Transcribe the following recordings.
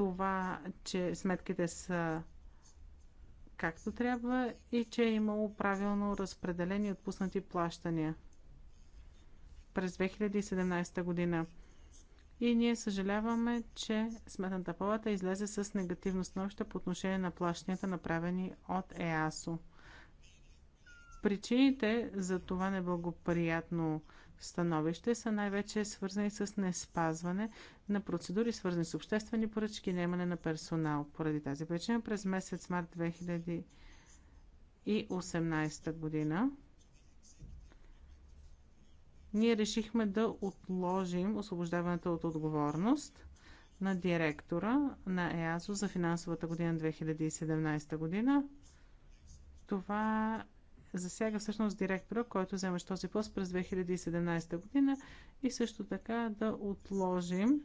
това, че сметките са както трябва и че е имало правилно разпределени и отпуснати плащания през 2017 година. И ние съжаляваме, че Сметната палата излезе с негативно становище по отношение на плащанията, направени от ЕАСО. Причините за това неблагоприятно становище са най-вече свързани с неспазване на процедури, свързани с обществени поръчки и наемане на персонал. Поради тази причина през месец март 2018 година ние решихме да отложим освобождаването от отговорност на директора на ЕАЗО за финансовата година 2017 година. Това засяга всъщност директора, който вземаш този пост през 2017 година и също така да отложим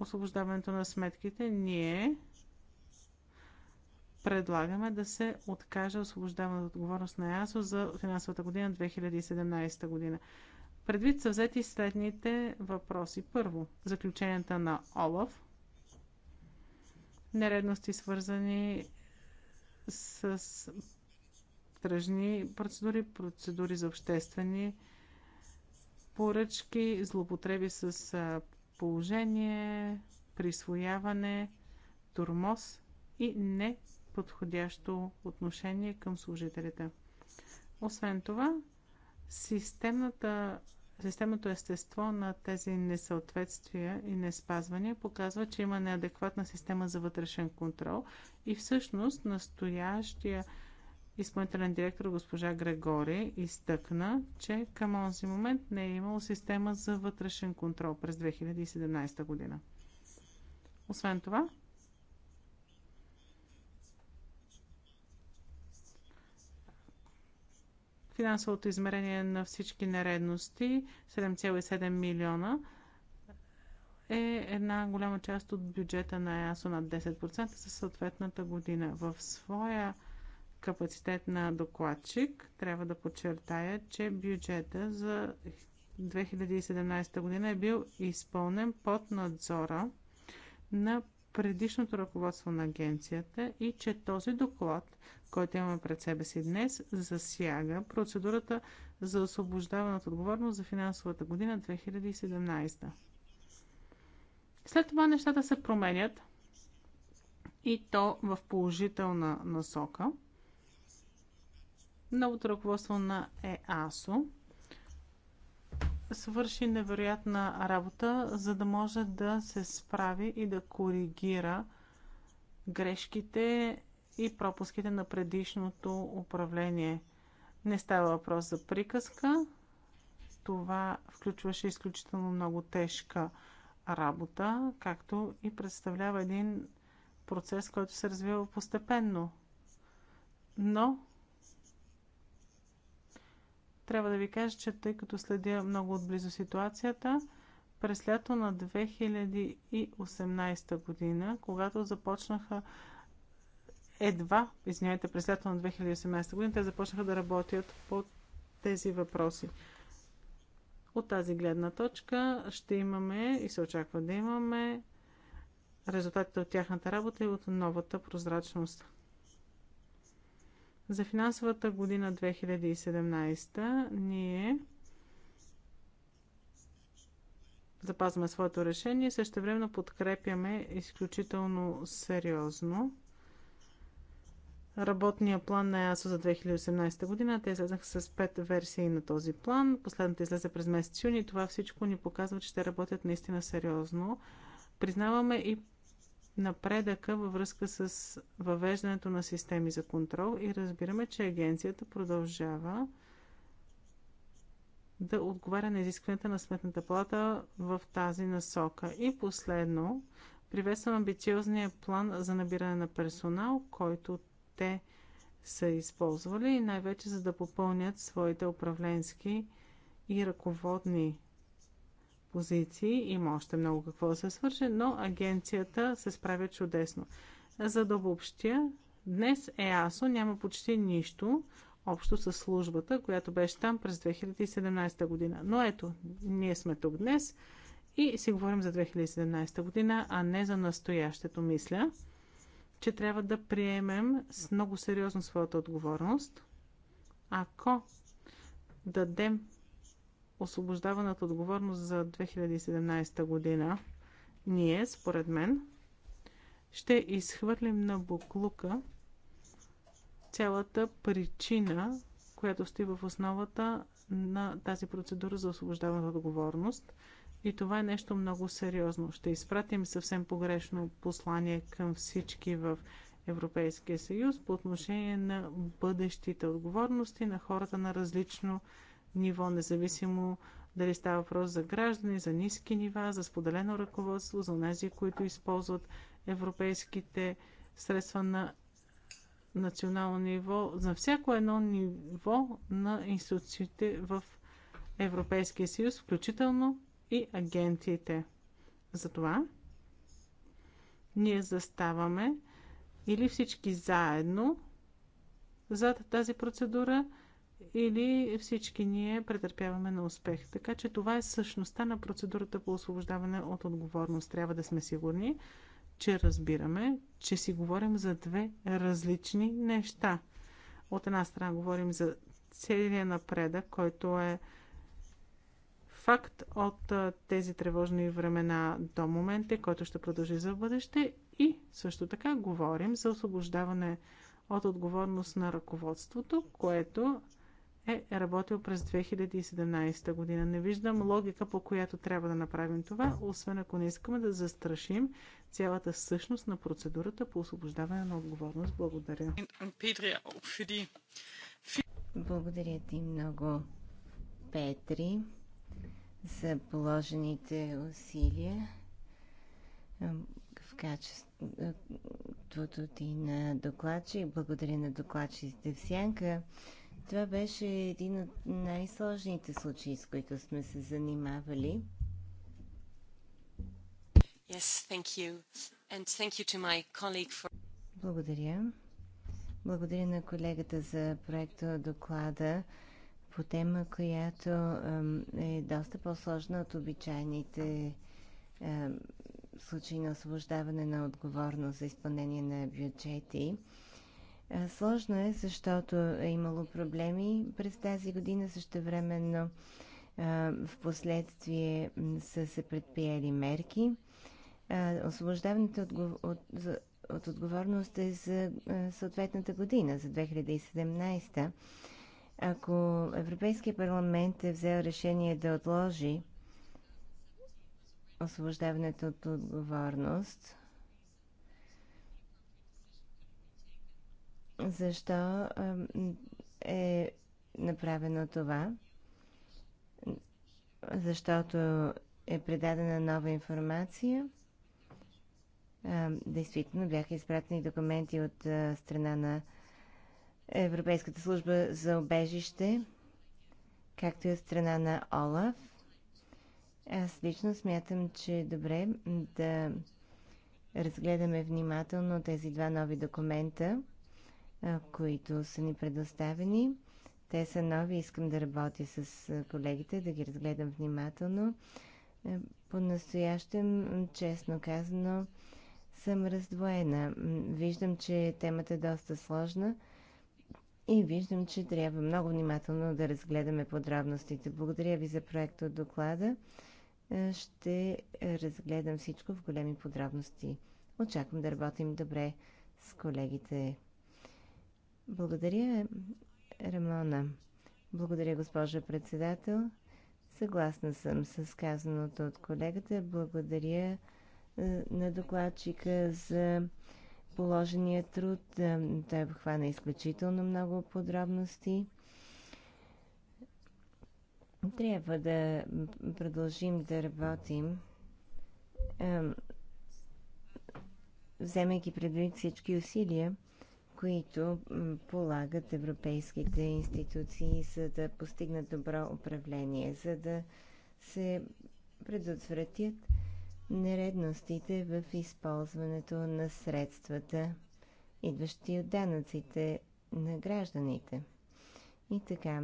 освобождаването на сметките. Ние предлагаме да се откаже освобождаване от отговорност на ЕАСО за финансовата година 2017 година. Предвид са взети следните въпроси. Първо, заключенията на ОЛАФ, нередности свързани с тръжни процедури, процедури за обществени поръчки, злопотреби с положение, присвояване, турмоз и неподходящо отношение към служителите. Освен това, системната Системното естество на тези несъответствия и неспазвания показва, че има неадекватна система за вътрешен контрол и всъщност настоящия изпълнителен директор госпожа Грегори изтъкна, че към онзи момент не е имало система за вътрешен контрол през 2017 година. Освен това, финансовото измерение на всички нередности 7,7 милиона е една голяма част от бюджета на ЕАСО на 10% за съответната година. В своя капацитет на докладчик трябва да подчертая, че бюджета за 2017 година е бил изпълнен под надзора на предишното ръководство на агенцията и че този доклад, който имаме пред себе си днес, засяга процедурата за освобождаване от отговорност за финансовата година 2017. След това нещата се променят и то в положителна насока. Новото ръководство на ЕАСО свърши невероятна работа, за да може да се справи и да коригира грешките и пропуските на предишното управление. Не става въпрос за приказка. Това включваше изключително много тежка работа, както и представлява един процес, който се развива постепенно. Но трябва да ви кажа, че тъй като следя много отблизо ситуацията, през лято на 2018 година, когато започнаха едва, извинявайте, през лято на 2018 година, те започнаха да работят по тези въпроси. От тази гледна точка ще имаме и се очаква да имаме резултатите от тяхната работа и от новата прозрачност. За финансовата година 2017 ние запазваме своето решение и също времено подкрепяме изключително сериозно работния план на ЕАСО за 2018 година. Те излезнаха с пет версии на този план. Последната излезе през месец юни. Това всичко ни показва, че те работят наистина сериозно. Признаваме и напредъка във връзка с въвеждането на системи за контрол и разбираме, че агенцията продължава да отговаря на изискванията на Сметната плата в тази насока. И последно, приветствам амбициозния план за набиране на персонал, който те са използвали и най-вече за да попълнят своите управленски и ръководни позиции. Има още много какво да се свърши, но агенцията се справя чудесно. За да обобщя, днес ЕАСО няма почти нищо общо с службата, която беше там през 2017 година. Но ето, ние сме тук днес и си говорим за 2017 година, а не за настоящето, мисля, че трябва да приемем с много сериозно своята отговорност, ако дадем освобождаване от отговорност за 2017 година, ние, според мен, ще изхвърлим на буклука цялата причина, която стои в основата на тази процедура за освобождаване от отговорност. И това е нещо много сериозно. Ще изпратим съвсем погрешно послание към всички в Европейския съюз по отношение на бъдещите отговорности на хората на различно ниво, независимо дали става въпрос за граждани, за ниски нива, за споделено ръководство, за тези, които използват европейските средства на национално ниво, за всяко едно ниво на институциите в Европейския съюз, включително и агентите. Затова ние заставаме или всички заедно зад тази процедура – или всички ние претърпяваме на успех. Така че това е същността на процедурата по освобождаване от отговорност. Трябва да сме сигурни, че разбираме, че си говорим за две различни неща. От една страна говорим за целия напредък, който е факт от тези тревожни времена до момента, който ще продължи за бъдеще и също така говорим за освобождаване от отговорност на ръководството, което е работил през 2017 година. Не виждам логика по която трябва да направим това, освен ако не искаме да застрашим цялата същност на процедурата по освобождаване на отговорност. Благодаря. Благодаря ти много, Петри, за положените усилия в качеството ти на докладчик. Благодаря на докладчиците в Сянка. Това беше един от най-сложните случаи, с които сме се занимавали. Yes, thank you. And thank you to my colleague for... Благодаря. Благодаря на колегата за проекта доклада по тема, която е доста по-сложна от обичайните случаи на освобождаване на отговорност за изпълнение на бюджети. Е, сложно е, защото е имало проблеми през тази година. Същевременно е, в последствие са се предприели мерки. Е, освобождаването от, от, от отговорност е за съответната година, за 2017. Ако Европейския парламент е взел решение да отложи освобождаването от отговорност, защо е направено това. Защото е предадена нова информация. Действително бяха изпратени документи от страна на Европейската служба за обежище, както и от страна на ОЛАФ. Аз лично смятам, че е добре да разгледаме внимателно тези два нови документа които са ни предоставени. Те са нови, искам да работя с колегите, да ги разгледам внимателно. По-настоящем, честно казано, съм раздвоена. Виждам, че темата е доста сложна и виждам, че трябва много внимателно да разгледаме подробностите. Благодаря ви за проекта от доклада. Ще разгледам всичко в големи подробности. Очаквам да работим добре с колегите благодаря, Рамона. Благодаря, госпожа председател. Съгласна съм с казаното от колегата. Благодаря е, на докладчика за положения труд. Е, той обхвана изключително много подробности. Трябва да продължим да работим, е, вземайки предвид всички усилия, които полагат европейските институции, за да постигнат добро управление, за да се предотвратят нередностите в използването на средствата, идващи от данъците на гражданите. И така,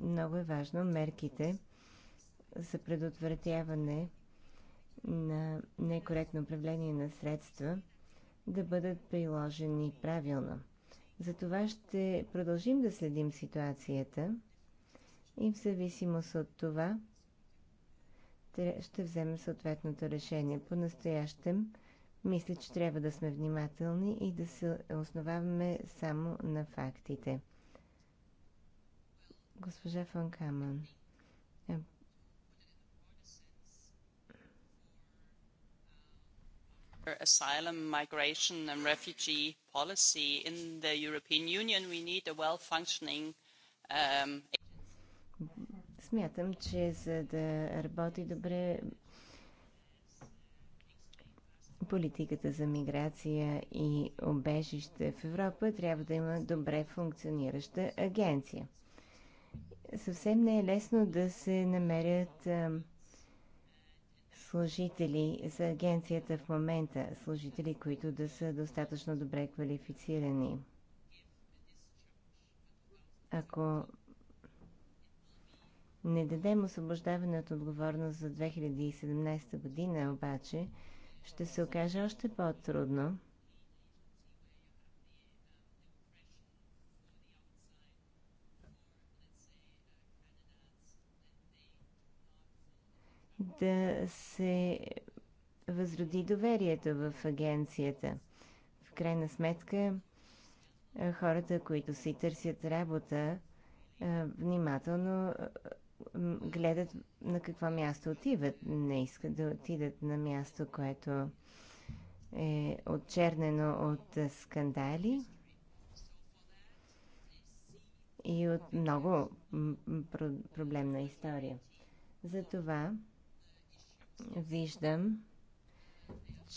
много е важно мерките за предотвратяване на некоректно управление на средства да бъдат приложени правилно. Затова ще продължим да следим ситуацията и в зависимост от това ще вземем съответното решение. По настоящем мисля, че трябва да сме внимателни и да се основаваме само на фактите. Госпожа Фон Камън. asylum, migration and refugee policy in the European Union, we need a well-functioning um... Смятам, че за да работи добре политиката за миграция и обежище в Европа, трябва да има добре функционираща агенция. Съвсем не е лесно да се намерят служители за агенцията в момента, служители, които да са достатъчно добре квалифицирани. Ако не дадем освобождаване от отговорност за 2017 година, обаче, ще се окаже още по-трудно да се възроди доверието в агенцията. В крайна сметка, хората, които си търсят работа, внимателно гледат на какво място отиват. Не искат да отидат на място, което е отчернено от скандали и от много проблемна история. Затова виждам,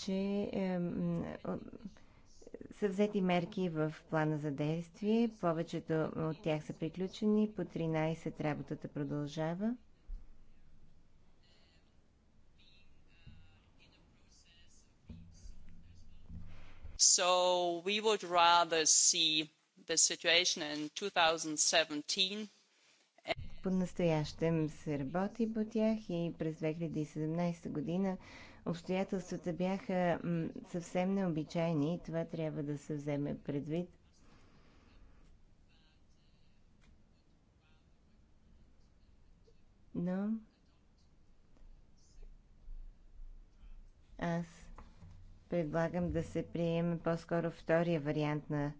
че е, са взети мерки в плана за действие. Повечето от тях са приключени. По 13 работата продължава. So we would rather see the situation in 2017 Понастоящем се работи по тях и през 2017 година обстоятелствата бяха съвсем необичайни и това трябва да се вземе предвид. Но аз предлагам да се приеме по-скоро втория вариант на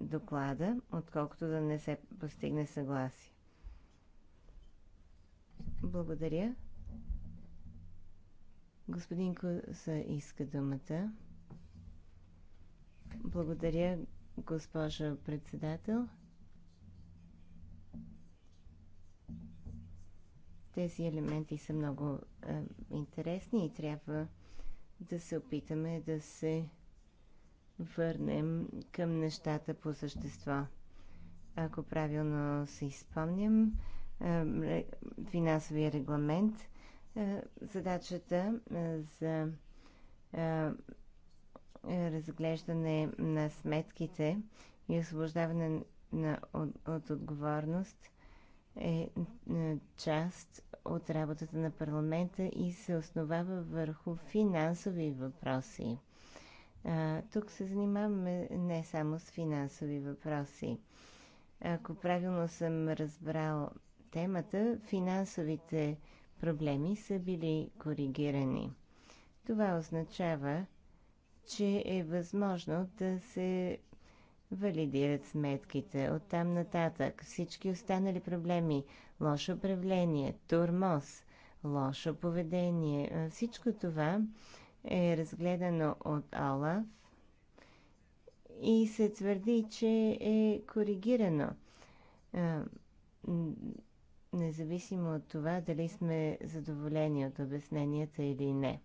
доклада, отколкото да не се постигне съгласие. Благодаря. Господин Коса иска думата. Благодаря, госпожа председател. Тези елементи са много е, интересни и трябва да се опитаме да се върнем към нещата по същество. Ако правилно се изпомням, е, финансовия регламент, е, задачата е, за разглеждане на сметките и освобождаване на, от, от отговорност е част от работата на парламента и се основава върху финансови въпроси. А, тук се занимаваме не само с финансови въпроси. Ако правилно съм разбрал темата, финансовите проблеми са били коригирани. Това означава, че е възможно да се валидират сметките. Оттам нататък всички останали проблеми – лошо управление, турмоз, лошо поведение – всичко това – е разгледано от ОЛАФ и се твърди, че е коригирано. Независимо от това дали сме задоволени от обясненията или не.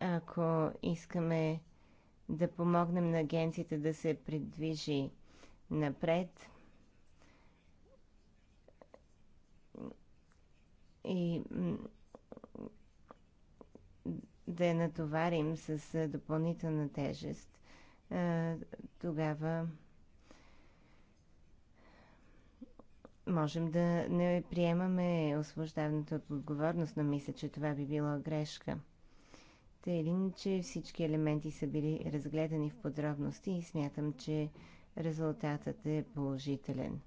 Ако искаме да помогнем на агенцията да се придвижи напред, и да я натоварим с допълнителна тежест, тогава можем да не приемаме освобождаването от отговорност, но мисля, че това би било грешка. Та или че всички елементи са били разгледани в подробности и смятам, че резултатът е положителен.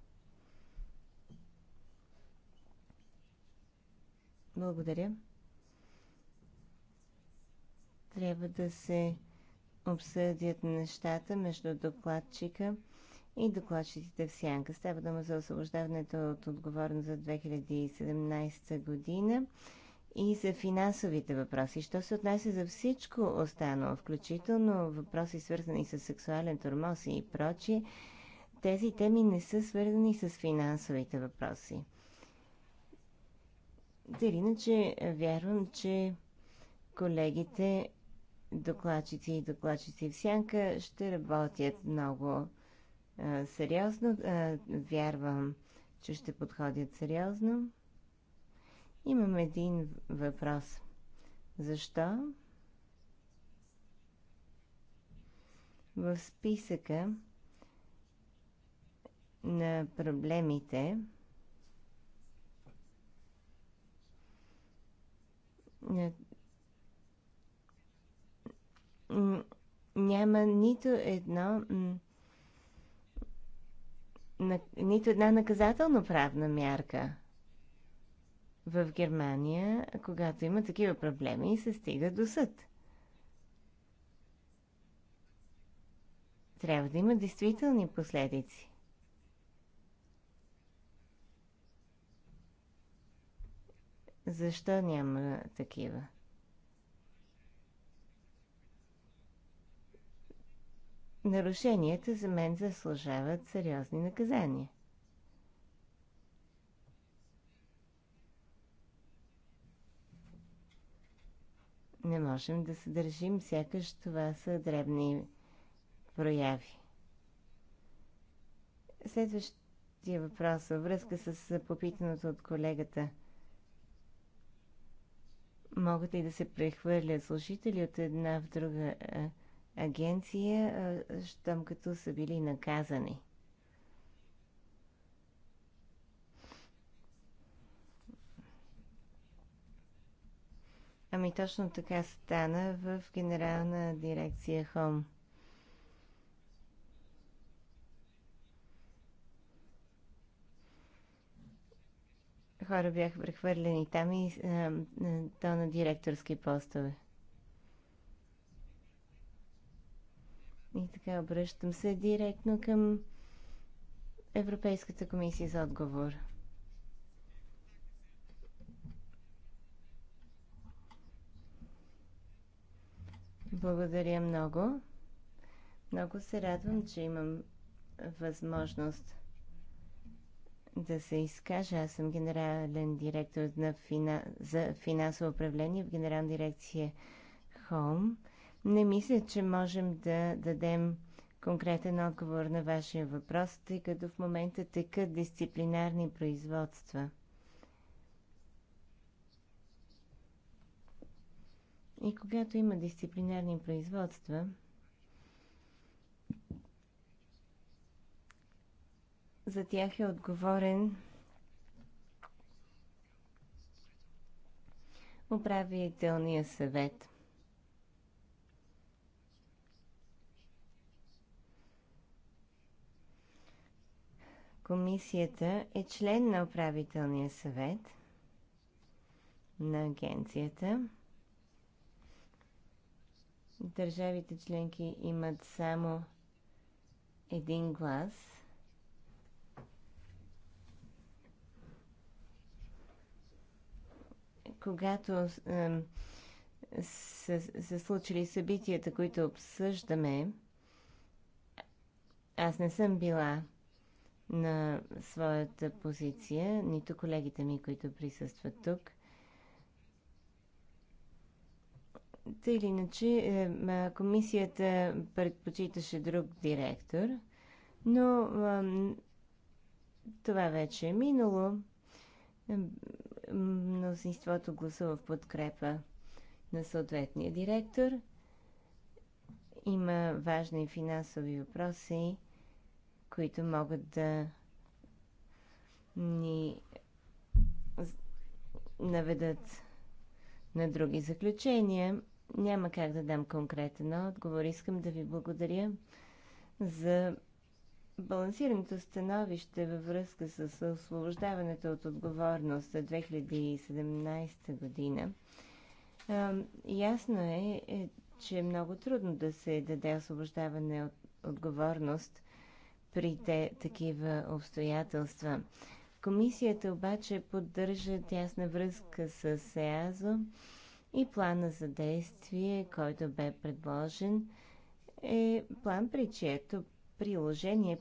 Благодаря. Трябва да се обсъдят нещата между докладчика и докладчиците в сянка. Става дума за освобождаването от отговорност за 2017 година и за финансовите въпроси. Що се отнася за всичко останало, включително въпроси свързани с сексуален тормоз и прочие, тези теми не са свързани с финансовите въпроси. Та иначе е, вярвам, че колегите докладчици и докладчици в сянка ще работят много а, е, сериозно. А, е, вярвам, че ще подходят сериозно. Имам един въпрос. Защо? В списъка на проблемите, няма нито едно нито една наказателно-правна мярка в Германия, когато има такива проблеми и се стига до съд. Трябва да има действителни последици. Защо няма такива? Нарушенията за мен заслужават сериозни наказания. Не можем да се държим, сякаш това са дребни прояви. Следващия въпрос във връзка с попитаното от колегата – могат ли да се прехвърлят служители от една в друга е, агенция, е, щом като са били наказани. Ами точно така стана в генерална дирекция Хом. хора бяха прехвърлени там и а, е, е, то на директорски постове. И така обръщам се директно към Европейската комисия за отговор. Благодаря много. Много се радвам, че имам възможност да се изкажа. Аз съм генерален директор на фина... за финансово управление в генерална дирекция Холм. Не мисля, че можем да дадем конкретен отговор на вашия въпрос, тъй като в момента текат дисциплинарни производства. И когато има дисциплинарни производства, за тях е отговорен управителния съвет. Комисията е член на управителния съвет на агенцията. Държавите членки имат само един глас – когато са, са случили събитията, които обсъждаме, аз не съм била на своята позиция, нито колегите ми, които присъстват тук. Та или иначе, комисията предпочиташе друг директор, но това вече е минало мнозинството гласува в подкрепа на съответния директор. Има важни финансови въпроси, които могат да ни наведат на други заключения. Няма как да дам конкретен отговор. Искам да ви благодаря за балансираното становище във връзка с освобождаването от отговорност за 2017 година, ясно е, е, че е много трудно да се даде освобождаване от отговорност при те, такива обстоятелства. Комисията обаче поддържа тясна връзка с ЕАЗО и плана за действие, който бе предложен, е план при чието приложение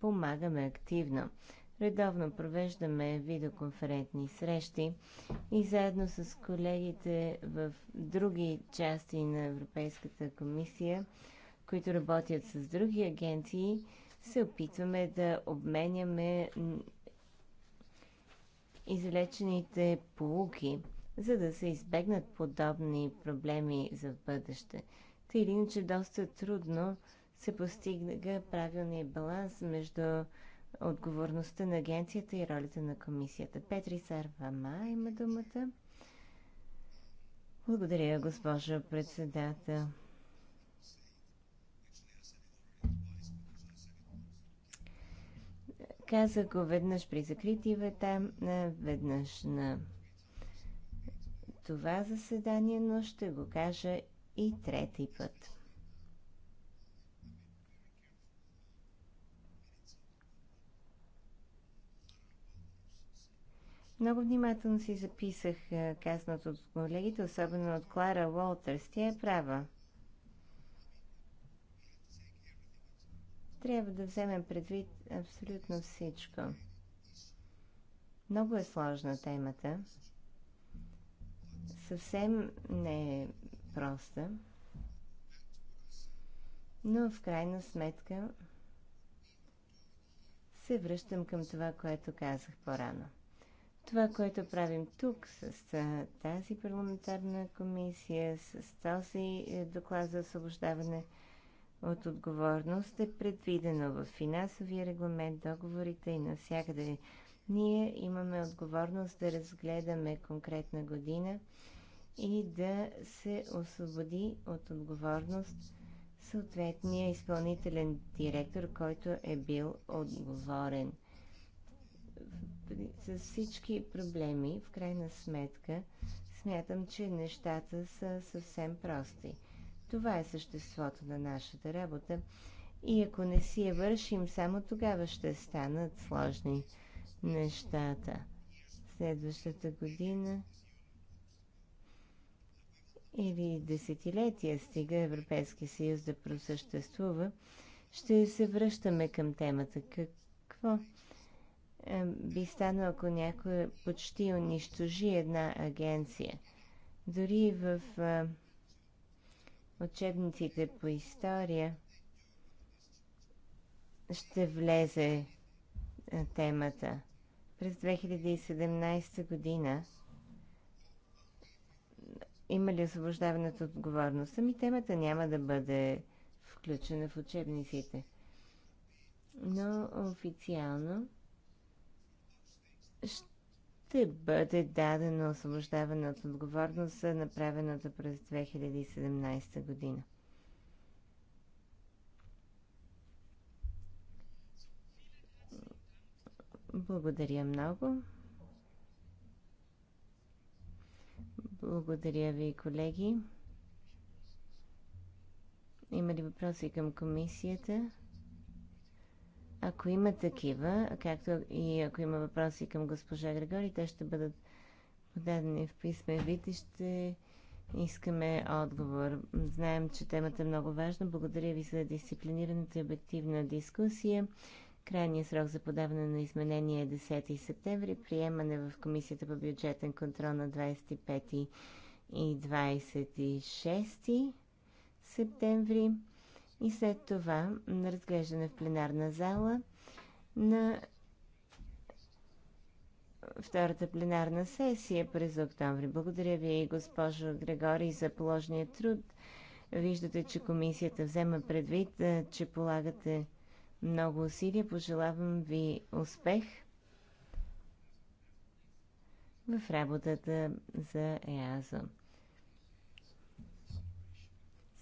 помагаме активно. Редовно провеждаме видеоконферентни срещи и заедно с колегите в други части на Европейската комисия, които работят с други агенции, се опитваме да обменяме излечените полуки, за да се избегнат подобни проблеми за бъдеще. Тъй или иначе доста трудно се постигна правилния баланс между отговорността на агенцията и ролята на комисията. Петри Сарвама има думата. Благодаря, госпожо председател. Казах го веднъж при закрити вета, веднъж на това заседание, но ще го кажа и трети път. Много внимателно си записах е, казаното от колегите, особено от Клара Уолтерс. Тя е права. Трябва да вземем предвид абсолютно всичко. Много е сложна темата. Съвсем не е проста. Но в крайна сметка се връщам към това, което казах по-рано. Това, което правим тук с тази парламентарна комисия, с този е, доклад за освобождаване от отговорност е предвидено в финансовия регламент, договорите и навсякъде. Ние имаме отговорност да разгледаме конкретна година и да се освободи от отговорност съответния изпълнителен директор, който е бил отговорен – с всички проблеми, в крайна сметка, смятам, че нещата са съвсем прости. Това е съществото на нашата работа и ако не си я вършим, само тогава ще станат сложни нещата. Следващата година или десетилетия стига Европейски съюз да просъществува, ще се връщаме към темата. Какво би станал, ако някой почти унищожи една агенция. Дори в учебниците по история ще влезе темата. През 2017 година има ли освобождаването отговорност? Сами темата няма да бъде включена в учебниците. Но официално ще бъде дадено освобождаване от отговорност за през 2017 година. Благодаря много. Благодаря ви, колеги. Има ли въпроси към комисията? Ако има такива, както и ако има въпроси към госпожа Григори, те ще бъдат подадени в писмен вид и ще искаме отговор. Знаем, че темата е много важна. Благодаря ви за дисциплинираната и обективна дискусия. Крайният срок за подаване на изменения е 10 септември, приемане в Комисията по бюджетен контрол на 25 и 26 септември и след това на разглеждане в пленарна зала на втората пленарна сесия през октомври. Благодаря ви, госпожо Грегори, за положния труд. Виждате, че комисията взема предвид, че полагате много усилия. Пожелавам ви успех в работата за ЕАЗО.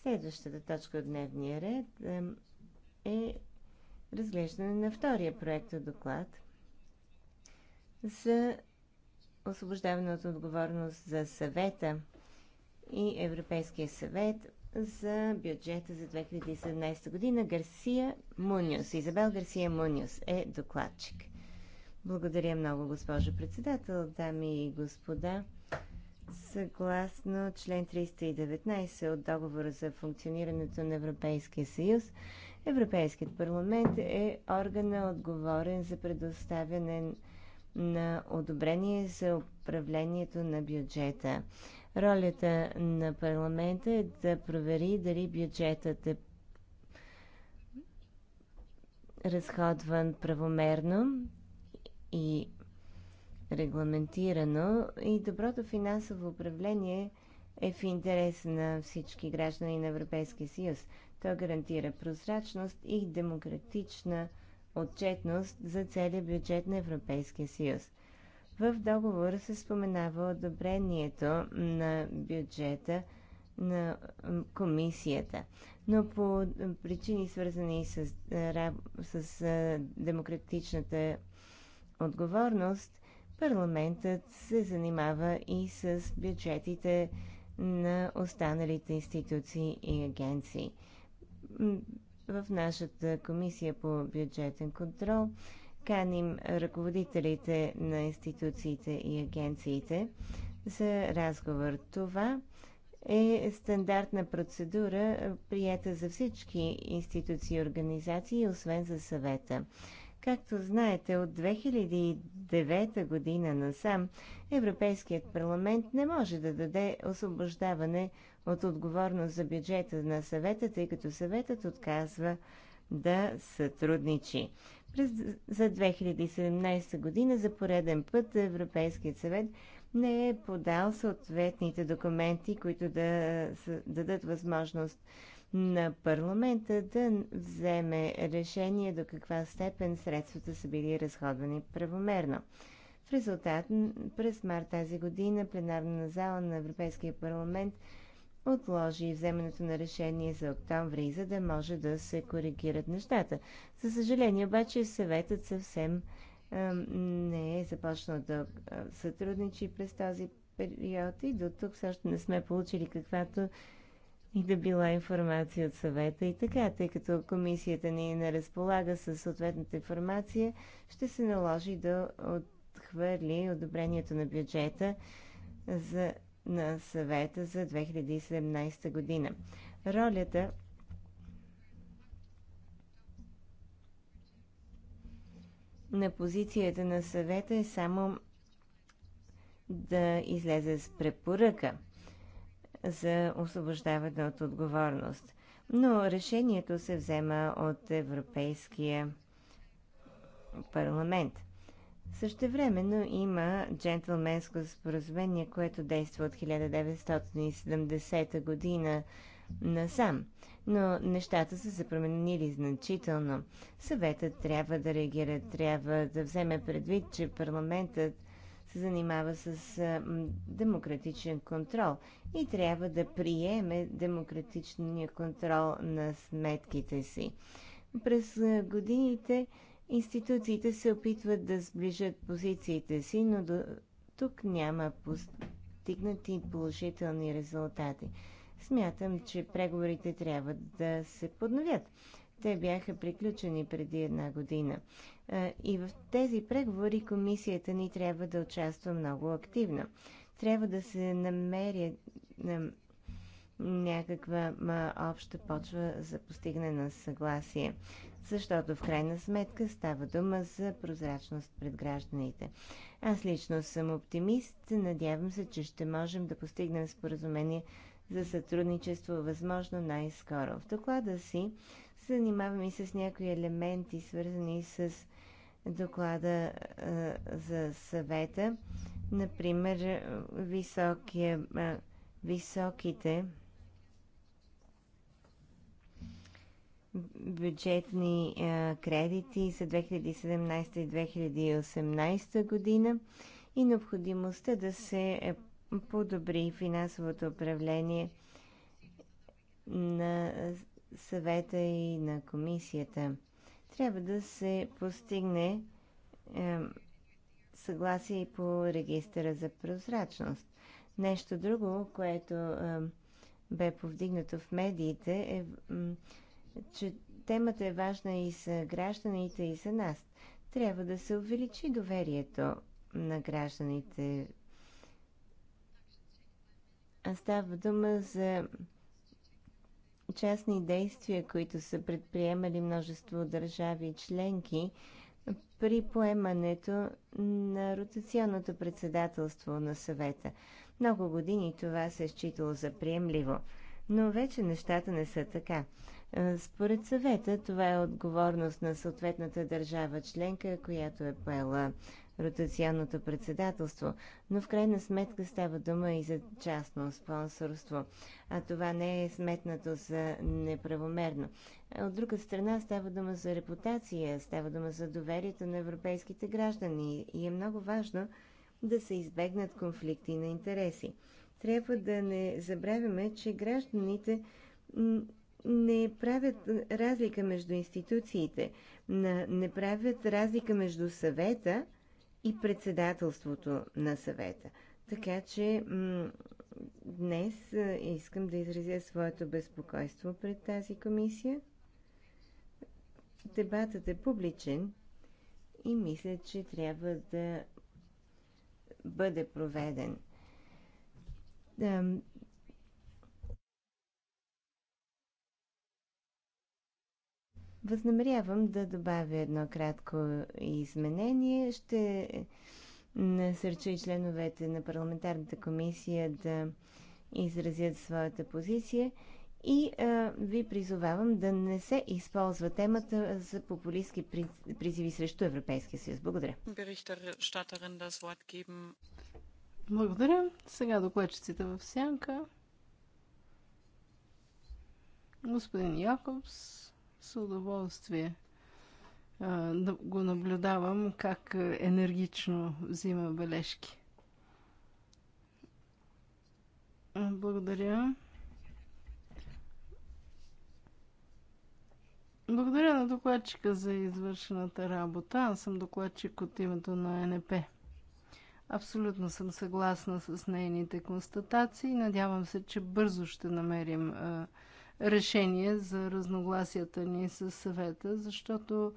Следващата точка от дневния ред е разглеждане на втория проект от доклад за освобождаване от отговорност за съвета и Европейския съвет за бюджета за 2017 година. Гарсия Муниус, Изабел Гарсия Муниус е докладчик. Благодаря много, госпожо председател, дами и господа. Съгласно член 319 от договора за функционирането на Европейския съюз, Европейският парламент е органа отговорен за предоставяне на одобрение за управлението на бюджета. Ролята на парламента е да провери дали бюджетът е разходван правомерно и регламентирано и доброто финансово управление е в интерес на всички граждани на Европейския съюз. То гарантира прозрачност и демократична отчетност за целия бюджет на Европейския съюз. В договора се споменава одобрението на бюджета на комисията, но по причини свързани с, с демократичната отговорност – парламентът се занимава и с бюджетите на останалите институции и агенции. В нашата комисия по бюджетен контрол каним ръководителите на институциите и агенциите за разговор. Това е стандартна процедура, прията за всички институции и организации, освен за съвета. Както знаете, от 2009 година насам Европейският парламент не може да даде освобождаване от отговорност за бюджета на съвета, тъй като съветът отказва да сътрудничи. През, за 2017 година за пореден път Европейският съвет не е подал съответните документи, които да дадат възможност на парламента да вземе решение до каква степен средствата са били разходвани правомерно. В резултат, през март тази година пленарна зала на Европейския парламент отложи вземането на решение за октомври, за да може да се коригират нещата. За съжаление, обаче, съветът съвсем а, не е започнал да сътрудничи през този период и до тук също не сме получили каквато и да била информация от съвета и така, тъй като комисията ни не разполага с съответната информация, ще се наложи да отхвърли одобрението на бюджета за, на съвета за 2017 година. Ролята на позицията на съвета е само да излезе с препоръка – за освобождаване от отговорност. Но решението се взема от Европейския парламент. времено има джентлменско споразумение, което действа от 1970 година насам. Но нещата са се променили значително. Съветът трябва да реагира, трябва да вземе предвид, че парламентът се занимава с демократичен контрол и трябва да приеме демократичния контрол на сметките си. През годините институциите се опитват да сближат позициите си, но до тук няма постигнати положителни резултати. Смятам, че преговорите трябва да се подновят. Те бяха приключени преди една година. И в тези преговори комисията ни трябва да участва много активно. Трябва да се намери на някаква обща почва за постигане на съгласие, защото в крайна сметка става дума за прозрачност пред гражданите. Аз лично съм оптимист, надявам се, че ще можем да постигнем споразумение за сътрудничество възможно най-скоро. В доклада си занимавам и с някои елементи, свързани с доклада за съвета. Например, високия, високите бюджетни кредити за 2017 и 2018 година и необходимостта да се е, подобри финансовото управление на съвета и на комисията. Трябва да се постигне е, съгласие по регистъра за прозрачност. Нещо друго, което е, бе повдигнато в медиите, е, че темата е важна и за гражданите, и за нас. Трябва да се увеличи доверието на гражданите. А става дума за частни действия, които са предприемали множество държави членки при поемането на ротационното председателство на съвета. Много години това се е считало за приемливо, но вече нещата не са така. Е, според съвета това е отговорност на съответната държава членка, която е поела ротационното председателство, но в крайна сметка става дума и за частно спонсорство, а това не е сметнато за неправомерно. От друга страна става дума за репутация, става дума за доверието на европейските граждани и е много важно да се избегнат конфликти на интереси. Трябва да не забравяме, че гражданите не правят разлика между институциите, не правят разлика между съвета и председателството на съвета. Така че днес искам да изразя своето безпокойство пред тази комисия. Дебатът е публичен и мисля, че трябва да бъде проведен. Възнамерявам да добавя едно кратко изменение. Ще насърча и членовете на парламентарната комисия да изразят своята позиция и а, ви призовавам да не се използва темата за популистски призиви срещу Европейския съюз. Благодаря. Благодаря. Сега докладчиците в сянка. Господин Якобс, с удоволствие да го наблюдавам как енергично взима бележки. Благодаря. Благодаря на докладчика за извършената работа. Аз съм докладчик от името на НП. Абсолютно съм съгласна с нейните констатации. Надявам се, че бързо ще намерим решение за разногласията ни с съвета, защото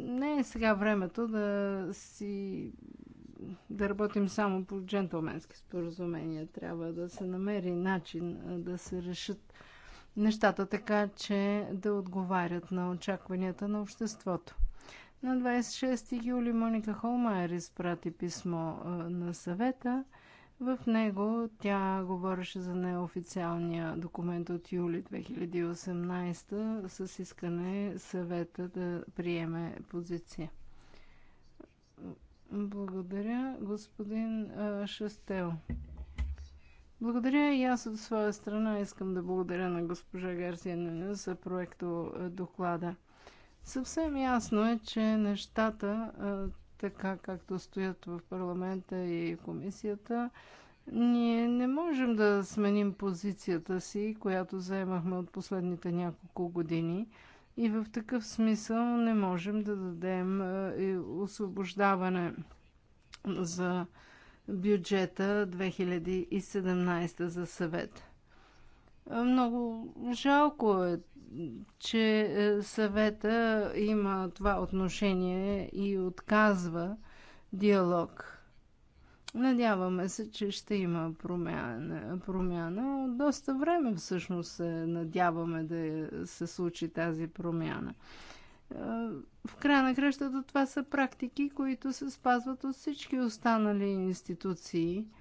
не е сега времето да си да работим само по джентлменски споразумения. Трябва да се намери начин да се решат нещата така, че да отговарят на очакванията на обществото. На 26 юли Моника Холмайер изпрати писмо на съвета – в него тя говореше за неофициалния документ от юли 2018 с искане съвета да приеме позиция. Благодаря, господин Шестел. Благодаря и аз от своя страна искам да благодаря на госпожа Гарсия за проекто доклада. Съвсем ясно е, че нещата така както стоят в парламента и комисията, ние не можем да сменим позицията си, която заемахме от последните няколко години. И в такъв смисъл не можем да дадем е, освобождаване за бюджета 2017 за съвет. Много жалко е, че е, съвета има това отношение и отказва диалог. Надяваме се, че ще има промяна. промяна. От доста време всъщност се надяваме да се случи тази промяна. Е, в края на кръщата това са практики, които се спазват от всички останали институции –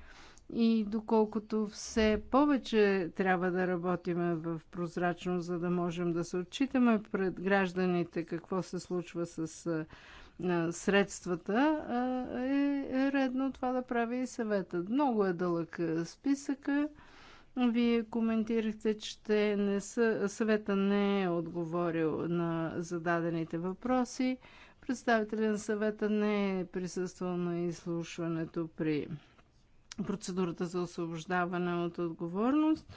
и доколкото все повече трябва да работиме в прозрачност, за да можем да се отчитаме пред гражданите какво се случва с средствата, е редно това да прави и съветът. Много е дълъг списъка. Вие коментирахте, че те не са, съвета не е отговорил на зададените въпроси. Представителен съвета не е присъствал на изслушването при процедурата за освобождаване от отговорност.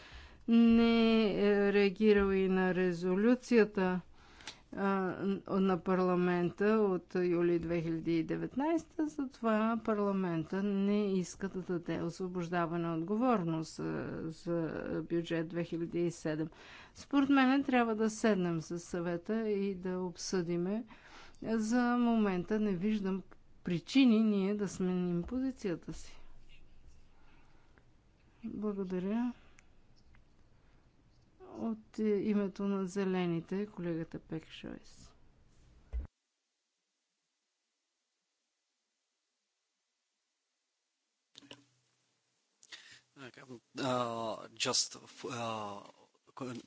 Не е реагирал и на резолюцията на парламента от юли 2019, затова парламента не иска да даде освобождаване отговорност за бюджет 2007. Според мен трябва да седнем с съвета и да обсъдиме. За момента не виждам причини ние да сменим позицията си. Благодаря. От името на зелените, колегата Пек Шойс. Uh, just uh,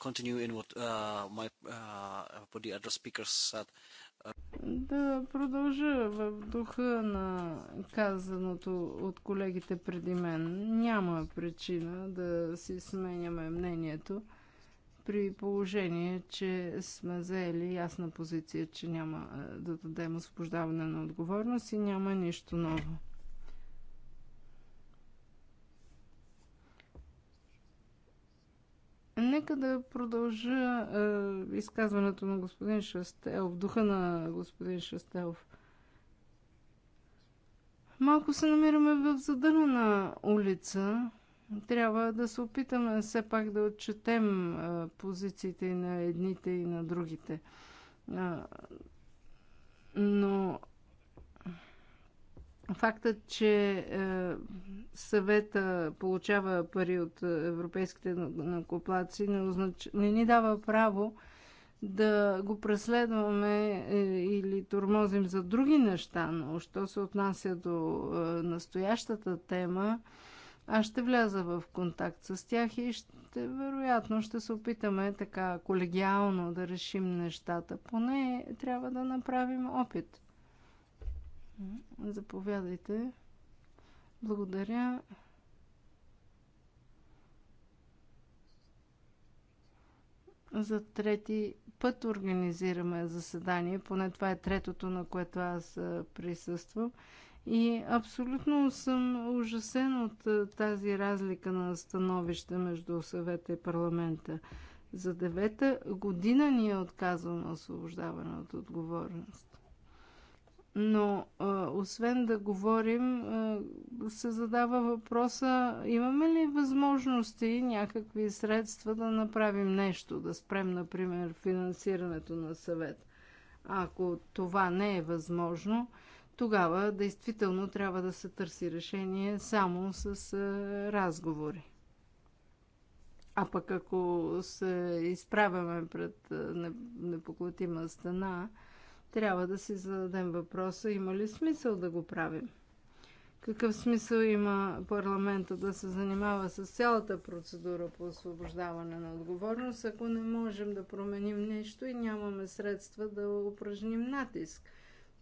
continue in what uh, my uh, what the other speakers said. Uh, да продължа в духа на казаното от колегите преди мен. Няма причина да си сменяме мнението при положение, че сме заели ясна позиция, че няма е, да дадем освобождаване на отговорност и няма нищо ново. Нека да продължа е, изказването на господин Шастелов, духа на господин Шастелов. Малко се намираме в задънена улица. Трябва да се опитаме все пак да отчетем е, позициите и на едните и на другите. Е, но Фактът, че е, съвета получава пари от европейските накоплаци, не, означ... не ни дава право да го преследваме е, или тормозим за други неща, но що се отнася до е, настоящата тема, аз ще вляза в контакт с тях и ще, вероятно ще се опитаме така колегиално да решим нещата. Поне трябва да направим опит. Заповядайте. Благодаря. За трети път организираме заседание, поне това е третото, на което аз присъствам. И абсолютно съм ужасен от тази разлика на становище между съвета и парламента. За девета година ни е отказано освобождаване от отговорност. Но а, освен да говорим, а, се задава въпроса, имаме ли възможности, някакви средства да направим нещо, да спрем, например, финансирането на съвет. ако това не е възможно, тогава действително трябва да се търси решение само с а, разговори. А пък ако се изправяме пред непоклатима стена, трябва да си зададем въпроса има ли смисъл да го правим. Какъв смисъл има парламента да се занимава с цялата процедура по освобождаване на отговорност, ако не можем да променим нещо и нямаме средства да упражним натиск?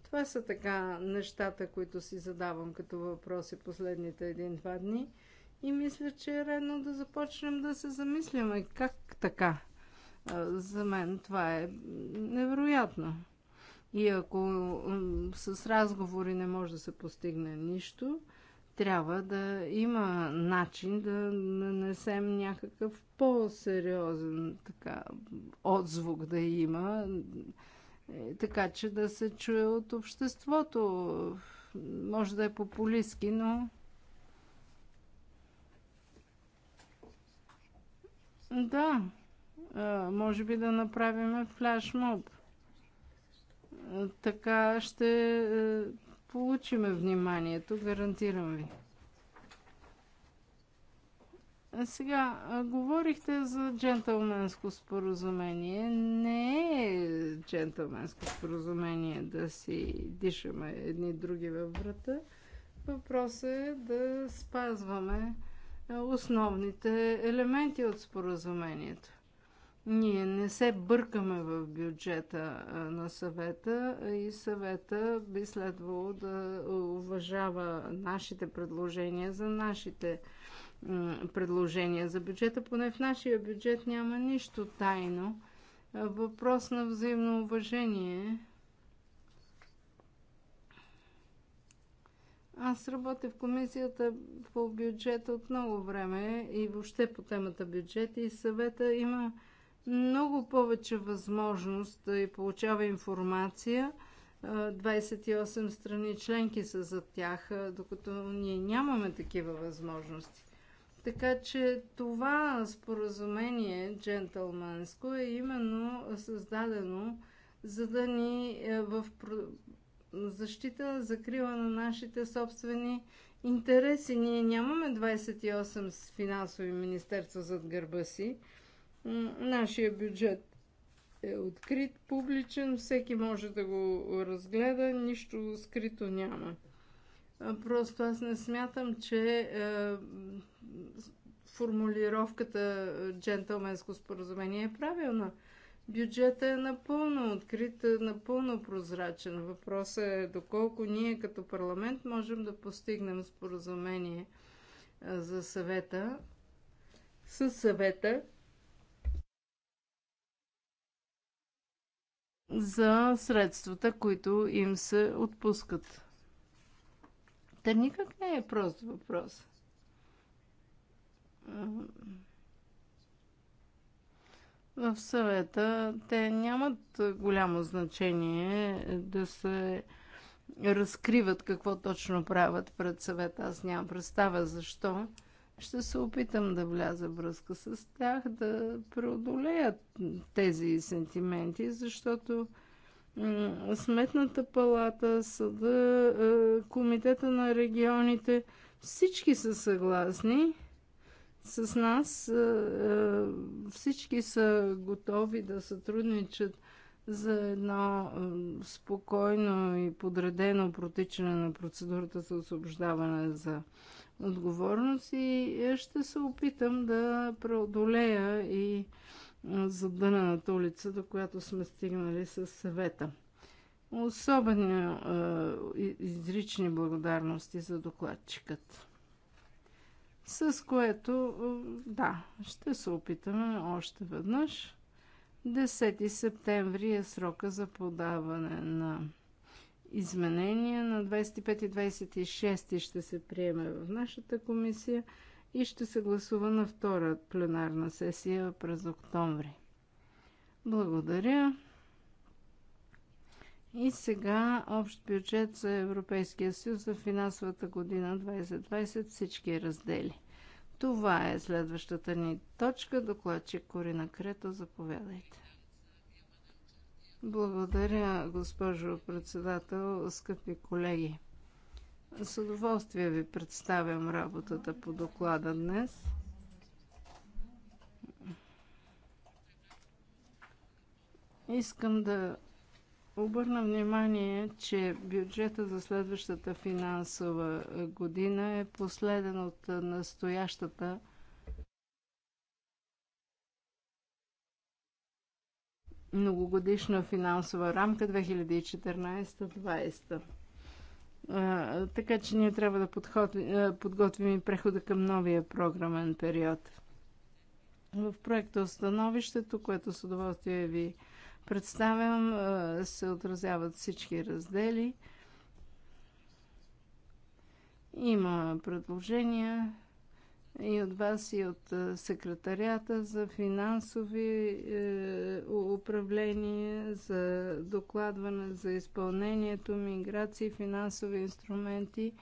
Това са така нещата, които си задавам като въпроси последните един-два дни и мисля, че е редно да започнем да се замисляме как така. За мен това е невероятно. И ако с разговори не може да се постигне нищо, трябва да има начин да нанесем някакъв по-сериозен така, отзвук да има, е, така че да се чуе от обществото. Може да е популистски, но да, може би да направим флешмоб. Така ще е, получиме вниманието, гарантирам ви. Сега, говорихте за джентълменско споразумение. Не е джентълменско споразумение да си дишаме едни други във врата. Въпрос е да спазваме основните елементи от споразумението. Ние не се бъркаме в бюджета на съвета и съвета би следвало да уважава нашите предложения за нашите предложения за бюджета. Поне в нашия бюджет няма нищо тайно. Въпрос на взаимно уважение. Аз работя в комисията по бюджет от много време и въобще по темата бюджет и съвета има много повече възможност да и получава информация. 28 страни членки са за тях, докато ние нямаме такива възможности. Така че това споразумение, джентълманско, е именно създадено за да ни е, в защита, закрива на нашите собствени интереси. Ние нямаме 28 финансови министерства зад гърба си. Нашия бюджет е открит, публичен, всеки може да го разгледа, нищо скрито няма. Просто аз не смятам, че е, формулировката джентълменско споразумение е правилна. Бюджетът е напълно открит, е напълно прозрачен. Въпросът е доколко ние като парламент можем да постигнем споразумение за съвета, с съвета за средствата, които им се отпускат. Та никак не е прост въпрос. В съвета те нямат голямо значение да се разкриват какво точно правят пред съвета. Аз нямам представа защо. Ще се опитам да вляза връзка с тях, да преодолеят тези сентименти, защото Сметната палата, съда, е, комитета на регионите, всички са съгласни с нас, е, е, всички са готови да сътрудничат за едно спокойно и подредено протичане на процедурата за освобождаване за отговорност и ще се опитам да преодолея и задънената улица, до която сме стигнали с съвета. Особено е, изрични благодарности за докладчикът. С което, да, ще се опитаме още веднъж. 10 септември е срока за подаване на Изменения на 25 и 26 ще се приеме в нашата комисия и ще се гласува на втора пленарна сесия през октомври. Благодаря. И сега общ бюджет за Европейския съюз за финансовата година 2020 всички раздели. Това е следващата ни точка. Докладчик Корина Крето, заповядайте. Благодаря, госпожо председател, скъпи колеги. С удоволствие ви представям работата по доклада днес. Искам да обърна внимание, че бюджета за следващата финансова година е последен от настоящата многогодишна финансова рамка 2014-2020. Така че ние трябва да подготвим и прехода към новия програмен период. В проекта Остановището, което с удоволствие ви представям, се отразяват всички раздели. Има предложения и от вас, и от е, секретарията за финансови е, управление, за докладване за изпълнението, миграции, финансови инструменти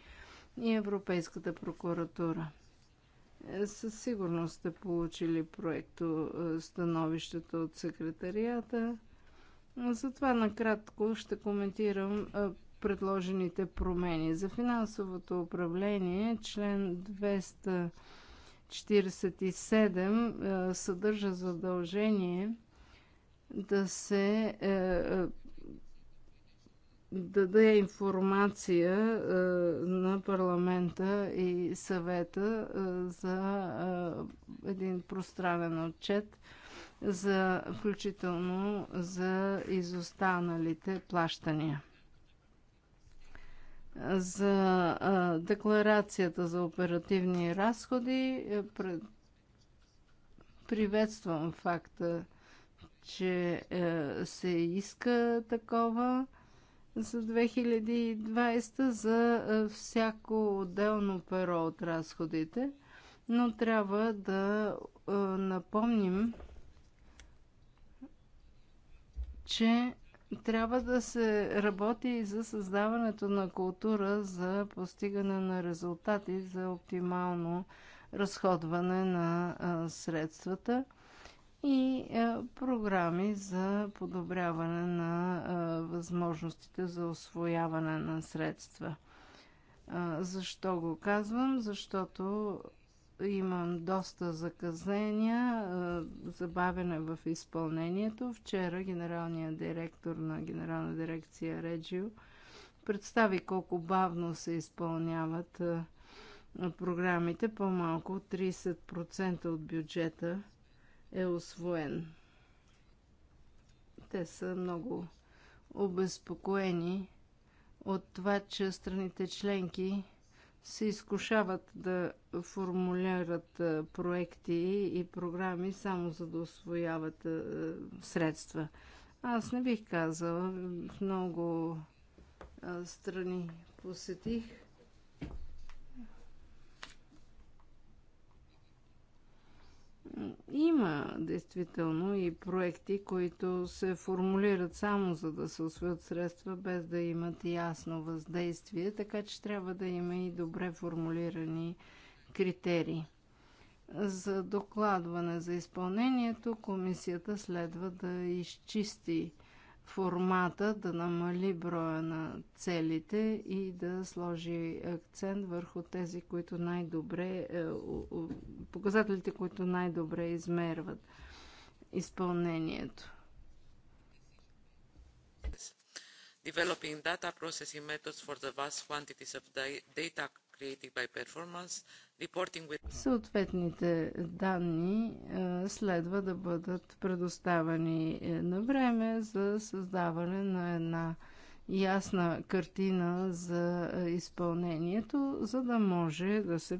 и Европейската прокуратура. Е, със сигурност сте получили проекто е, становището от секретарията. Затова накратко ще коментирам предложените промени. За финансовото управление член 200 47 е, съдържа задължение да се е, е, даде информация на парламента и съвета за един пространен отчет, за, включително за изостаналите плащания за декларацията за оперативни разходи. Е, приветствам факта, че е, се иска такова за 2020 за е, всяко отделно перо от разходите, но трябва да напомним, че трябва да се работи и за създаването на култура за постигане на резултати за оптимално разходване на средствата и програми за подобряване на възможностите за освояване на средства. Защо го казвам? Защото имам доста закъснения, забавена е в изпълнението. Вчера генералният директор на генерална дирекция Реджио представи колко бавно се изпълняват програмите. По-малко 30% от бюджета е освоен. Те са много обезпокоени от това, че страните членки се изкушават да формулират проекти и програми само за да освояват средства. Аз не бих казала. В много страни посетих Има действително и проекти, които се формулират само за да се освоят средства, без да имат ясно въздействие, така че трябва да има и добре формулирани критерии. За докладване за изпълнението комисията следва да изчисти формата, да намали броя на целите и да сложи акцент върху тези, които най-добре, е, показателите, които най-добре измерват изпълнението. developing data processing methods for the vast quantities of data created by performance, reporting with... Съответните данни е, следва да бъдат предоставени е, на време за създаване на една ясна картина за е, изпълнението, за да може да се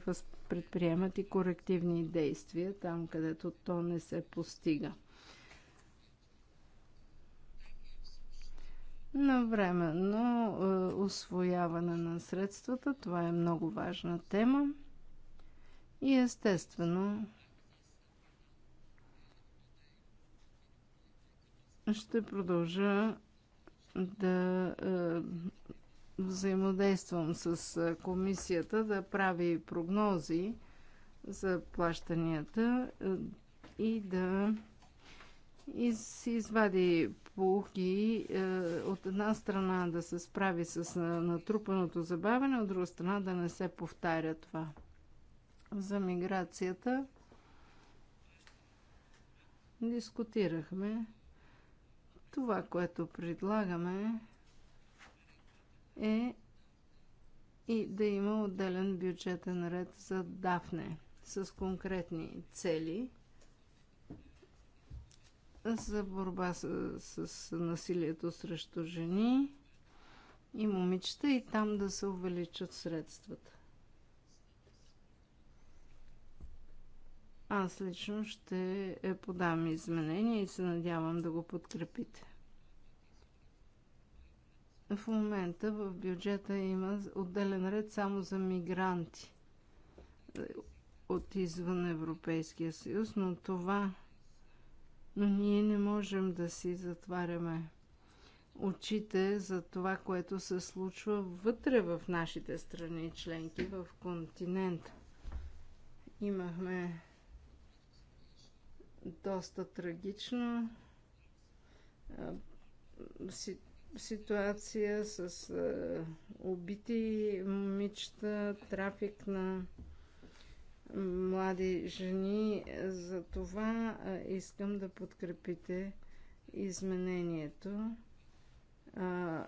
предприемат и корективни действия там, където то не се постига. Навременно е, освояване на средствата, това е много важна тема. И естествено, ще продължа да е, взаимодействам с е, комисията, да прави прогнози за плащанията е, и да и си извади полуки е, от една страна да се справи с е, натрупаното забавене, от друга страна да не се повтаря това. За миграцията дискутирахме това, което предлагаме е и да има отделен бюджетен ред за Дафне с конкретни цели – за борба с, с, насилието срещу жени и момичета и там да се увеличат средствата. Аз лично ще е подам изменения и се надявам да го подкрепите. В момента в бюджета има отделен ред само за мигранти от извън Европейския съюз, но това но ние не можем да си затваряме очите за това, което се случва вътре в нашите страни членки, в континента. Имахме доста трагична ситуация с убити момичета, трафик на млади жени. За това искам да подкрепите изменението а,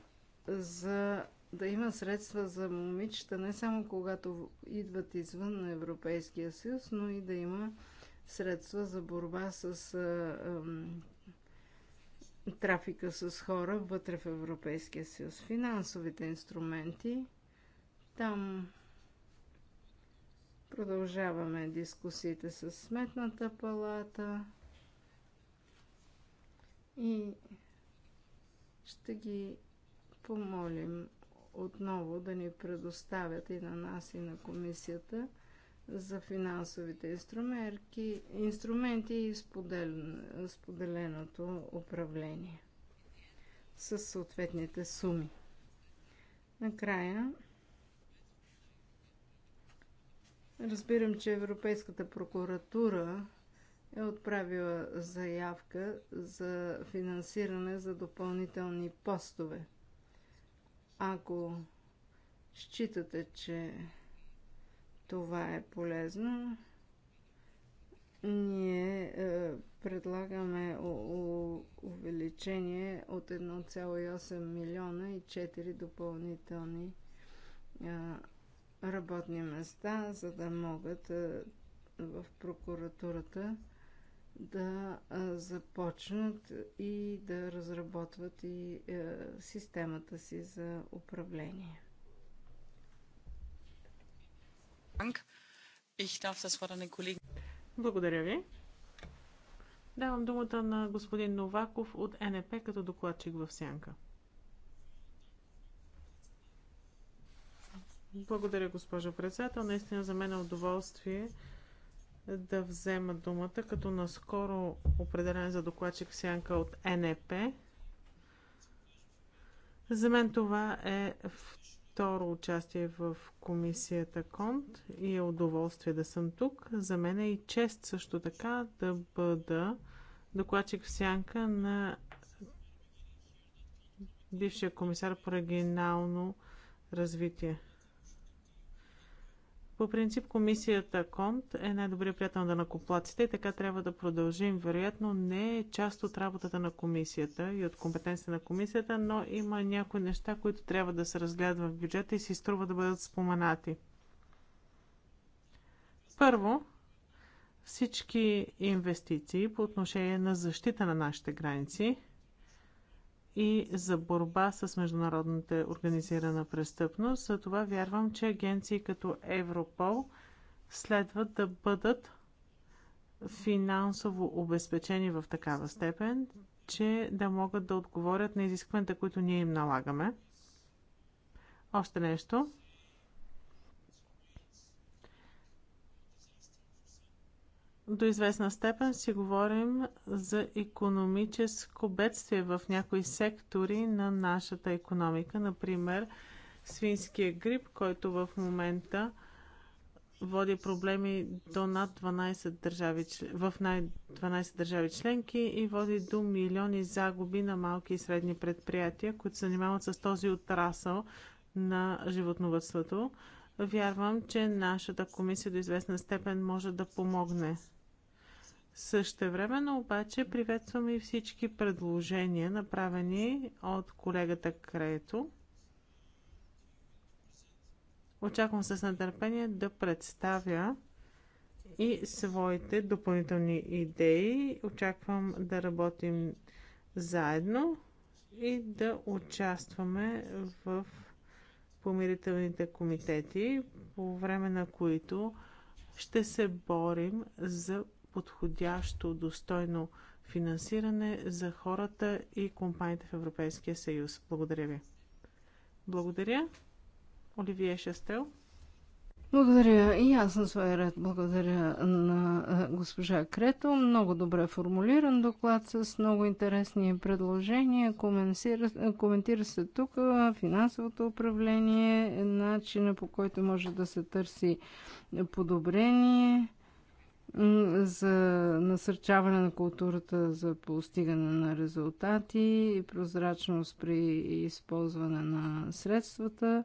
за да има средства за момичета, не само когато идват извън Европейския съюз, но и да има средства за борба с а, а, трафика с хора вътре в Европейския съюз. Финансовите инструменти, там Продължаваме дискусиите с Сметната палата и ще ги помолим отново да ни предоставят и на нас и на комисията за финансовите инструменти, инструменти и споделен, споделеното управление с съответните суми. Накрая Разбирам, че Европейската прокуратура е отправила заявка за финансиране за допълнителни постове. Ако считате, че това е полезно, ние е, предлагаме увеличение от 1,8 милиона и 4 допълнителни е, работни места, за да могат в прокуратурата да започнат и да разработват и е, системата си за управление. Благодаря ви. Давам думата на господин Новаков от НП като докладчик в Сянка. Благодаря, госпожо председател. Наистина за мен е удоволствие да взема думата, като наскоро определен за докладчик в сянка от НЕП. За мен това е второ участие в комисията КОНТ и е удоволствие да съм тук. За мен е и чест също така да бъда докладчик в сянка на бившия комисар по регионално развитие. По принцип комисията Конт е най-добрият приятел на накоплаците и така трябва да продължим. Вероятно не е част от работата на комисията и от компетенцията на комисията, но има някои неща, които трябва да се разгледат в бюджета и си струва да бъдат споменати. Първо, всички инвестиции по отношение на защита на нашите граници – и за борба с международната организирана престъпност. Затова вярвам, че агенции като Европол следва да бъдат финансово обезпечени в такава степен, че да могат да отговорят на изискванията, които ние им налагаме. Още нещо. до известна степен си говорим за економическо бедствие в някои сектори на нашата економика. Например, свинския грип, който в момента води проблеми до над 12 държави, в най 12 държави членки и води до милиони загуби на малки и средни предприятия, които се занимават с този отрасъл на животновътството. Вярвам, че нашата комисия до известна степен може да помогне Същевременно обаче приветстваме и всички предложения, направени от колегата Крето. Очаквам с нетърпение да представя и своите допълнителни идеи. Очаквам да работим заедно и да участваме в помирителните комитети, по време на които ще се борим за подходящо, достойно финансиране за хората и компаниите в Европейския съюз. Благодаря ви. Благодаря. Оливие Шестел. Благодаря. И аз на своя ред благодаря на госпожа Крето. Много добре формулиран доклад с много интересни предложения. Коментира, коментира се тук финансовото управление, начина по който може да се търси подобрение за насърчаване на културата за постигане на резултати, и прозрачност при използване на средствата,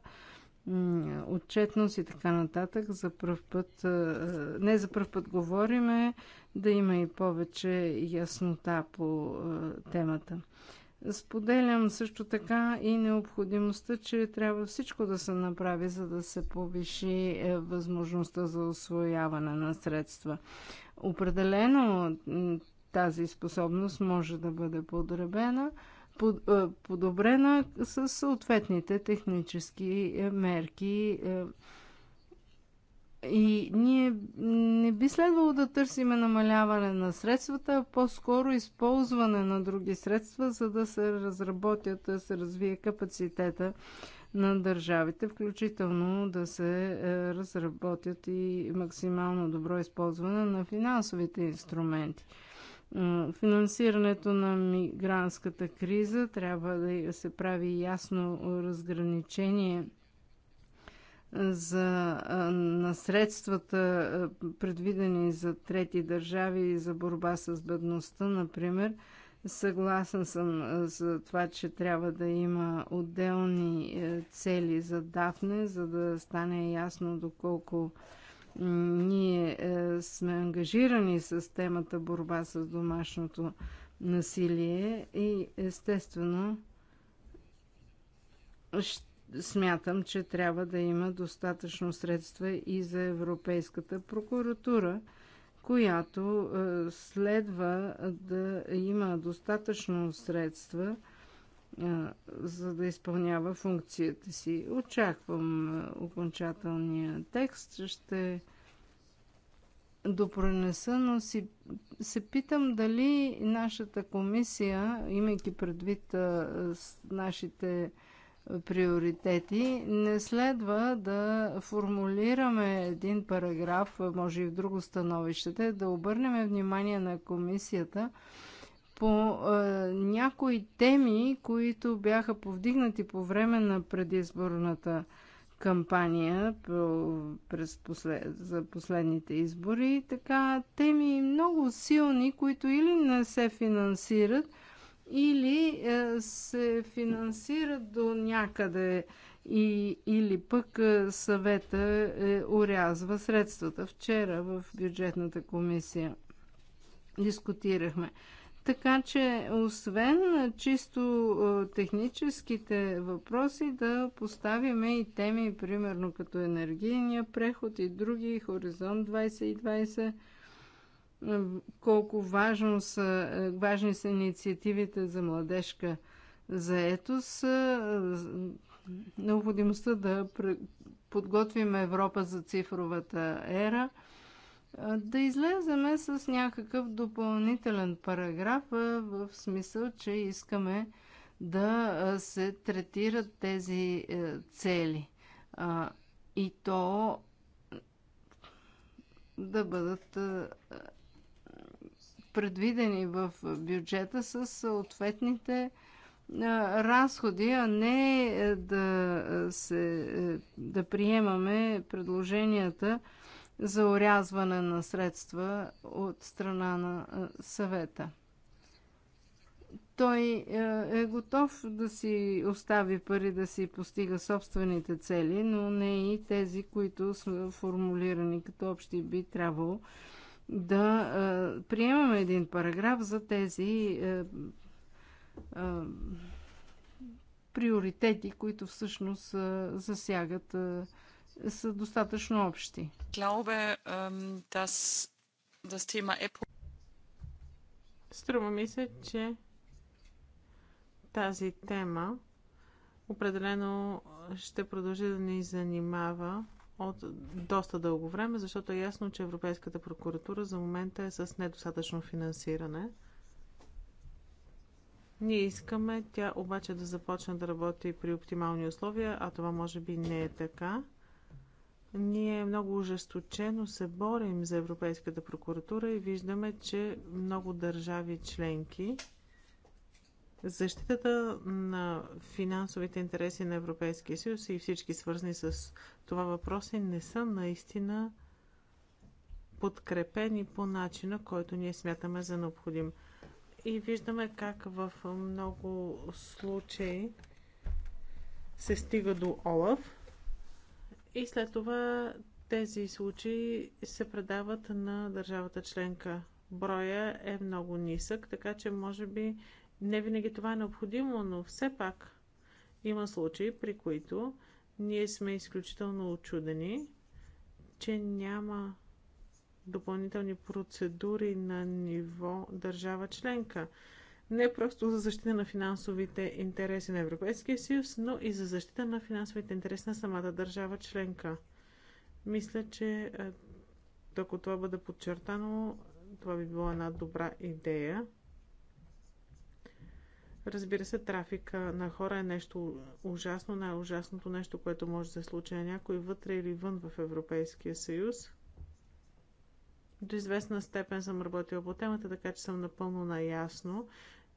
отчетност и така нататък. За първ път, не за първ път говориме, да има и повече яснота по темата. Споделям също така и необходимостта, че трябва всичко да се направи, за да се повиши е, възможността за освояване на средства. Определено тази способност може да бъде подребена, под, е, подобрена с съответните технически е, мерки и ние не би следвало да търсиме намаляване на средствата, а по-скоро използване на други средства, за да се разработят, да се развие капацитета на държавите, включително да се е, разработят и максимално добро използване на финансовите инструменти. Финансирането на мигрантската криза трябва да се прави ясно разграничение – за, на средствата, предвидени за трети държави и за борба с бедността, например, съгласен съм за това, че трябва да има отделни цели за Дафне, за да стане ясно доколко ние сме ангажирани с темата борба с домашното насилие и естествено ще смятам, че трябва да има достатъчно средства и за Европейската прокуратура, която е, следва да има достатъчно средства, е, за да изпълнява функцията си. Очаквам е, окончателния текст. Ще допронеса, но си, се питам дали нашата комисия, имайки предвид а, с нашите приоритети, не следва да формулираме един параграф, може и в друго становище, да обърнем внимание на комисията по е, някои теми, които бяха повдигнати по време на предизборната кампания през послед... за последните избори. Така, теми много силни, които или не се финансират, или е, се финансират до някъде и, или пък е, съвета е, урязва средствата. Вчера в бюджетната комисия дискутирахме. Така че, освен е, чисто техническите въпроси, да поставиме и теми, примерно като енергийния преход и други, Хоризонт 2020, колко важно са, важни са инициативите за младежка заетост, необходимостта да подготвим Европа за цифровата ера, да излеземе с някакъв допълнителен параграф в смисъл, че искаме да се третират тези е, цели. И то да бъдат предвидени в бюджета с съответните е, разходи, а не е, да, е, се, да приемаме предложенията за урязване на средства от страна на съвета. Той е готов да си остави пари да си постига собствените цели, но не и тези, които са формулирани като общи би трябвало да приемаме един параграф за тези приоритети, които всъщност засягат, са достатъчно общи. Glaube, dass das Thema Струва ми се, че тази тема определено ще продължи да ни занимава от доста дълго време, защото е ясно, че Европейската прокуратура за момента е с недостатъчно финансиране. Ние искаме тя обаче да започне да работи при оптимални условия, а това може би не е така. Ние много ожесточено се борим за Европейската прокуратура и виждаме, че много държави членки Защитата на финансовите интереси на Европейския съюз и всички свързани с това въпроси не са наистина подкрепени по начина, който ние смятаме за необходим. И виждаме как в много случаи се стига до Олаф и след това тези случаи се предават на държавата членка. Броя е много нисък, така че може би не винаги това е необходимо, но все пак има случаи, при които ние сме изключително очудени, че няма допълнителни процедури на ниво държава членка. Не просто за защита на финансовите интереси на Европейския съюз, но и за защита на финансовите интереси на самата държава членка. Мисля, че ако е, това бъде подчертано, това би била една добра идея. Разбира се, трафика на хора е нещо ужасно, най-ужасното нещо, което може да се случи на някой вътре или вън в Европейския съюз. До известна степен съм работила по темата, така че съм напълно наясно.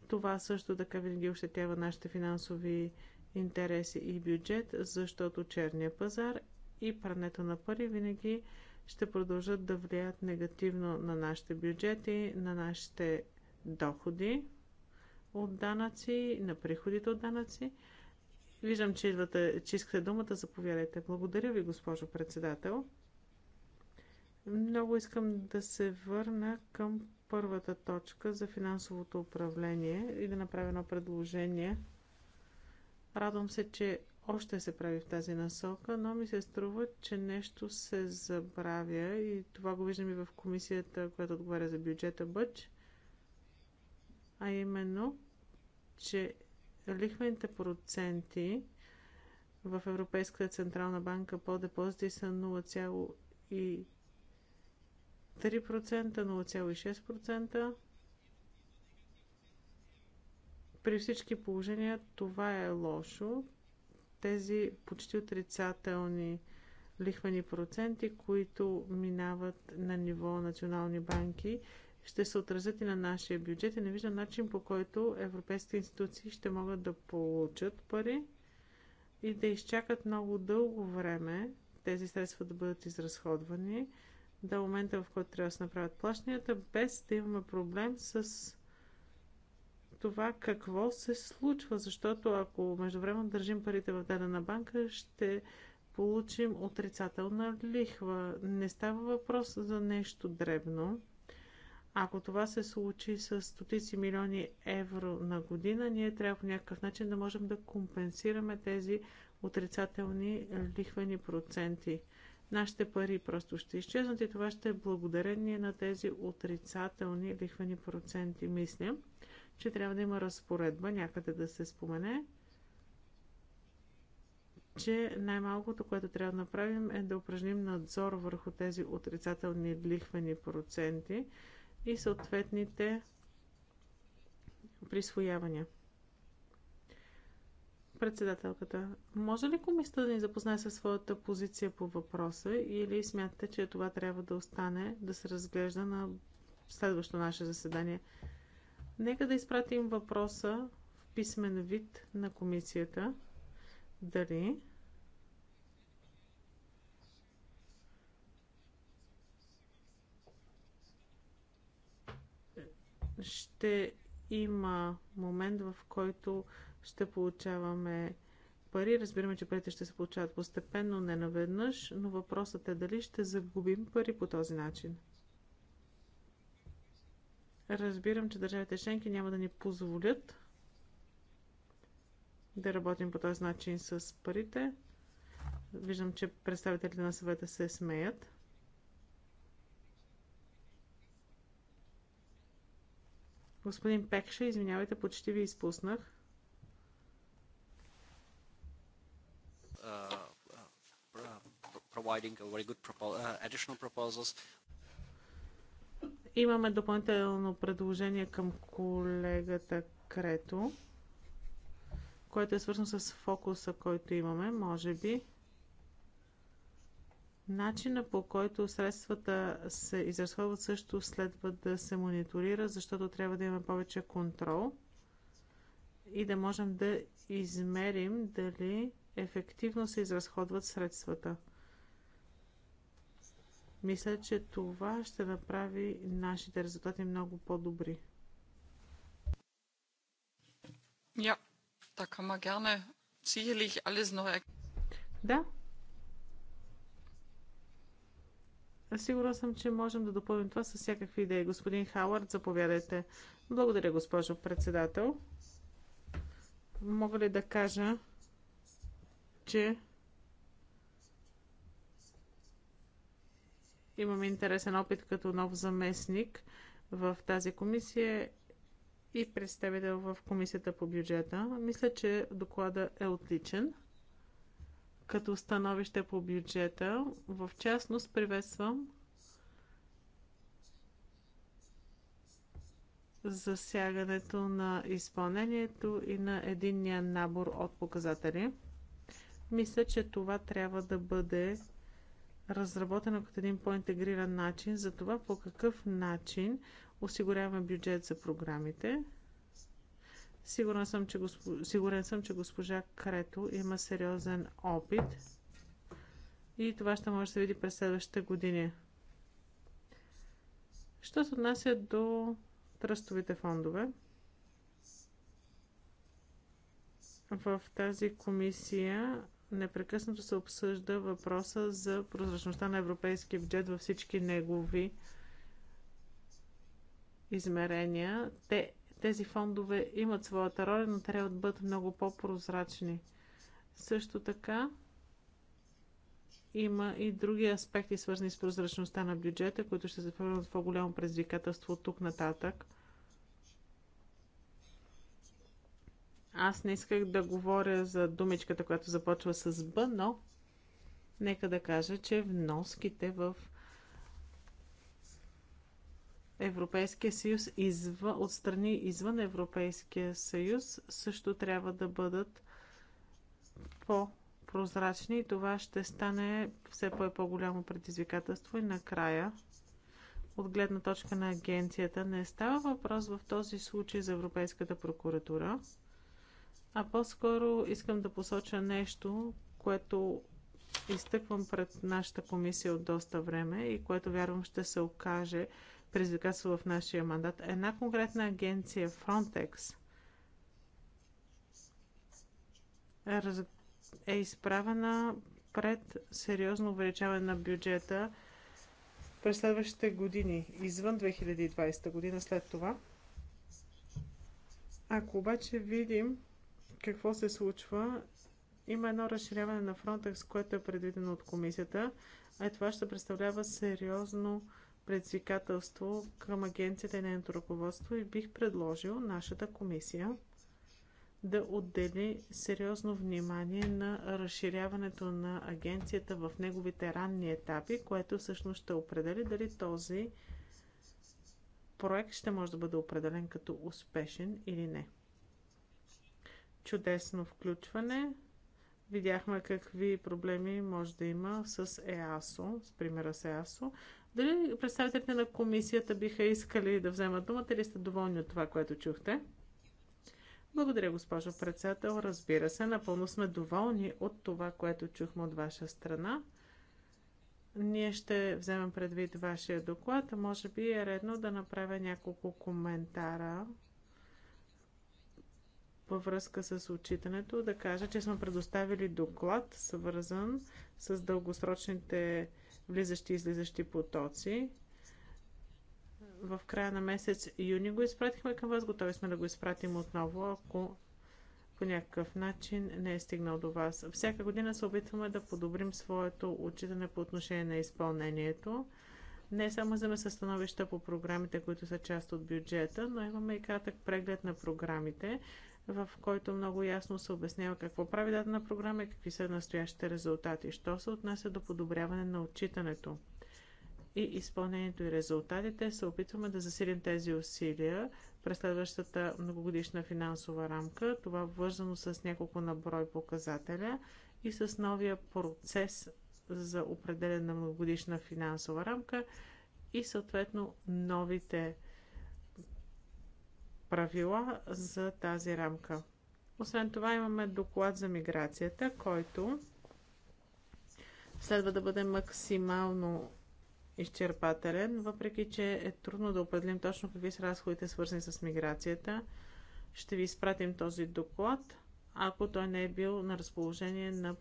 Това също така винаги ощетява нашите финансови интереси и бюджет, защото черния пазар и прането на пари винаги ще продължат да влияят негативно на нашите бюджети, на нашите доходи от данъци, на приходите от данъци. Виждам, че, идвате, че искате думата, заповядайте. Благодаря ви, госпожо председател. Много искам да се върна към първата точка за финансовото управление и да направя едно предложение. Радвам се, че още се прави в тази насока, но ми се струва, че нещо се забравя и това го виждам и в комисията, която отговаря за бюджета БЪЧ а именно, че лихвените проценти в Европейската централна банка по депозити са 0,3%, 0,6%. При всички положения това е лошо. Тези почти отрицателни лихвени проценти, които минават на ниво национални банки ще се отразят и на нашия бюджет и не виждам начин по който европейските институции ще могат да получат пари и да изчакат много дълго време тези средства да бъдат изразходвани до момента, в който трябва да се направят плащанията, без да имаме проблем с това какво се случва, защото ако междувременно държим парите в дадена банка, ще получим отрицателна лихва. Не става въпрос за нещо дребно. Ако това се случи с стотици милиони евро на година, ние трябва по някакъв начин да можем да компенсираме тези отрицателни лихвени проценти. Нашите пари просто ще изчезнат и това ще е благодарение на тези отрицателни лихвени проценти. Мисля, че трябва да има разпоредба някъде да се спомене, че най-малкото, което трябва да направим е да упражним надзор върху тези отрицателни лихвени проценти, и съответните присвоявания. Председателката, може ли комисията да ни запознае със своята позиция по въпроса или смятате, че това трябва да остане да се разглежда на следващото наше заседание? Нека да изпратим въпроса в писмен вид на комисията. Дали ще има момент, в който ще получаваме пари. Разбираме, че парите ще се получават постепенно, не наведнъж, но въпросът е дали ще загубим пари по този начин. Разбирам, че държавите членки няма да ни позволят да работим по този начин с парите. Виждам, че представителите на съвета се смеят. Господин Пекша, извинявайте, почти ви изпуснах. Uh, имаме допълнително предложение към колегата Крето, което е свързано с фокуса, който имаме, може би. Начина по който средствата се изразходват също следва да се мониторира, защото трябва да имаме повече контрол и да можем да измерим дали ефективно се изразходват средствата. Мисля, че това ще направи нашите резултати много по-добри. alles noch. Er- да, Сигурна съм, че можем да допълним това с всякакви идеи. Господин Хауърд, заповядайте. Благодаря, госпожо председател. Мога ли да кажа, че имам интересен опит като нов заместник в тази комисия и представител в комисията по бюджета. Мисля, че доклада е отличен като становище по бюджета. В частност приветствам засягането на изпълнението и на единния набор от показатели. Мисля, че това трябва да бъде разработено като един по-интегриран начин за това по какъв начин осигуряваме бюджет за програмите – Сигурен съм, че госпожа, сигурен съм, че госпожа Крето има сериозен опит и това ще може да се види през следващите години. Що се отнася до тръстовите фондове? В тази комисия непрекъснато се обсъжда въпроса за прозрачността на европейския бюджет във всички негови измерения. Те тези фондове имат своята роля, но трябва да бъдат много по-прозрачни. Също така има и други аспекти, свързани с прозрачността на бюджета, които ще се превърнат в по-голямо предизвикателство от тук нататък. Аз не исках да говоря за думичката, която започва с Б, но нека да кажа, че вноските в Европейския съюз, извън, от страни извън Европейския съюз също трябва да бъдат по-прозрачни и това ще стане все по-голямо предизвикателство и накрая от гледна точка на агенцията не става въпрос в този случай за Европейската прокуратура, а по-скоро искам да посоча нещо, което изтъквам пред нашата комисия от доста време и което вярвам ще се окаже предизвикателство в нашия мандат. Една конкретна агенция Frontex е изправена пред сериозно увеличаване на бюджета през следващите години, извън 2020 година след това. Ако обаче видим какво се случва, има едно разширяване на Frontex, което е предвидено от комисията, а това ще представлява сериозно предизвикателство към агенцията и нейното ръководство и бих предложил нашата комисия да отдели сериозно внимание на разширяването на агенцията в неговите ранни етапи, което всъщност ще определи дали този проект ще може да бъде определен като успешен или не. Чудесно включване. Видяхме какви проблеми може да има с ЕАСО, с примера с ЕАСО. Дали представителите на комисията биха искали да вземат думата или сте доволни от това, което чухте? Благодаря, госпожо председател. Разбира се, напълно сме доволни от това, което чухме от ваша страна. Ние ще вземем предвид вашия доклад. Може би е редно да направя няколко коментара във връзка с отчитането. Да кажа, че сме предоставили доклад, свързан с дългосрочните влизащи и излизащи потоци. В края на месец юни го изпратихме към вас. Готови сме да го изпратим отново, ако по някакъв начин не е стигнал до вас. Всяка година се опитваме да подобрим своето отчитане по отношение на изпълнението. Не само вземе състановища становища по програмите, които са част от бюджета, но имаме и кратък преглед на програмите, в който много ясно се обяснява какво прави дадена програма и какви са настоящите резултати. Що се отнася до подобряване на отчитането и изпълнението и резултатите, се опитваме да засилим тези усилия през следващата многогодишна финансова рамка. Това вързано с няколко наброй показателя и с новия процес за определена многогодишна финансова рамка и съответно новите правила за тази рамка. Освен това имаме доклад за миграцията, който следва да бъде максимално изчерпателен, въпреки че е трудно да определим точно какви са разходите свързани с миграцията. Ще ви изпратим този доклад, ако той не е бил на разположение на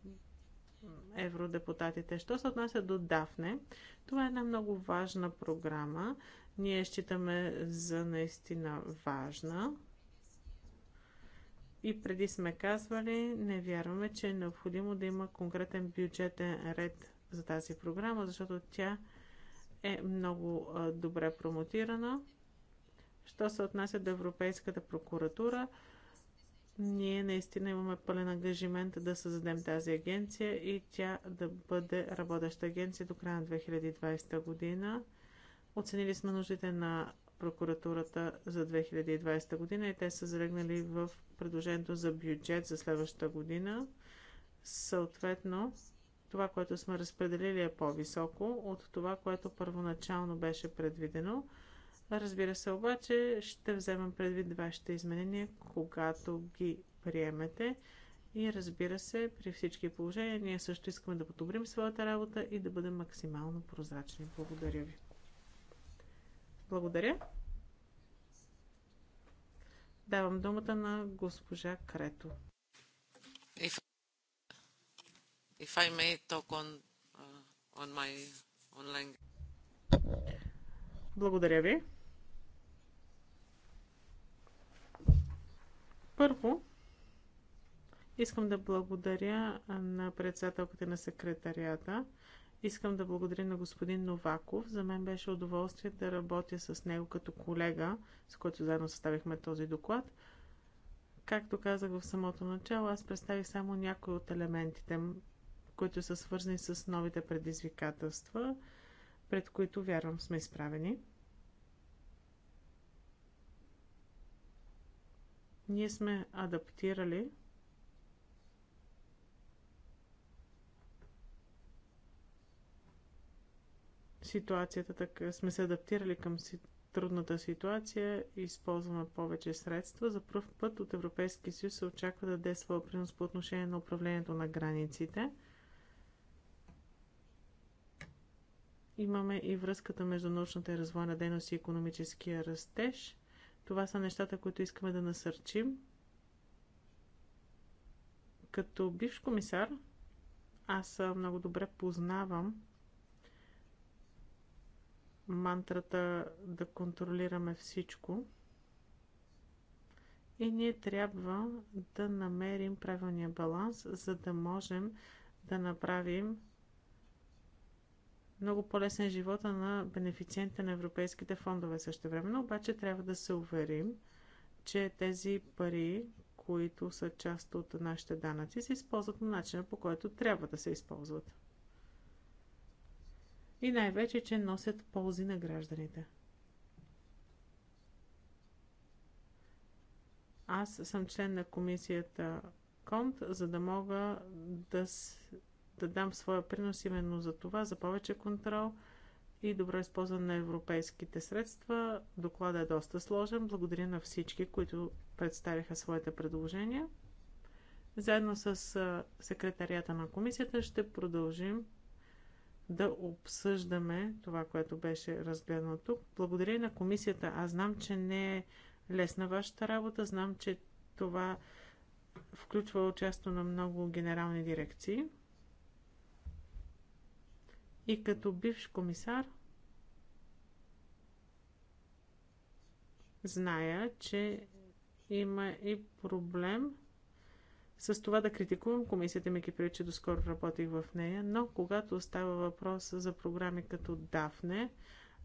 евродепутатите. Що се отнася до Дафне, това е една много важна програма ние считаме за наистина важна. И преди сме казвали, не вярваме, че е необходимо да има конкретен бюджетен ред за тази програма, защото тя е много добре промотирана. Що се отнася до Европейската прокуратура, ние наистина имаме пълен ангажимент да създадем тази агенция и тя да бъде работеща агенция до края на 2020 година. Оценили сме нуждите на прокуратурата за 2020 година и те са залегнали в предложението за бюджет за следващата година. Съответно, това, което сме разпределили е по-високо от това, което първоначално беше предвидено. Разбира се, обаче ще вземем предвид вашите изменения, когато ги приемете. И разбира се, при всички положения, ние също искаме да подобрим своята работа и да бъдем максимално прозрачни. Благодаря ви. Благодаря. Давам думата на госпожа Крето. If, if I may talk on, uh, on my online... Благодаря ви. Първо, искам да благодаря на председателката на секретарията Искам да благодаря на господин Новаков. За мен беше удоволствие да работя с него като колега, с който заедно съставихме този доклад. Както казах в самото начало, аз представих само някои от елементите, които са свързани с новите предизвикателства, пред които вярвам сме изправени. Ние сме адаптирали ситуацията, така сме се адаптирали към си, трудната ситуация, използваме повече средства. За първ път от Европейския съюз се очаква да даде своя принос по отношение на управлението на границите. Имаме и връзката между научната и развойна дейност и економическия растеж. Това са нещата, които искаме да насърчим. Като бивш комисар, аз много добре познавам мантрата да контролираме всичко. И ние трябва да намерим правилния баланс, за да можем да направим много по-лесен живота на бенефициентите на европейските фондове също време. Обаче трябва да се уверим, че тези пари, които са част от нашите данъци, се използват на начина по който трябва да се използват и най-вече, че носят ползи на гражданите. Аз съм член на комисията КОНТ, за да мога да, да дам своя принос именно за това, за повече контрол и добро използване на европейските средства. Докладът е доста сложен. Благодаря на всички, които представиха своите предложения. Заедно с секретарията на комисията ще продължим да обсъждаме това, което беше разгледано тук. Благодаря и на комисията. Аз знам, че не е лесна вашата работа. Знам, че това включва участието на много генерални дирекции. И като бивш комисар, зная, че има и проблем – с това да критикувам комисията, ми предвид, че доскоро работих в нея, но когато става въпрос за програми като Дафне,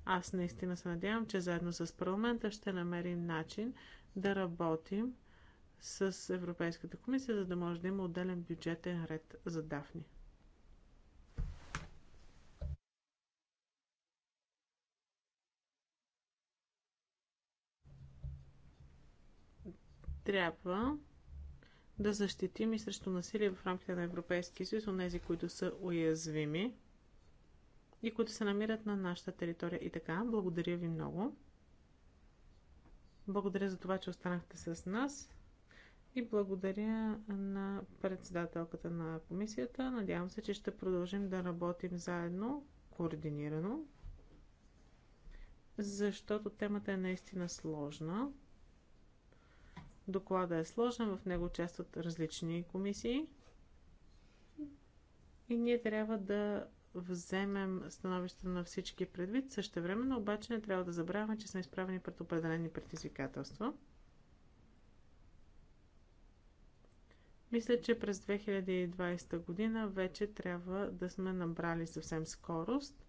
аз наистина се надявам, че заедно с парламента ще намерим начин да работим с Европейската комисия, за да може да има отделен бюджетен ред за Дафни. Трябва да защитим и срещу насилие в рамките на Европейския съюз, онези, които са уязвими и които се намират на нашата територия. И така, благодаря ви много. Благодаря за това, че останахте с нас. И благодаря на председателката на комисията. Надявам се, че ще продължим да работим заедно, координирано, защото темата е наистина сложна. Доклада е сложен, в него участват различни комисии. И ние трябва да вземем становище на всички предвид. Също време, обаче не трябва да забравяме, че сме изправени пред определени предизвикателства. Мисля, че през 2020 година вече трябва да сме набрали съвсем скорост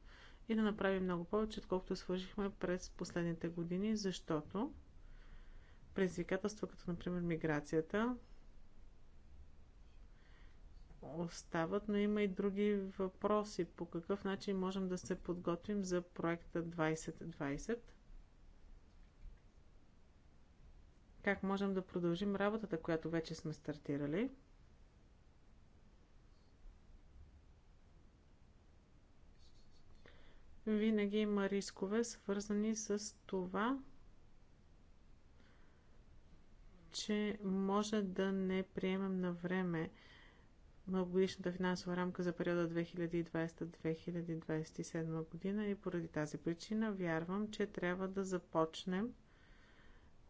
и да направим много повече, отколкото свършихме през последните години, защото предизвикателства, като например миграцията, остават, но има и други въпроси. По какъв начин можем да се подготвим за проекта 2020? Как можем да продължим работата, която вече сме стартирали? Винаги има рискове, свързани с това, че може да не приемем на време многогодишната финансова рамка за периода 2020-2027 година и поради тази причина вярвам, че трябва да започнем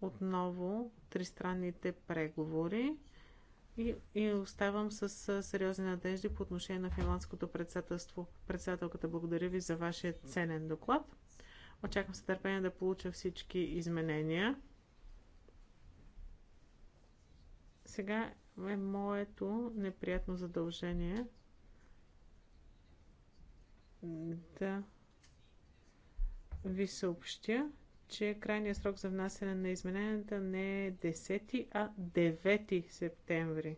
отново тристранните преговори и, и оставам с сериозни надежди по отношение на финландското председателство. Председателката, благодаря ви за вашия ценен доклад. Очаквам с търпение да получа всички изменения. Сега е моето неприятно задължение да ви съобщя, че крайният срок за внасяне на измененията не е 10, а 9 септември.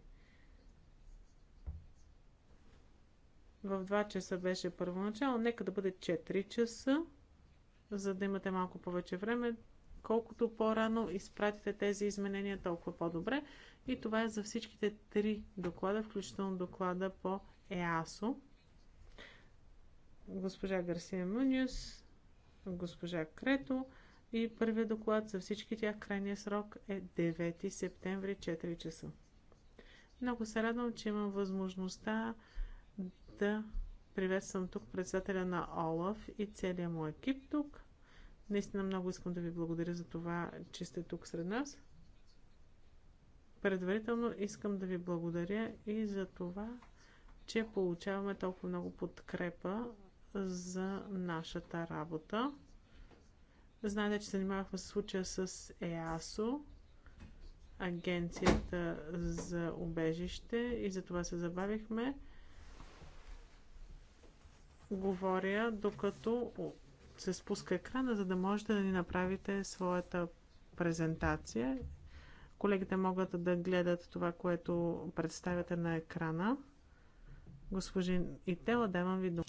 В 2 часа беше първоначално. Нека да бъде 4 часа, за да имате малко повече време. Колкото по-рано изпратите тези изменения, толкова по-добре. И това е за всичките три доклада, включително доклада по ЕАСО. Госпожа Гарсия Мюниус, госпожа Крето и първият доклад за всички тях. Крайният срок е 9 септември 4 часа. Много се радвам, че имам възможността да приветствам тук председателя на ОЛАФ и целият му екип тук. Наистина много искам да ви благодаря за това, че сте тук сред нас. Предварително искам да ви благодаря и за това, че получаваме толкова много подкрепа за нашата работа. Знаете, че занимавахме се случая с ЕАСО, агенцията за убежище и за това се забавихме. Говоря докато се спуска екрана, за да можете да ни направите своята презентация Колегите могат да гледат това, което представяте на екрана. Госпожин Итела, давам ви дума.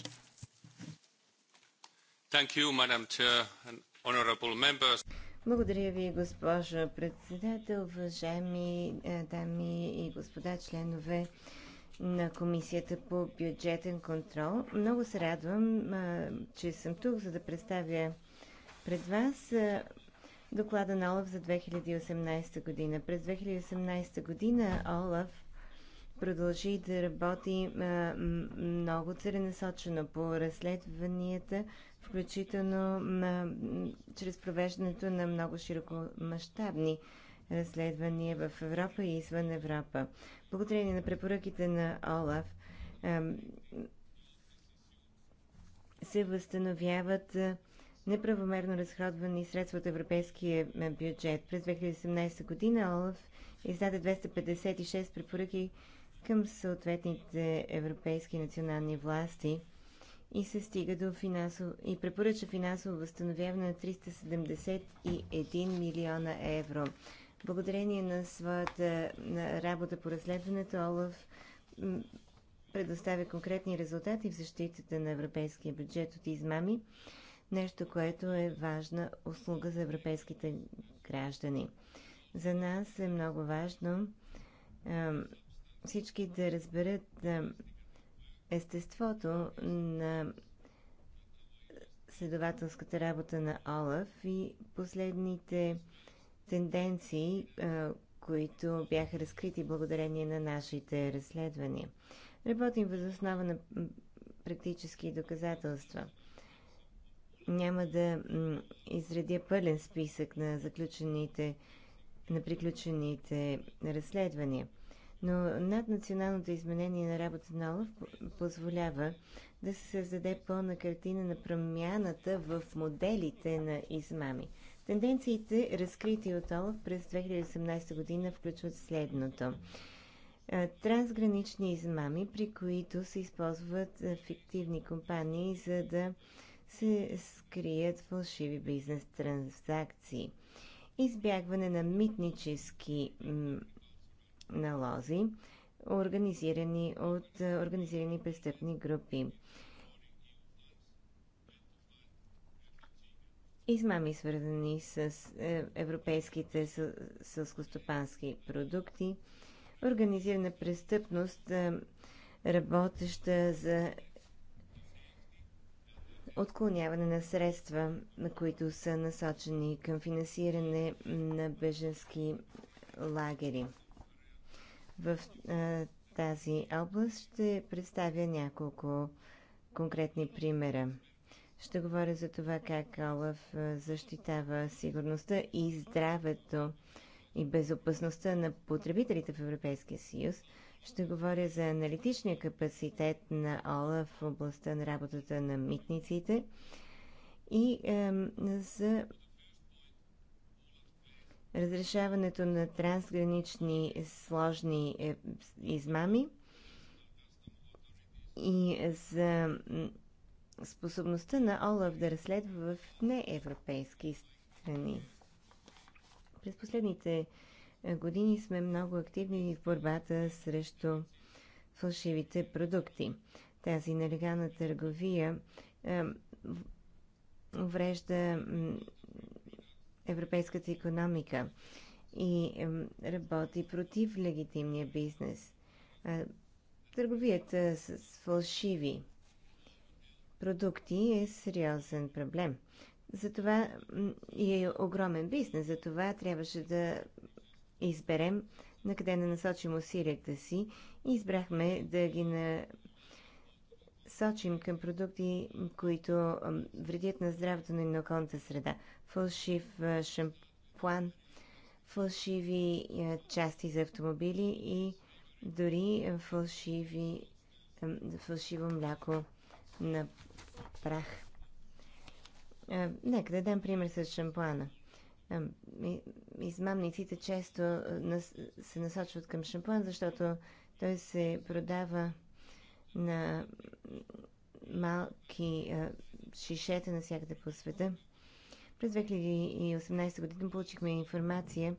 Благодаря ви, госпожо председател, уважаеми е, дами и господа членове на Комисията по бюджетен контрол. Много се радвам, е, че съм тук, за да представя пред вас е, доклада на ОЛАФ за 2018 година. През 2018 година ОЛАФ продължи да работи много целенасочено по разследванията, включително чрез провеждането на много широкомащабни разследвания в Европа и извън Европа. Благодарение на препоръките на ОЛАФ се възстановяват неправомерно разходвани средства от европейския е, бюджет. През 2017 година ОЛАФ издаде 256 препоръки към съответните европейски национални власти и се стига до финансово и препоръча финансово възстановяване на 371 милиона евро. Благодарение на своята на работа по разследването, Олаф предоставя конкретни резултати в защитата на европейския бюджет от измами нещо, което е важна услуга за европейските граждани. За нас е много важно всички да разберат естеството на следователската работа на Олаф и последните тенденции, които бяха разкрити благодарение на нашите разследвания. Работим въз основа на практически доказателства. Няма да изредя пълен списък на заключените, на приключените разследвания. Но наднационалното изменение на работа на ОЛАФ позволява да се създаде пълна картина на промяната в моделите на измами. Тенденциите, разкрити от ОЛАФ през 2018 година, включват следното. Трансгранични измами, при които се използват фиктивни компании, за да се скрият фалшиви бизнес транзакции, избягване на митнически налози, организирани от организирани престъпни групи. измами, свързани с е, европейските сълскостопански продукти, организирана престъпност, работеща за отклоняване на средства, които са насочени към финансиране на беженски лагери. В а, тази област ще представя няколко конкретни примера. Ще говоря за това как Олаф защитава сигурността и здравето и безопасността на потребителите в Европейския съюз – ще говоря за аналитичния капацитет на ОЛА в областта на работата на митниците и е, за разрешаването на трансгранични сложни е, измами и за способността на ОЛАВ да разследва в неевропейски страни. През последните години сме много активни в борбата срещу фалшивите продукти. Тази нелегална търговия е, врежда европейската економика и е, работи против легитимния бизнес. Е, търговията с фалшиви продукти е сериозен проблем. Затова и е огромен бизнес. Затова трябваше да изберем на къде да насочим усилията си и избрахме да ги насочим към продукти, които вредят на здравето на и на околната среда. Фалшив шампуан, фалшиви части за автомобили и дори фалшиви, фалшиво мляко на прах. Нека да дам пример с шампуана – измамниците често се насочват към шампуан, защото той се продава на малки шишета навсякъде по света. През 2018 година получихме информация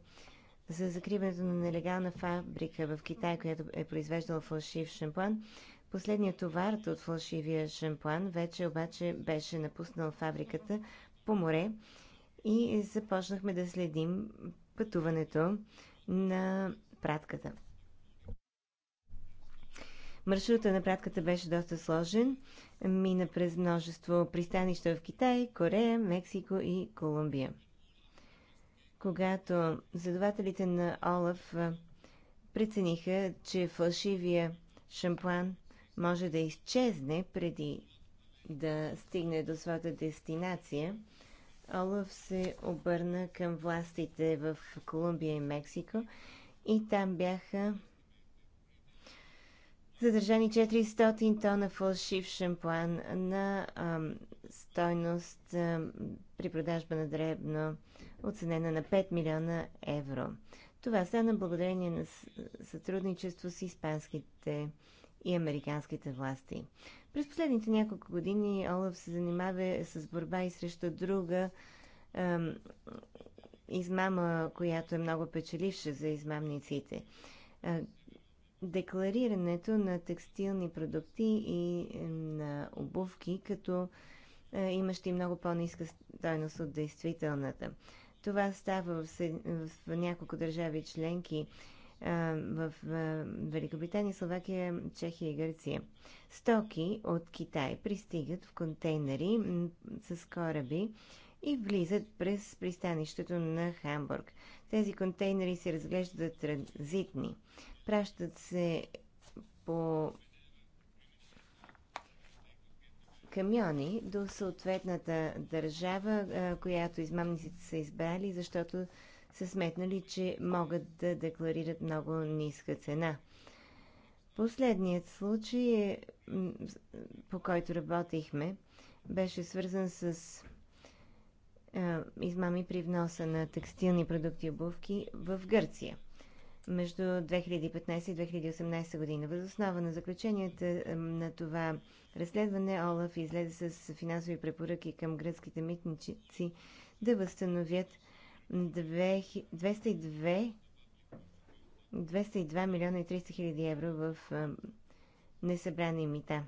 за закриването на нелегална фабрика в Китай, която е произвеждала фалшив шампуан. Последният товар от фалшивия шампуан вече обаче беше напуснал фабриката по море и започнахме да следим пътуването на пратката. Маршрута на пратката беше доста сложен. Мина през множество пристанища в Китай, Корея, Мексико и Колумбия. Когато задавателите на Олаф прецениха, че фалшивия шампуан може да изчезне преди да стигне до своята дестинация, Олаф се обърна към властите в Колумбия и Мексико и там бяха задържани 400 тона фалшив шампуан на ам, стойност ам, при продажба на дребно оценена на 5 милиона евро. Това стана благодарение на сътрудничество с испанските и американските власти. През последните няколко години Олаф се занимава с борба и срещу друга ем, измама, която е много печеливша за измамниците. Е, декларирането на текстилни продукти и на обувки, като е, имащи много по-ниска стойност от действителната. Това става в, в няколко държави членки в Великобритания, Словакия, Чехия и Гърция. Стоки от Китай пристигат в контейнери с кораби и влизат през пристанището на Хамбург. Тези контейнери се разглеждат транзитни. Пращат се по камиони до съответната държава, която измамниците са избрали, защото са сметнали, че могат да декларират много ниска цена. Последният случай, е, по който работихме, беше свързан с измами при вноса на текстилни продукти и обувки в Гърция между 2015 и 2018 година. Въз основа на заключенията на това разследване Олаф излезе с финансови препоръки към гръцките митници да възстановят 202, милиона и 300 хиляди евро в несъбрани мита.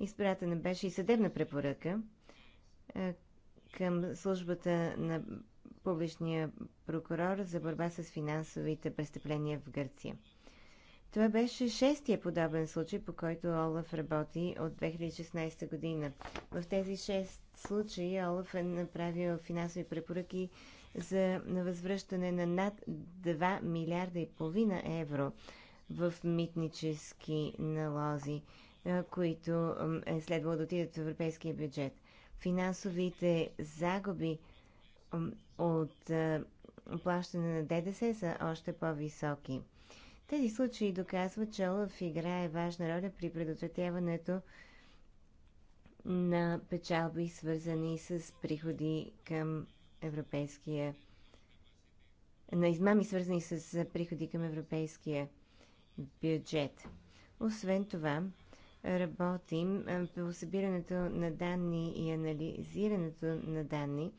Изпратена беше и съдебна препоръка към службата на публичния прокурор за борба с финансовите престъпления в Гърция. Това беше шестия подобен случай, по който Олаф работи от 2016 година. В тези шест случаи Олаф е направил финансови препоръки за възвръщане на над 2 милиарда и половина евро в митнически налози, които е следвало да отидат в европейския бюджет. Финансовите загуби от плащане на ДДС са още по-високи – тези случаи доказват, че Олаф играе важна роля при предотвратяването на печалби, свързани с приходи към Европейския на измами, свързани с приходи към европейския бюджет. Освен това, работим по събирането на данни и анализирането на данни,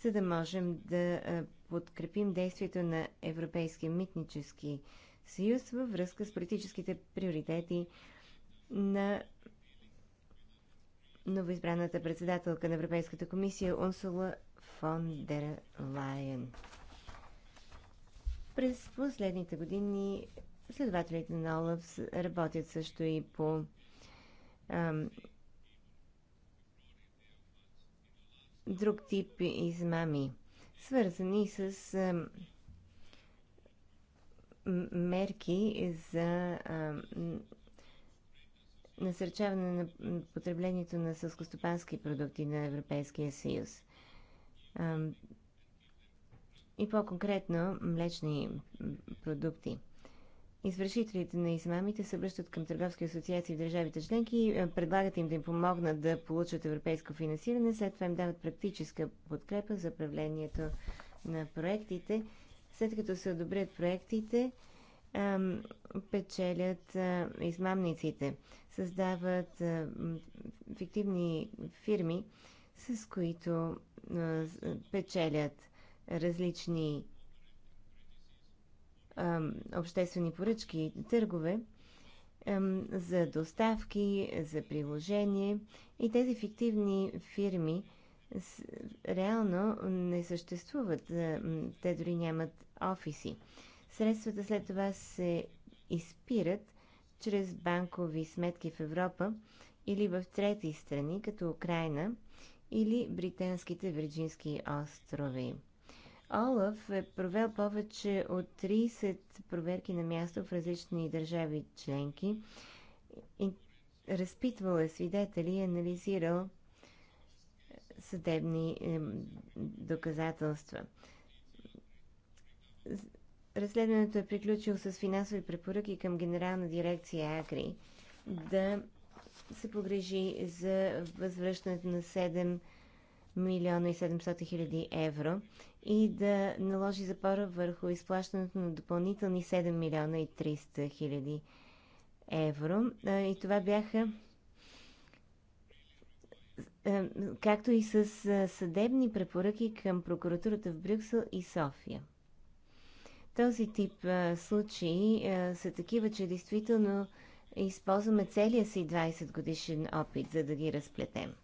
за да можем да подкрепим действието на Европейския митнически съюз във връзка с политическите приоритети на новоизбраната председателка на Европейската комисия Унсула фон дер Лайен. През последните години следователите на Олаф работят също и по ам, друг тип измами, свързани с ам, мерки за а, насърчаване на потреблението на сълскостопански продукти на Европейския съюз. А, и по-конкретно млечни продукти. Извършителите на измамите се връщат към търговски асоциации в държавите членки, предлагат им да им помогнат да получат европейско финансиране, след това им дават практическа подкрепа за правлението на проектите след като се одобрят проектите, печелят измамниците, създават фиктивни фирми, с които печелят различни обществени поръчки, и търгове за доставки, за приложение и тези фиктивни фирми реално не съществуват. Те дори нямат офиси. Средствата след това се изпират чрез банкови сметки в Европа или в трети страни, като Украина или британските Вирджински острови. Олаф е провел повече от 30 проверки на място в различни държави членки, разпитвал е свидетели и анализирал съдебни доказателства. Разследването е приключило с финансови препоръки към Генерална дирекция Агри да се погрежи за възвръщането на 7 милиона и 700 хиляди евро и да наложи запора върху изплащането на допълнителни 7 милиона и 300 хиляди евро. И това бяха както и с е, съдебни препоръки към прокуратурата в Брюксел и София. Този тип е, случаи е, са такива, че действително използваме целия си 20 годишен опит, за да ги разплетем.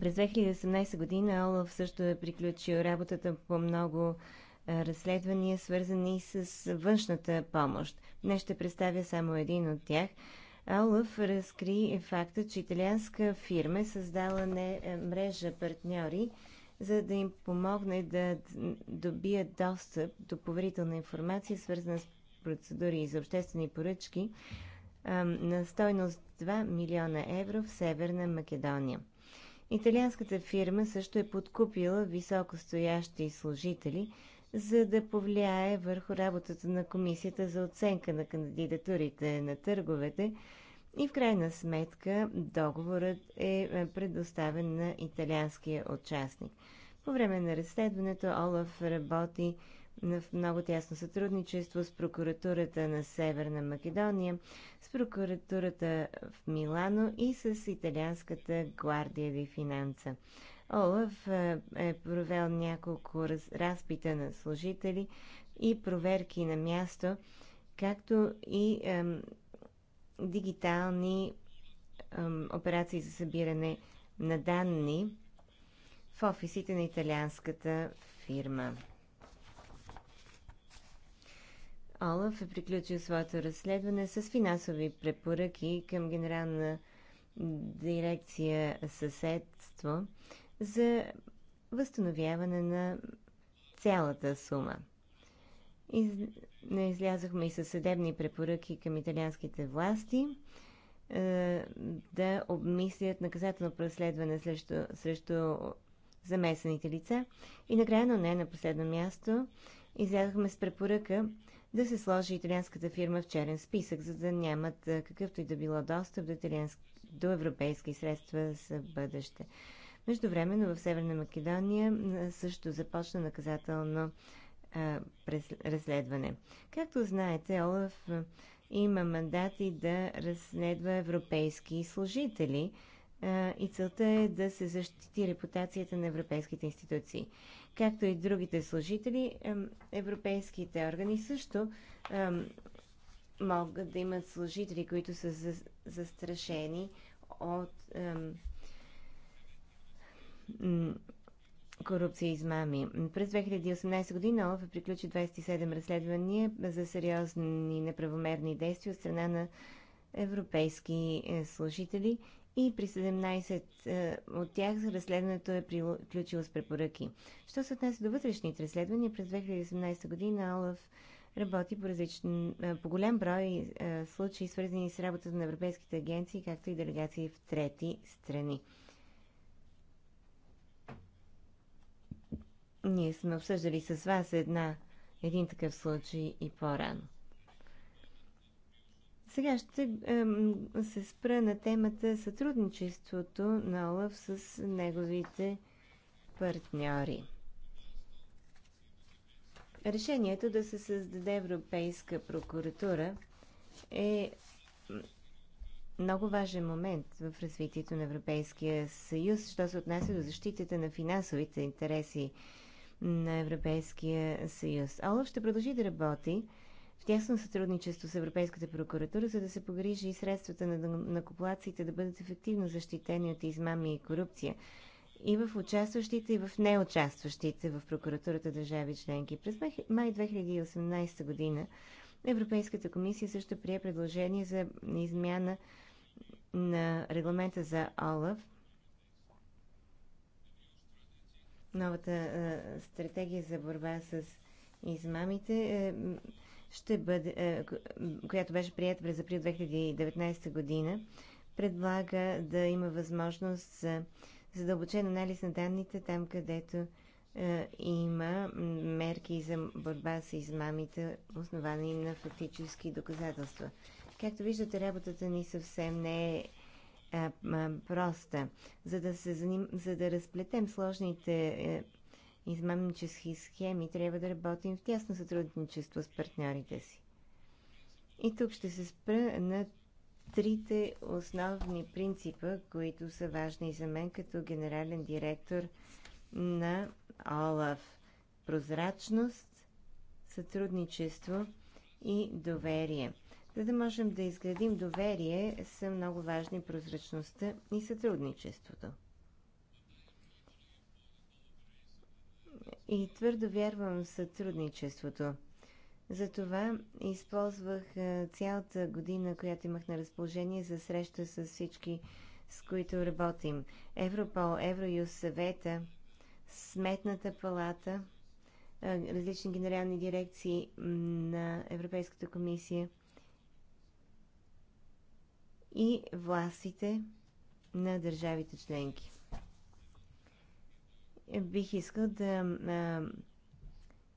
През 2018 година Олаф също е приключил работата по много е, разследвания, свързани с външната помощ. Днес ще представя само един от тях. Олаф разкри факта, че италианска фирма е създала не, е, мрежа партньори, за да им помогне да добият достъп до поверителна информация, свързана с процедури за обществени поръчки е, на стойност 2 милиона евро в Северна Македония. Италианската фирма също е подкупила високостоящи служители, за да повлияе върху работата на комисията за оценка на кандидатурите на търговете и в крайна сметка договорът е, е предоставен на италианския участник. По време на разследването Олаф работи в много тясно сътрудничество с прокуратурата на Северна Македония, с прокуратурата в Милано и с италианската гвардия ви финанса. Олаф е, е провел няколко раз, разпита на служители и проверки на място, както и ем, дигитални ем, операции за събиране на данни в офисите на италианската фирма. Олаф е приключил своето разследване с финансови препоръки към генерална дирекция съседство за възстановяване на цялата сума. Из... Не излязохме и със съдебни препоръки към италианските власти е, да обмислят наказателно преследване срещу, срещу замесените лица. И накрая, но не на последно място, излязохме с препоръка да се сложи италианската фирма в черен списък, за да нямат е, какъвто и да било достъп до, италиански... до европейски средства за бъдеще. Междувременно в Северна Македония също започна наказателно разследване. Както знаете, Олаф има мандати да разследва европейски служители и целта е да се защити репутацията на европейските институции. Както и другите служители, европейските органи също могат да имат служители, които са застрашени от корупция и измами. През 2018 година ОЛАФ е приключи 27 разследвания за сериозни неправомерни действия от страна на европейски е, служители и при 17 е, от тях разследването е приключило с препоръки. Що се отнася до вътрешните разследвания, през 2018 година ОЛАФ работи по, различен, по голям брой случаи, свързани с работата на европейските агенции, както и делегации в трети страни. Ние сме обсъждали с вас една, един такъв случай и по-рано. Сега ще се спра на темата сътрудничеството на Олаф с неговите партньори. Решението да се създаде Европейска прокуратура е много важен момент в развитието на Европейския съюз, що се отнася до защитата на финансовите интереси на Европейския съюз. ОЛАФ ще продължи да работи в тясно сътрудничество с Европейската прокуратура, за да се погрижи и средствата на накоплаците да бъдат ефективно защитени от измами и корупция и в участващите, и в неучастващите в прокуратурата държави членки. През май 2018 година Европейската комисия също прие предложение за измяна на регламента за ОЛАВ. новата стратегия за борба с измамите, е, ще бъде, е, която беше прията през април 2019 година, предлага да има възможност за задълбочен анализ на данните там, където е, има мерки за борба с измамите, основани на фактически доказателства. Както виждате, работата ни съвсем не е а, а, проста. За да, се заним... за да разплетем сложните е, измамнически схеми, трябва да работим в тясно сътрудничество с партньорите си. И тук ще се спра на трите основни принципа, които са важни за мен като генерален директор на ОЛАФ. Прозрачност, сътрудничество и доверие. За да можем да изградим доверие, са много важни прозрачността и сътрудничеството. И твърдо вярвам в сътрудничеството. Затова използвах цялата година, която имах на разположение за среща с всички, с които работим. Европол, Евроюз, съвета, Сметната палата, различни генерални дирекции на Европейската комисия – и властите на държавите членки. Бих искал да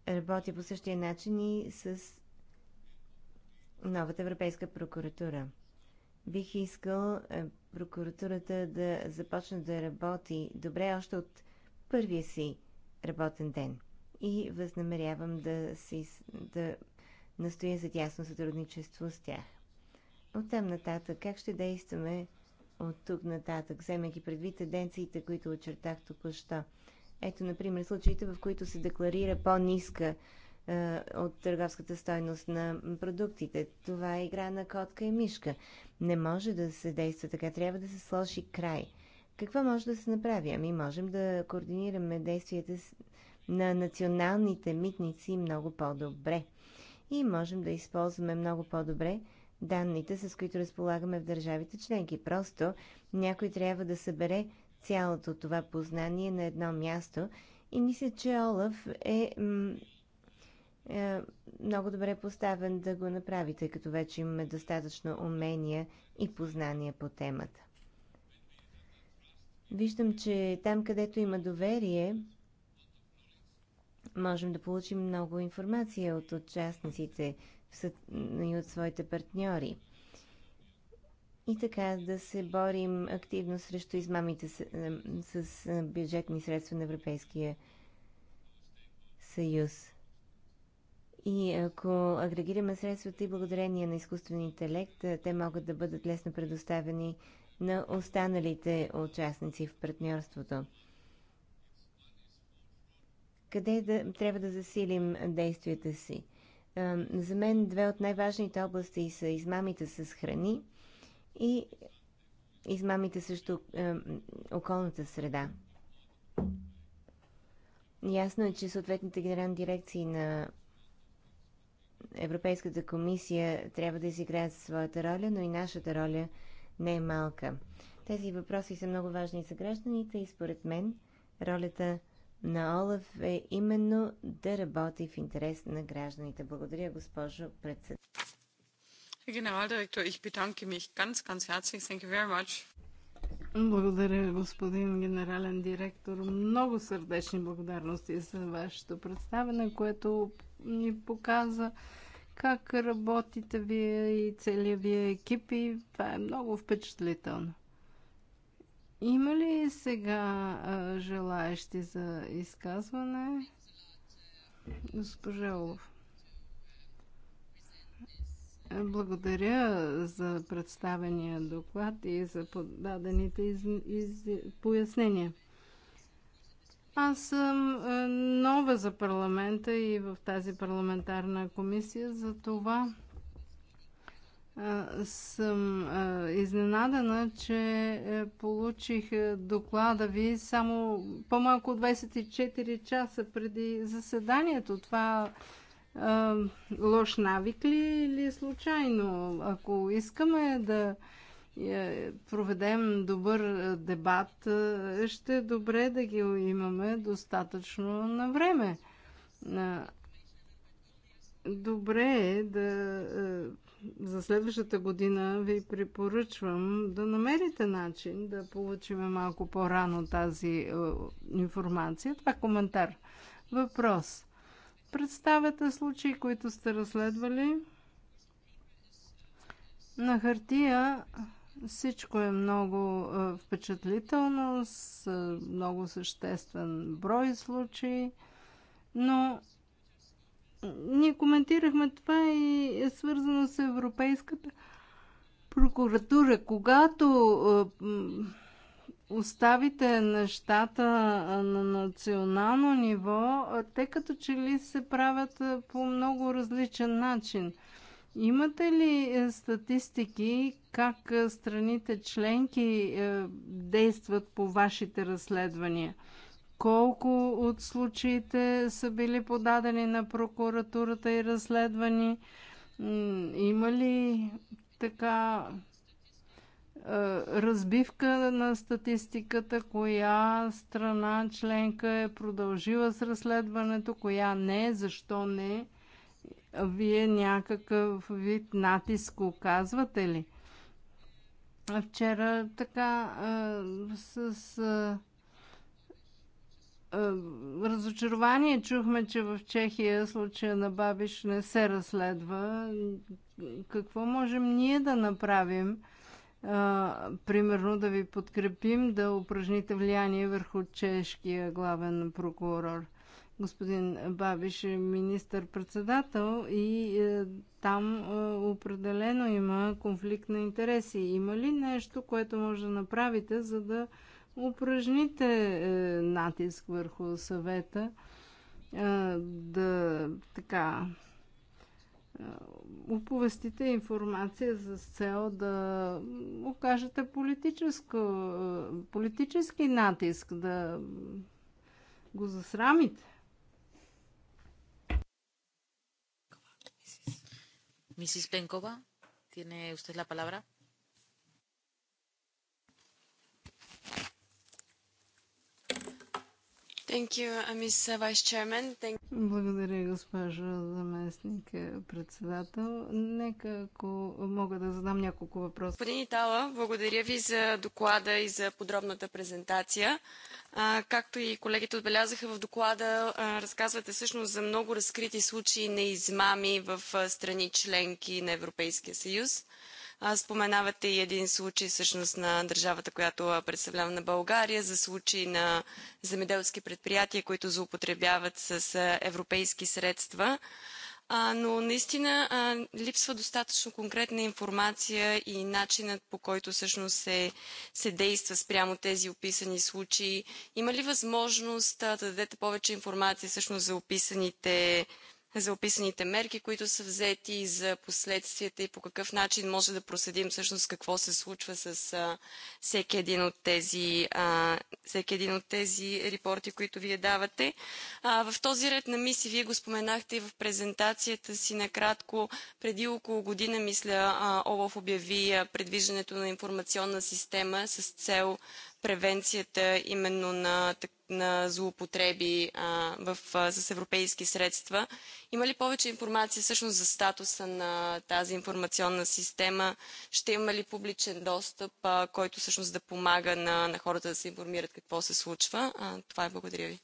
работя по същия начин и с новата Европейска прокуратура. Бих искал прокуратурата да започне да работи добре още от първия си работен ден. И възнамерявам да, си, да настоя за тясно сътрудничество с тях от там нататък, как ще действаме от тук нататък, вземайки предвид тенденциите, които очертах току-що. Ето, например, случаите, в които се декларира по-ниска е, от търговската стойност на продуктите. Това е игра на котка и мишка. Не може да се действа така. Трябва да се сложи край. Какво може да се направи? Ами можем да координираме действията на националните митници много по-добре. И можем да използваме много по-добре данните, с които разполагаме в държавите членки. Просто някой трябва да събере цялото това познание на едно място и мисля, че Олаф е, е много добре поставен да го направи, тъй като вече имаме достатъчно умения и познания по темата. Виждам, че там, където има доверие, можем да получим много информация от участниците и от своите партньори. И така да се борим активно срещу измамите с, е, с е, бюджетни средства на Европейския съюз. И ако агрегираме средствата и благодарение на изкуствения интелект, е, те могат да бъдат лесно предоставени на останалите участници в партньорството. Къде да, трябва да засилим действията си? За мен две от най-важните области са измамите с храни и измамите също околната среда. Ясно е, че съответните генерални дирекции на Европейската комисия трябва да изиграят своята роля, но и нашата роля не е малка. Тези въпроси са много важни за гражданите и според мен ролята на Олаф е именно да работи в интерес на гражданите. Благодаря, госпожо председател. Генерал-директор, ich bedanke mich ganz, ganz herzlich. Thank you very much. Благодаря, господин генерален директор. Много сърдечни благодарности за вашето представене, което ни показа как работите вие и целият вие екип и това е много впечатлително. Има ли сега а, желаещи за изказване? Госпожа Олов. Благодаря за представения доклад и за подадените из... Из... пояснения. Аз съм нова за парламента и в тази парламентарна комисия, за това съм изненадана, че е, получих е, доклада ви само по-малко от 24 часа преди заседанието. Това лош навик ли или е случайно? Ако искаме да проведем добър дебат, ще е добре да ги имаме достатъчно на време. Добре е да за следващата година ви препоръчвам да намерите начин да получим малко по-рано тази е, информация. Това е коментар. Въпрос. Представете случаи, които сте разследвали. На хартия всичко е много е, впечатлително, с е, много съществен брой случаи, но ние коментирахме това и е свързано с Европейската прокуратура. Когато е, оставите нещата на национално ниво, те като че ли се правят по много различен начин. Имате ли е, статистики как страните членки е, действат по вашите разследвания? колко от случаите са били подадени на прокуратурата и разследвани? Има ли така разбивка на статистиката, коя страна членка е продължила с разследването, коя не, защо не? Вие някакъв вид натиск оказвате ли? Вчера така с разочарование чухме, че в Чехия случая на Бабиш не се разследва. Какво можем ние да направим? А, примерно да ви подкрепим да упражните влияние върху чешкия главен прокурор. Господин Бабиш е министър-председател и е, там е, определено има конфликт на интереси. Има ли нещо, което може да направите, за да упражните е, натиск върху съвета е, да така е, оповестите информация за цел да окажете политически натиск, да го засрамите. Мисис Пенкова, tiene usted la palabra. You, uh, uh, Благодаря, госпожо заместник е, председател. Нека, ако мога да задам няколко въпроса. Господин Итала, благодаря ви за доклада и за подробната презентация. А, както и колегите отбелязаха в доклада, а, разказвате всъщност за много разкрити случаи на измами в страни членки на Европейския съюз. Споменавате и един случай всъщност на държавата, която представлява на България, за случаи на земеделски предприятия, които злоупотребяват с европейски средства. Но наистина липсва достатъчно конкретна информация и начинът по който всъщност се, се действа спрямо тези описани случаи. Има ли възможност да дадете повече информация всъщност за описаните за описаните мерки, които са взети и за последствията и по какъв начин може да проследим всъщност какво се случва с а, всеки, един от тези, а, всеки един от тези репорти, които вие давате. А, в този ред на мисли, вие го споменахте и в презентацията си накратко, преди около година, мисля, а, ОЛАФ обяви предвиждането на информационна система с цел превенцията именно на, на злоупотреби а, в, а, с европейски средства. Има ли повече информация всъщност за статуса на тази информационна система? Ще има ли публичен достъп, а, който всъщност да помага на, на хората да се информират какво се случва? А, това е благодаря ви.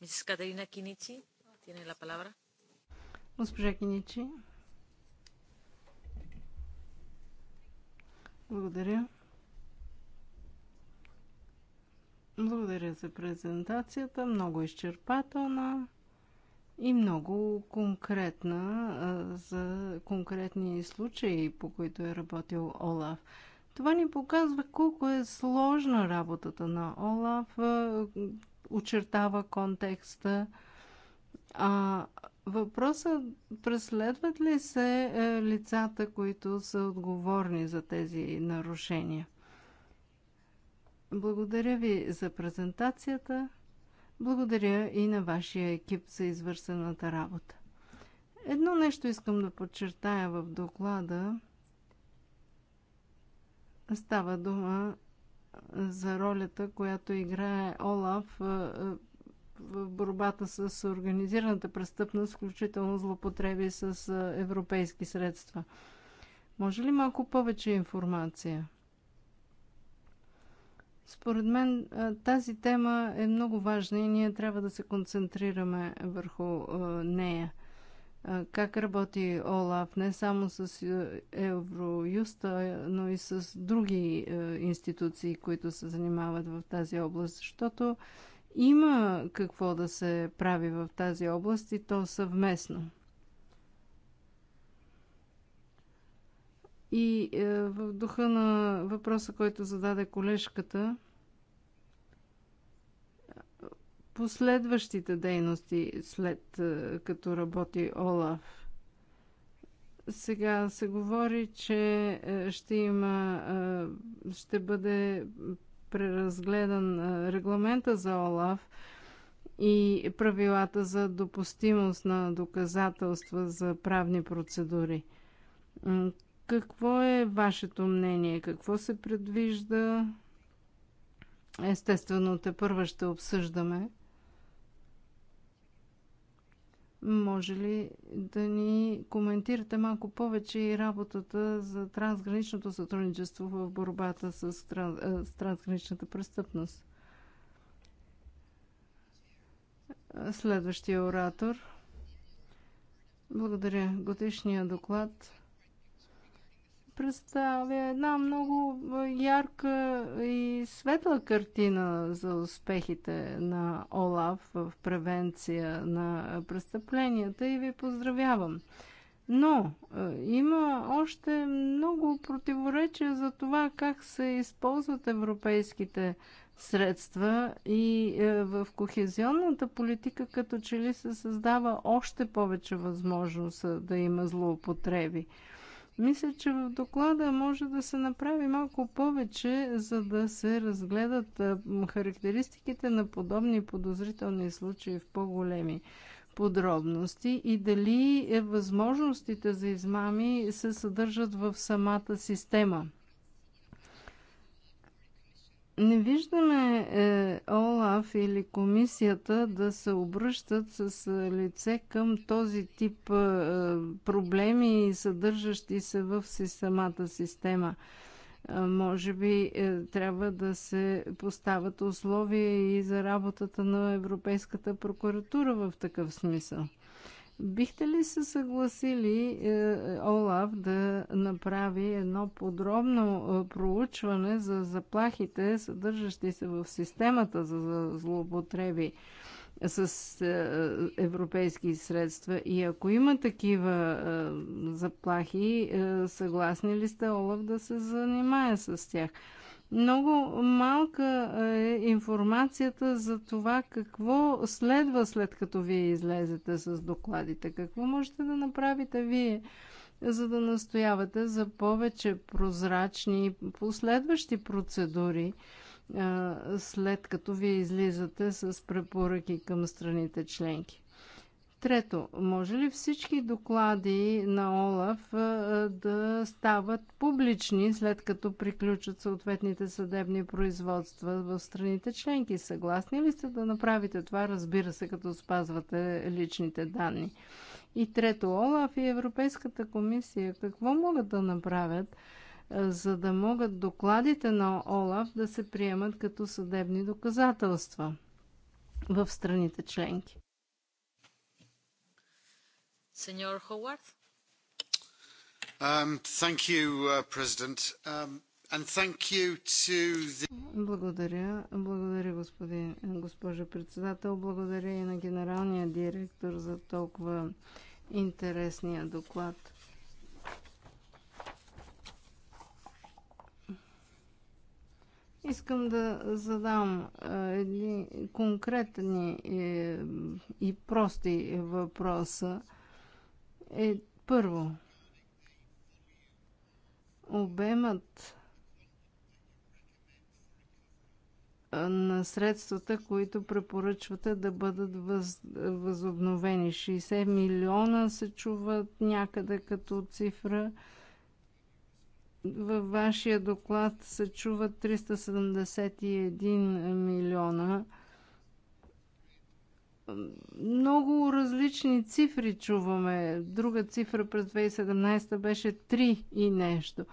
Мисис Катерина Киници, tiene la palabra. Госпожа Киничи. Благодаря. Благодаря за презентацията. Много изчерпателна и много конкретна за конкретни случаи, по които е работил Олаф. Това ни показва колко е сложна работата на Олаф, очертава контекста, а Въпросът преследват ли се е, лицата, които са отговорни за тези нарушения? Благодаря ви за презентацията. Благодаря и на вашия екип за извършената работа. Едно нещо искам да подчертая в доклада. Става дума е, за ролята, която играе Олаф е, в борбата с организираната престъпност, включително злопотреби с европейски средства. Може ли малко повече информация? Според мен тази тема е много важна и ние трябва да се концентрираме върху нея. Как работи ОЛАФ не само с Евроюста, но и с други институции, които се занимават в тази област, защото има какво да се прави в тази област и то съвместно. И е, в духа на въпроса, който зададе колежката, последващите дейности след е, като работи Олаф. Сега се говори, че е, ще има, е, ще бъде преразгледан регламента за ОЛАФ и правилата за допустимост на доказателства за правни процедури. Какво е вашето мнение? Какво се предвижда? Естествено, те първа ще обсъждаме. Може ли да ни коментирате малко повече и работата за трансграничното сътрудничество в борбата с, транс, е, с трансграничната престъпност? Следващия оратор. Благодаря. Годишния доклад представя една много ярка и светла картина за успехите на ОЛАФ в превенция на престъпленията и ви поздравявам. Но има още много противоречия за това как се използват европейските средства и е, в кохезионната политика като че ли се създава още повече възможност да има злоупотреби. Мисля, че в доклада може да се направи малко повече, за да се разгледат е, характеристиките на подобни подозрителни случаи в по-големи подробности и дали е, възможностите за измами се съдържат в самата система не виждаме е, ОЛАФ или комисията да се обръщат с е, лице към този тип е, проблеми, съдържащи се в самата система. Е, може би е, трябва да се поставят условия и за работата на Европейската прокуратура в такъв смисъл. Бихте ли се съгласили е, Олаф да направи едно подробно е, проучване за заплахите, съдържащи се в системата за злоупотреби с е, европейски средства? И ако има такива заплахи, съгласни ли сте Олаф да се занимае с тях? Много малка е информацията за това какво следва след като вие излезете с докладите. Какво можете да направите вие, за да настоявате за повече прозрачни последващи процедури, е, след като вие излизате с препоръки към страните членки? Трето, може ли всички доклади на ОЛАФ да стават публични, след като приключат съответните съдебни производства в страните членки? Съгласни ли сте да направите това, разбира се, като спазвате личните данни? И трето, ОЛАФ и Европейската комисия какво могат да направят, за да могат докладите на ОЛАФ да се приемат като съдебни доказателства в страните членки? Um, uh, um, Благодаря. Благодаря, господин, председател. Благодаря и на генералния директор за толкова интересния доклад. Искам да задам едни конкретни е, и прости въпроса е първо обемът на средствата, които препоръчвате да бъдат въз, възобновени. 60 милиона се чуват някъде като цифра. Във вашия доклад се чуват 371 милиона много различни цифри чуваме. Друга цифра през 2017 беше 3 и нещо.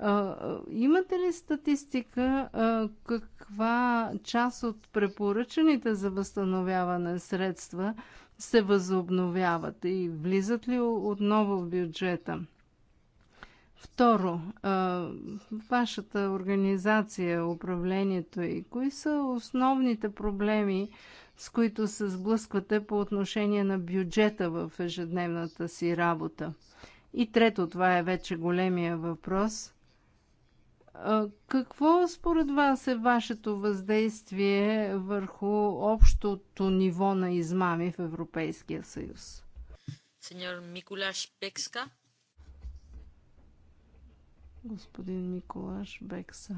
А, имате ли статистика а, каква част от препоръчаните за възстановяване средства се възобновяват и влизат ли отново в бюджета? Второ, а, вашата организация, управлението и кои са основните проблеми, с които се сблъсквате по отношение на бюджета в ежедневната си работа? И трето, това е вече големия въпрос. Какво според вас е вашето въздействие върху общото ниво на измами в Европейския съюз? Сеньор Миколаш Бекска. Господин Миколаш Бекса.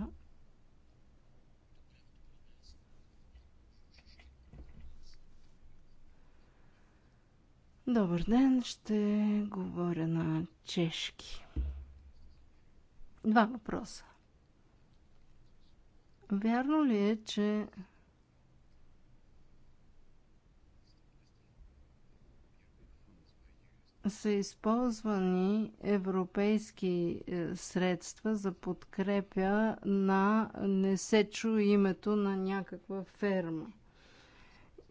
Добър ден, ще говоря на чешки. Два въпроса. Вярно ли е, че са използвани европейски е, средства за подкрепя на не се чу името на някаква ферма?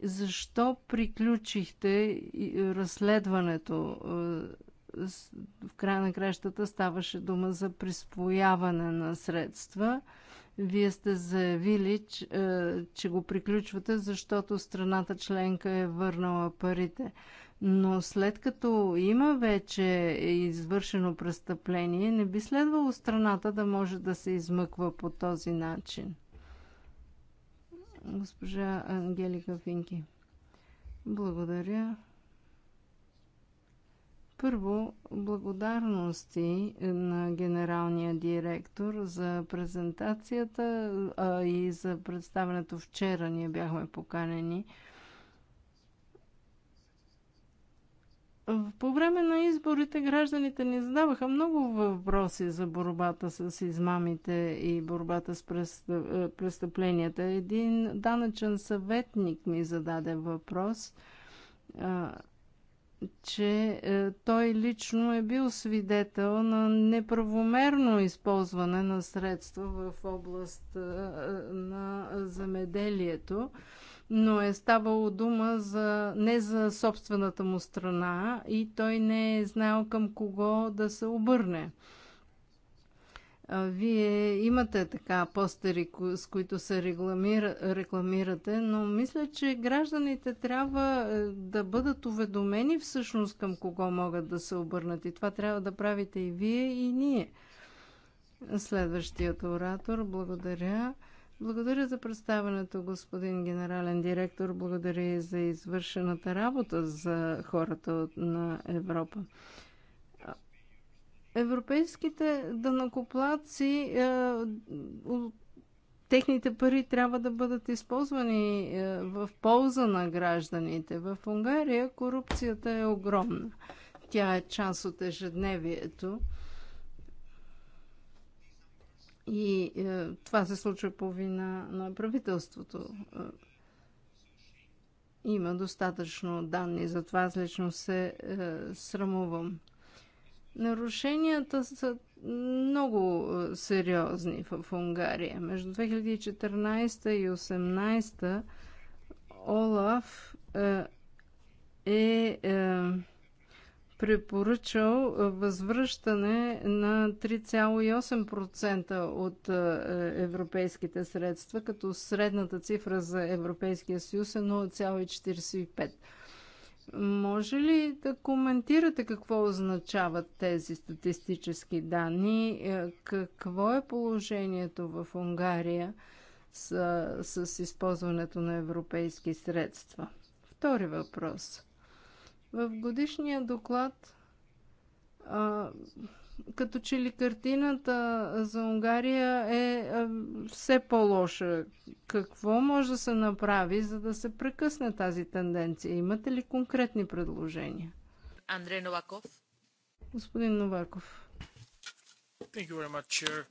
Защо приключихте разследването? Е, в края на кращата ставаше дума за присвояване на средства. Вие сте заявили, че, е, че го приключвате, защото страната членка е върнала парите. Но след като има вече извършено престъпление, не би следвало страната да може да се измъква по този начин. Госпожа Ангелика Финки. Благодаря. Първо, благодарности на генералния директор за презентацията а и за представенето вчера. Ние бяхме поканени. По време на изборите гражданите ни задаваха много въпроси за борбата с измамите и борбата с е, престъпленията. Един данъчен съветник ми зададе въпрос, че е, той лично е бил свидетел на неправомерно използване на средства в област е, на замеделието но е ставало дума за, не за собствената му страна и той не е знаел към кого да се обърне. Вие имате така постери, с които се рекламира, рекламирате, но мисля, че гражданите трябва е, да бъдат уведомени всъщност към кого могат да се обърнат. И това трябва да правите и вие, и ние. Следващият оратор, благодаря. Благодаря за представането, господин генерален директор. Благодаря и за извършената работа за хората на Европа. Европейските данокоплаци, е, техните пари трябва да бъдат използвани е, в полза на гражданите. В Унгария корупцията е огромна. Тя е част от ежедневието и е, това се случва по вина на правителството. Е, има достатъчно данни, това, аз лично се е, срамувам. Нарушенията са много е, сериозни в Унгария. Между 2014 и 2018 Олаф е, е, е препоръчал възвръщане на 3,8% от европейските средства, като средната цифра за Европейския съюз е 0,45%. Може ли да коментирате какво означават тези статистически данни? Какво е положението в Унгария с, с използването на европейски средства? Втори въпрос – в годишния доклад а, като че ли картината за Унгария е а, е, все по-лоша. Какво може да се направи, за да се прекъсне тази тенденция? Имате ли конкретни предложения? Андрей Новаков. Господин Новаков. Thank you very much, Chair.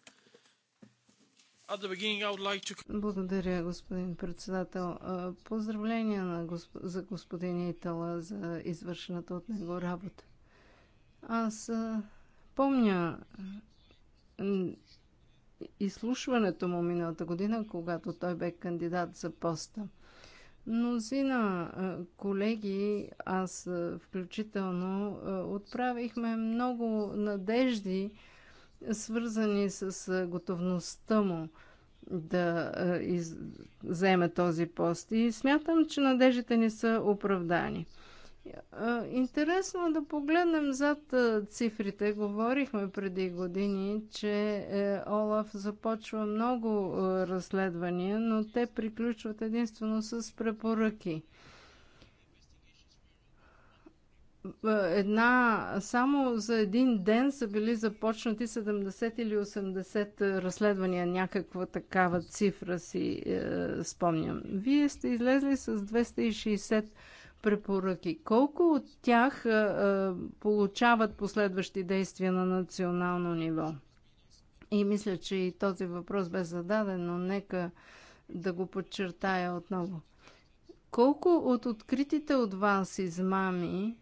Благодаря, господин председател. Поздравления на госп... за господин Итала за извършената от него работа. Аз помня изслушването му миналата година, когато той бе кандидат за поста. Мнозина колеги, аз включително, отправихме много надежди свързани с готовността му да вземе този пост. И смятам, че надеждите ни са оправдани. Интересно е да погледнем зад цифрите. Говорихме преди години, че е, Олаф започва много разследвания, но те приключват единствено с препоръки. Е, една, само за един ден са били започнати 70 или 80 е, разследвания, някаква такава цифра си е, спомням. Вие сте излезли с 260 препоръки. Колко от тях е, е, получават последващи действия на национално ниво? И мисля, че и този въпрос бе зададен, но нека да го подчертая отново. Колко от откритите от вас измами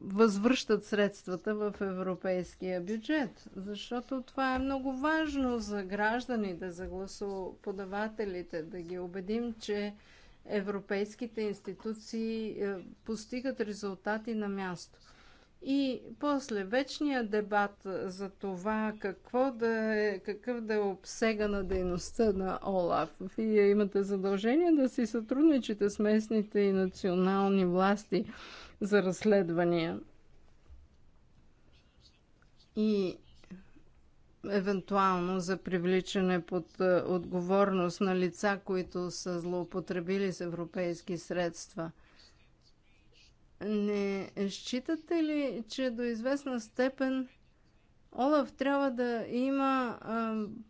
възвръщат средствата в европейския бюджет, защото това е много важно за гражданите, за гласоподавателите, да ги убедим, че европейските институции е, постигат резултати на място. И после вечния дебат за това какво да е, какъв да е обсега на дейността на ОЛАФ. Вие имате задължение да си сътрудничите с местните и национални власти за разследвания. И евентуално за привличане под е, отговорност на лица, които са злоупотребили с европейски средства. Не считате ли, че до известна степен Олаф трябва да има е,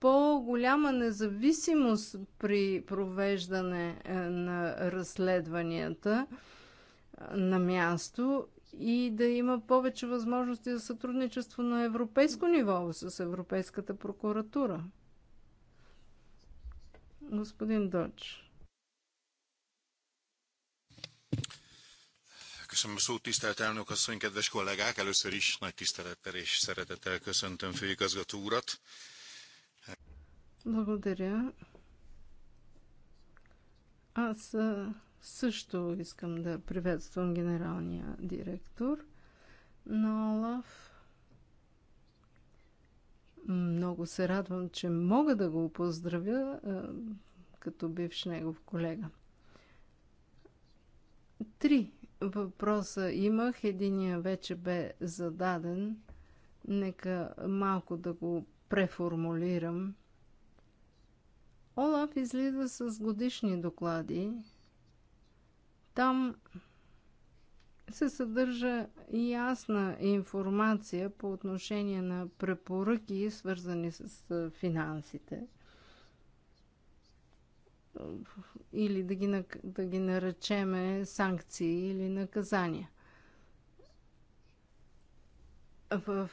по-голяма независимост при провеждане е, на разследванията? на място и да има повече възможности за сътрудничество на европейско ниво с Европейската прокуратура. Господин Доч. Köszönöm a szót, tisztelt elnök asszony, kedves kollégák! Először is nagy tisztelettel és szeretettel köszöntöm főigazgató urat. Благодаря. Аз също искам да приветствам генералния директор на ОЛАФ. Много се радвам, че мога да го поздравя като бивш негов колега. Три въпроса имах. Единия вече бе зададен. Нека малко да го преформулирам. Олаф излиза с годишни доклади там се съдържа ясна информация по отношение на препоръки, свързани с финансите. Или да ги, да ги наречеме санкции или наказания. В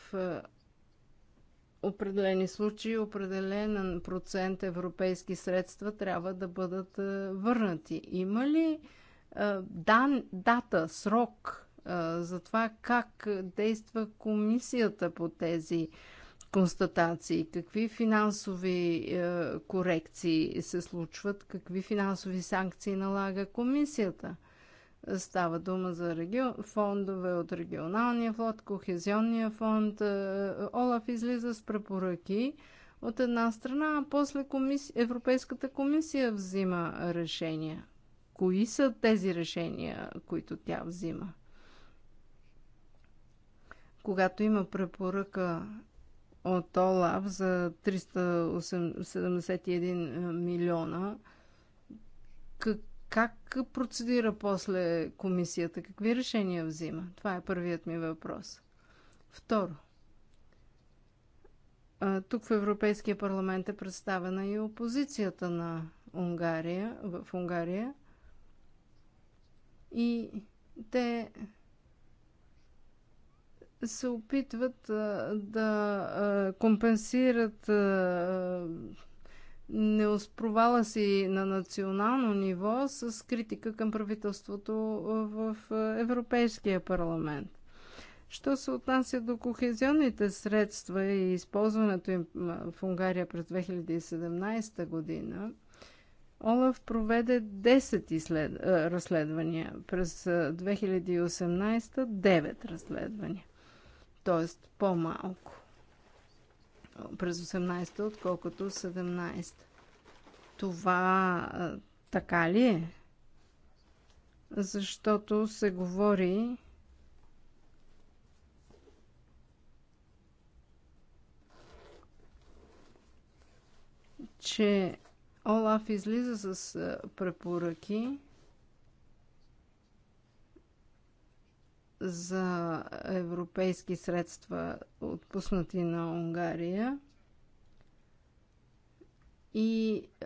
определени случаи, определен процент европейски средства трябва да бъдат върнати. Има ли е, дан, дата, срок е, за това как действа комисията по тези констатации, какви финансови е, корекции се случват, какви финансови санкции налага комисията. Става дума за регион, фондове от регионалния фонд, кохезионния фонд. Олаф излиза с препоръки от една страна, а после комис... Европейската комисия взима решения кои са тези решения, които тя взима. Когато има препоръка от ОЛАВ за 371 е, милиона, как процедира после комисията? Какви решения взима? Това е първият ми въпрос. Второ. Е, тук в Европейския парламент е представена и опозицията на Унгария, в Унгария. И те се опитват да компенсират неоспровала си на национално ниво с критика към правителството в Европейския парламент. Що се отнася до кохезионните средства и използването им в Унгария през 2017 година, Олаф проведе 10 изслед... разследвания. През 2018 9 разследвания. Тоест по-малко. През 18 отколкото 17. Това така ли е? Защото се говори че Олаф излиза с е, препоръки за европейски средства, отпуснати на Унгария. И е,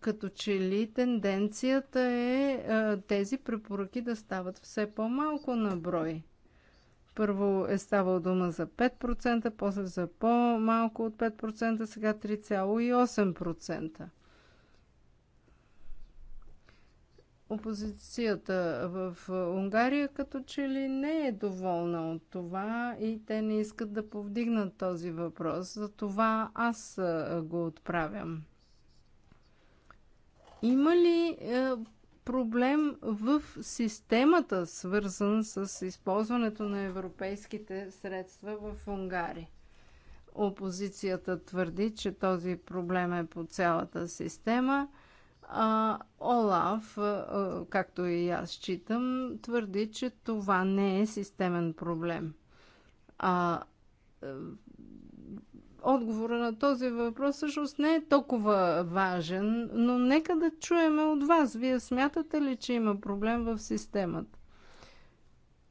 като че ли тенденцията е, е тези препоръки да стават все по-малко на брой. Първо е ставало дума за 5%, после за по-малко от 5%, сега 3,8%. Опозицията в Унгария като че ли не е доволна от това и те не искат да повдигнат този въпрос. За това аз го отправям. Има ли проблем в системата, свързан с използването на европейските средства в Унгария. Опозицията твърди, че този проблем е по цялата система. А Олаф, както и аз считам, твърди, че това не е системен проблем. А отговора на този въпрос всъщност не е толкова важен, но нека да чуеме от вас. Вие смятате ли, че има проблем в системата?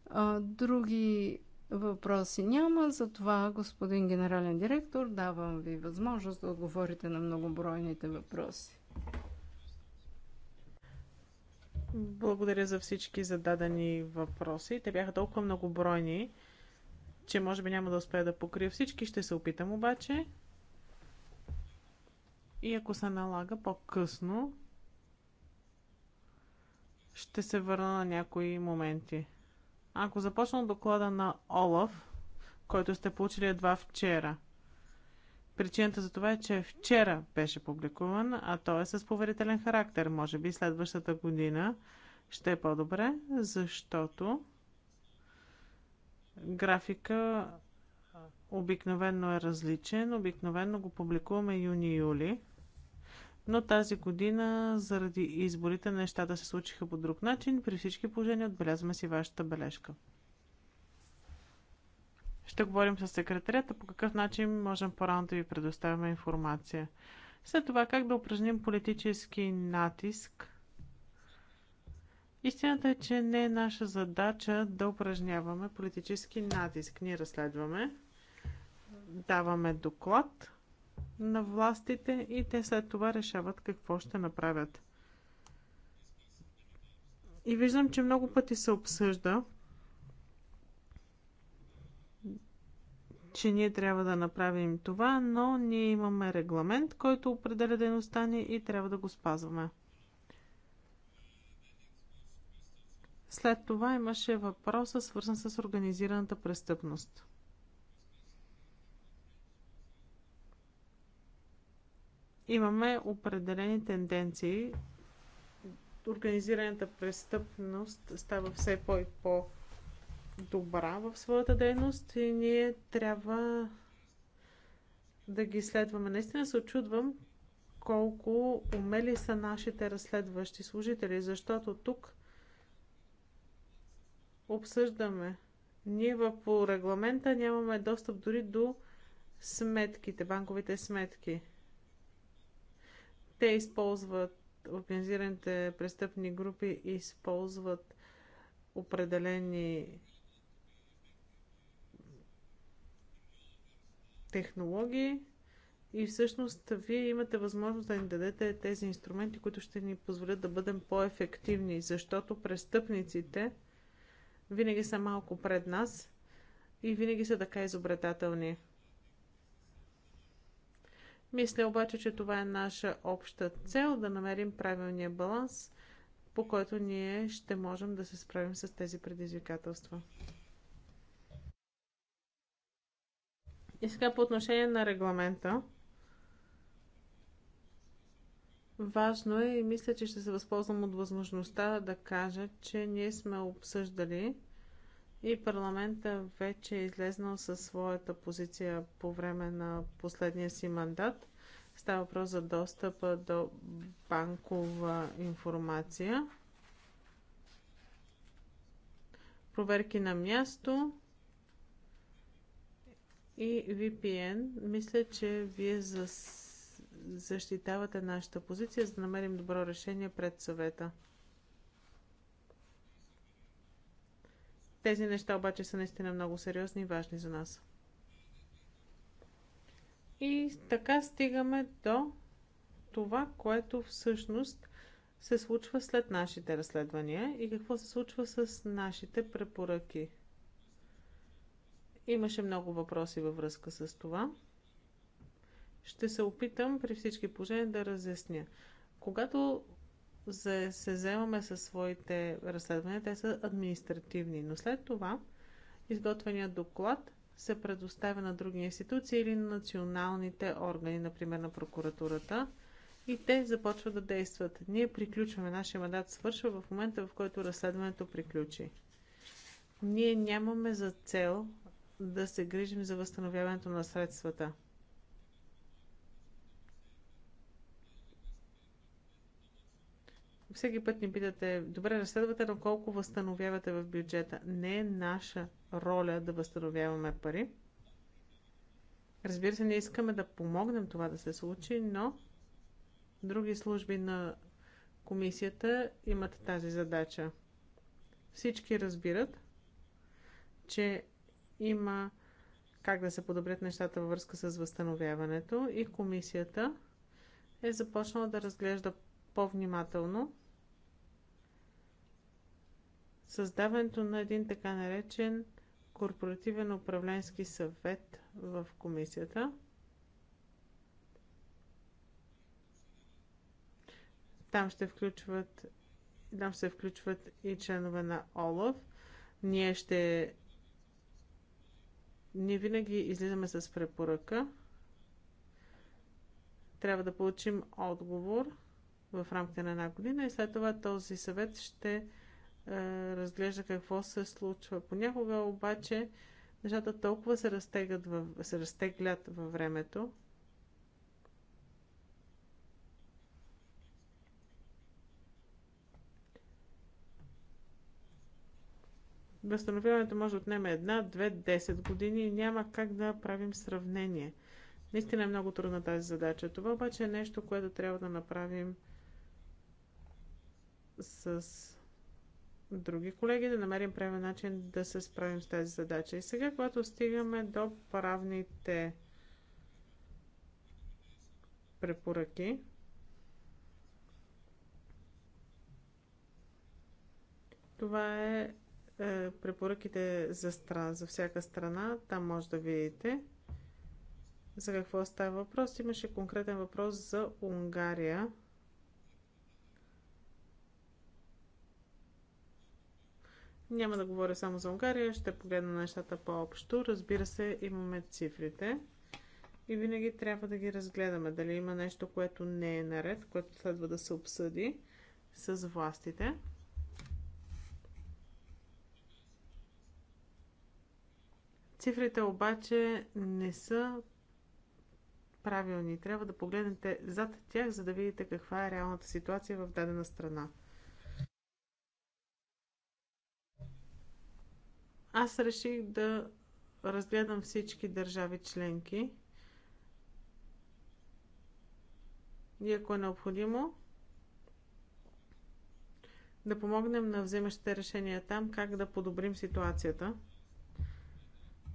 А, други въпроси няма, затова, господин генерален директор, давам ви възможност да отговорите на многобройните въпроси. Благодаря за всички зададени въпроси. Те бяха толкова многобройни, че може би няма да успея да покрия всички, ще се опитам обаче. И ако се налага по-късно, ще се върна на някои моменти. Ако започна доклада на Олаф, който сте получили едва вчера, причината за това е, че вчера беше публикуван, а той е с поверителен характер. Може би следващата година ще е по-добре, защото Графика обикновено е различен. обикновено го публикуваме юни-юли. Но тази година, заради изборите, нещата се случиха по друг начин. При всички положения отбелязваме си вашата бележка. Ще говорим с секретарията по какъв начин можем по-рано да ви предоставяме информация. След това как да упражним политически натиск Истината е, че не е наша задача да упражняваме политически натиск. Ние разследваме, даваме доклад на властите и те след това решават какво ще направят. И виждам, че много пъти се обсъжда, че ние трябва да направим това, но ние имаме регламент, който определя дейността ни и трябва да го спазваме. След това имаше въпроса, свързан с организираната престъпност. Имаме определени тенденции. Организираната престъпност става все по- и по- добра в своята дейност и ние трябва да ги следваме. Наистина се очудвам колко умели са нашите разследващи служители, защото тук обсъждаме. Ние в, по регламента нямаме достъп дори до сметките, банковите сметки. Те използват, организираните престъпни групи използват определени технологии и всъщност вие имате възможност да ни дадете тези инструменти, които ще ни позволят да бъдем по-ефективни, защото престъпниците – винаги са малко пред нас и винаги са така изобретателни. Мисля обаче, че това е наша обща цел да намерим правилния баланс, по който ние ще можем да се справим с тези предизвикателства. И сега по отношение на регламента. Важно е и мисля, че ще се възползвам от възможността да кажа, че ние сме обсъждали и парламента вече е излезнал със своята позиция по време на последния си мандат. Става въпрос за достъпа до банкова информация. Проверки на място и VPN. Мисля, че вие за защитавате нашата позиция, за да намерим добро решение пред съвета. Тези неща обаче са наистина много сериозни и важни за нас. И така стигаме до това, което всъщност се случва след нашите разследвания и какво се случва с нашите препоръки. Имаше много въпроси във връзка с това. Ще се опитам при всички положения да разясня. Когато се вземаме със своите разследвания, те са административни, но след това изготвеният доклад се предоставя на други институции или на националните органи, например на прокуратурата, и те започват да действат. Ние приключваме, нашия мандат свършва в момента, в който разследването приключи. Ние нямаме за цел да се грижим за възстановяването на средствата. Всеки път ни питате, добре, разследвате, но колко възстановявате в бюджета? Не е наша роля да възстановяваме пари. Разбира се, ние искаме да помогнем това да се случи, но други служби на комисията имат тази задача. Всички разбират, че има как да се подобрят нещата във връзка с възстановяването и комисията е започнала да разглежда по-внимателно създаването на един така наречен корпоративен управленски съвет в комисията. Там ще, включват, там се включват и членове на ОЛАФ. Ние ще. Ние винаги излизаме с препоръка. Трябва да получим отговор в рамките на една година и след това този съвет ще разглежда какво се случва. Понякога обаче нещата толкова се, разтегат във, се разтеглят във времето, Възстановяването може да отнеме една, две, десет години и няма как да правим сравнение. Наистина е много трудна тази задача. Това обаче е нещо, което трябва да направим с други колеги, да намерим правилен начин да се справим с тази задача. И сега, когато стигаме до правните препоръки, това е, е препоръките за, стран, за всяка страна. Там може да видите за какво става въпрос. Имаше конкретен въпрос за Унгария. Няма да говоря само за Унгария, ще погледна нещата по-общо. Разбира се, имаме цифрите и винаги трябва да ги разгледаме. Дали има нещо, което не е наред, което следва да се обсъди с властите. Цифрите обаче не са правилни. Трябва да погледнете зад тях, за да видите каква е реалната ситуация в дадена страна. Аз реших да разгледам всички държави членки. И ако е необходимо, да помогнем на вземащите решения там, как да подобрим ситуацията.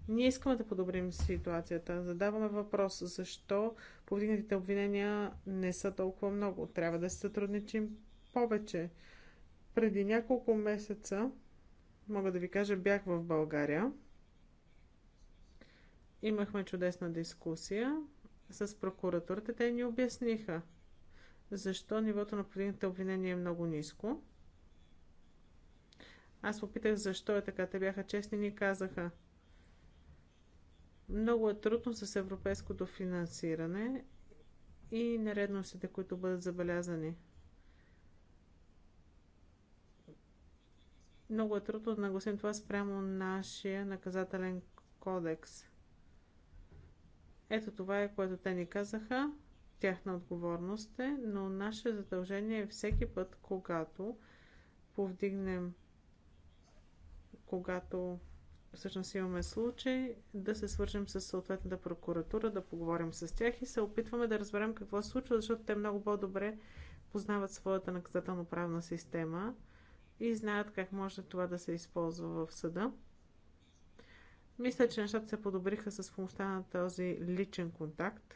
Ние искаме да подобрим ситуацията. Задаваме въпрос защо повдигнатите обвинения не са толкова много. Трябва да се сътрудничим повече. Преди няколко месеца мога да ви кажа, бях в България. Имахме чудесна дискусия с прокуратурата. Те ни обясниха защо нивото на повдигнатите обвинения е много ниско. Аз попитах защо е така. Те бяха честни и ни казаха. Много е трудно с европейското финансиране и нередностите, които бъдат забелязани. Много е трудно да нагласим това спрямо нашия наказателен кодекс. Ето това е, което те ни казаха. Тяхна отговорност е, но наше задължение е всеки път, когато повдигнем, когато всъщност имаме случай, да се свържем с съответната прокуратура, да поговорим с тях и се опитваме да разберем какво се случва, защото те много по-добре познават своята наказателно-правна система и знаят как може това да се използва в съда. Мисля, че нещата се подобриха с помощта на този личен контакт.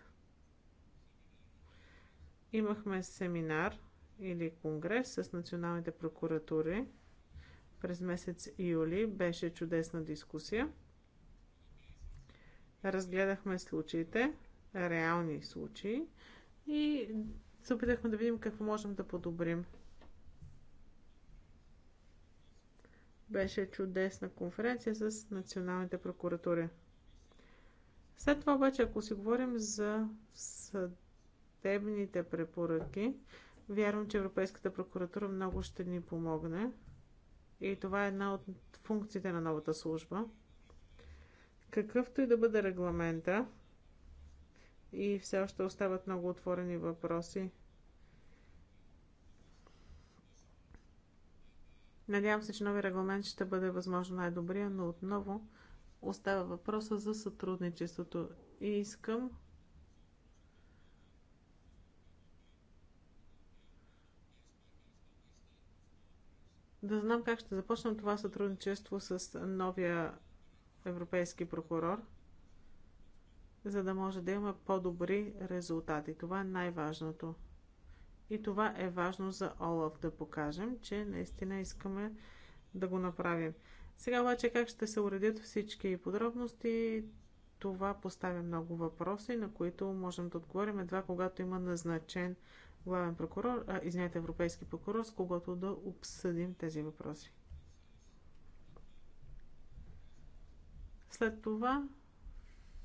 Имахме семинар или конгрес с националните прокуратури през месец юли. Беше чудесна дискусия. Разгледахме случаите, реални случаи и се опитахме да видим какво можем да подобрим. Беше чудесна конференция с националните прокуратури. След това обаче, ако си говорим за съдебните препоръки, вярвам, че Европейската прокуратура много ще ни помогне. И това е една от функциите на новата служба. Какъвто и да бъде регламента, и все още остават много отворени въпроси Надявам се, че нови регламент ще бъде възможно най-добрия, но отново остава въпроса за сътрудничеството. И искам да знам как ще започнем това сътрудничество с новия европейски прокурор, за да може да има по-добри резултати. Това е най-важното. И това е важно за Олаф да покажем, че наистина искаме да го направим. Сега обаче как ще се уредят всички подробности, това поставя много въпроси, на които можем да отговорим едва когато има назначен главен прокурор, а, извинете, европейски прокурор, с когото да обсъдим тези въпроси. След това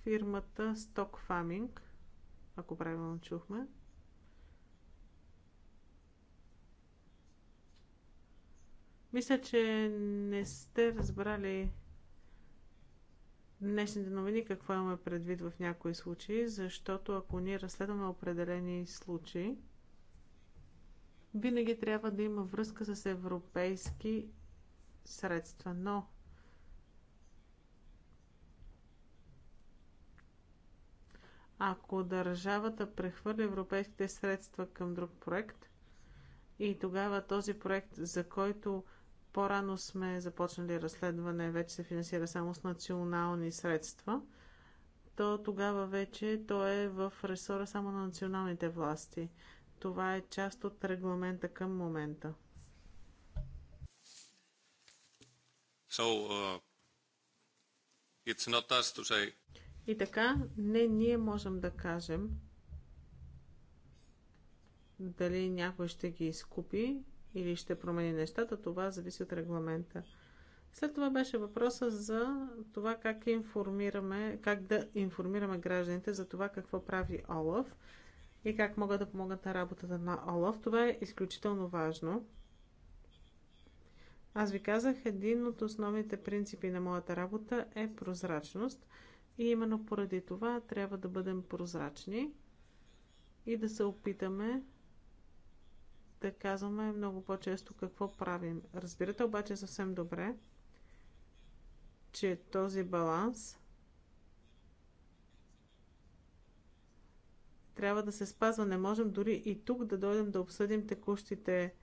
фирмата Stock Farming, ако правилно чухме, Мисля, че не сте разбрали днешните новини какво имаме предвид в някои случаи, защото ако ние разследваме определени случаи, винаги трябва да има връзка с европейски средства. Но ако държавата прехвърля европейските средства към друг проект и тогава този проект, за който по-рано сме започнали разследване, вече се финансира само с национални средства. То тогава вече то е в ресора само на националните власти. Това е част от регламента към момента. So, uh, it's not us to say... И така, не ние можем да кажем дали някой ще ги изкупи или ще промени нещата, това зависи от регламента. След това беше въпроса за това как, информираме, как да информираме гражданите за това какво прави Олаф и как могат да помогнат на работата на Олаф. Това е изключително важно. Аз ви казах, един от основните принципи на моята работа е прозрачност и именно поради това трябва да бъдем прозрачни и да се опитаме да казваме много по-често какво правим. Разбирате обаче съвсем добре, че този баланс трябва да се спазва. Не можем дори и тук да дойдем да обсъдим текущите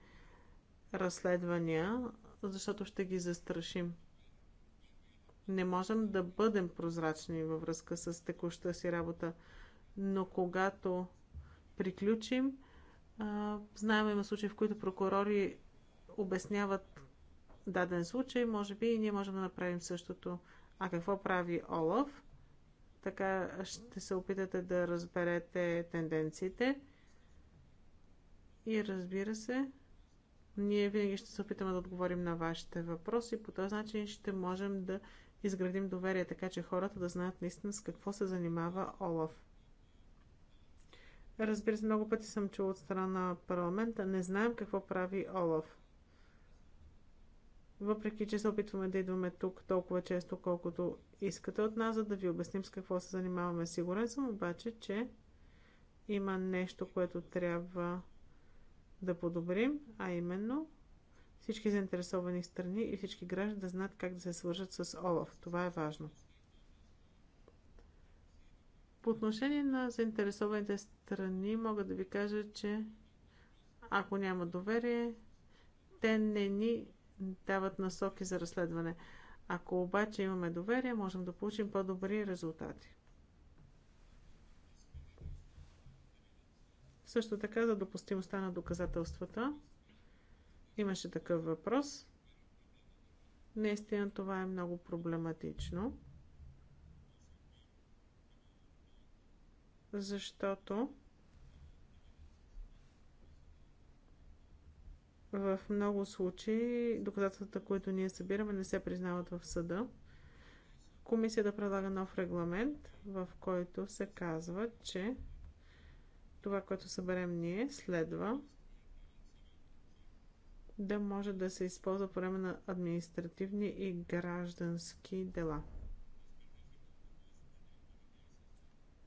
разследвания, защото ще ги застрашим. Не можем да бъдем прозрачни във връзка с текущата си работа, но когато приключим, Знаем, има случаи, в които прокурори обясняват даден случай, може би и ние можем да направим същото. А какво прави Олаф? Така ще се опитате да разберете тенденциите. И разбира се, ние винаги ще се опитаме да отговорим на вашите въпроси. По този начин ще можем да изградим доверие, така че хората да знаят наистина с какво се занимава Олаф. Разбира се, много пъти съм чула от страна на парламента, не знаем какво прави Олаф. Въпреки, че се опитваме да идваме тук толкова често, колкото искате от нас, за да ви обясним с какво се занимаваме. Сигурен съм обаче, че има нещо, което трябва да подобрим, а именно всички заинтересовани страни и всички граждани да знаят как да се свържат с Олаф. Това е важно. По отношение на заинтересованите страни, мога да ви кажа, че ако няма доверие, те не ни дават насоки за разследване. Ако обаче имаме доверие, можем да получим по-добри резултати. Също така за допустимостта на доказателствата. Имаше такъв въпрос. Наистина това е много проблематично. защото в много случаи доказателствата, които ние събираме, не се признават в съда. Комисията предлага нов регламент, в който се казва, че това, което съберем ние, следва да може да се използва по време на административни и граждански дела.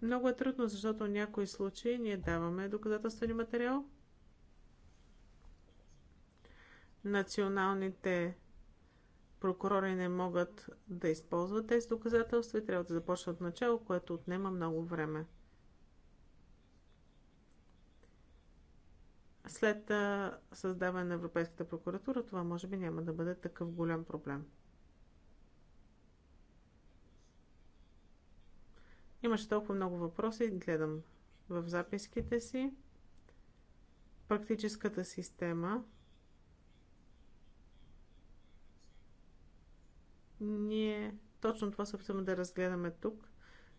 Много е трудно, защото в някои случаи ние даваме доказателствени материал. Националните прокурори не могат да използват тези доказателства и трябва да започнат от начало, което отнема много време. След създаване на Европейската прокуратура това може би няма да бъде такъв голям проблем. Имаше толкова много въпроси, гледам в записките си. Практическата система. Ние точно това се опитваме да разгледаме тук.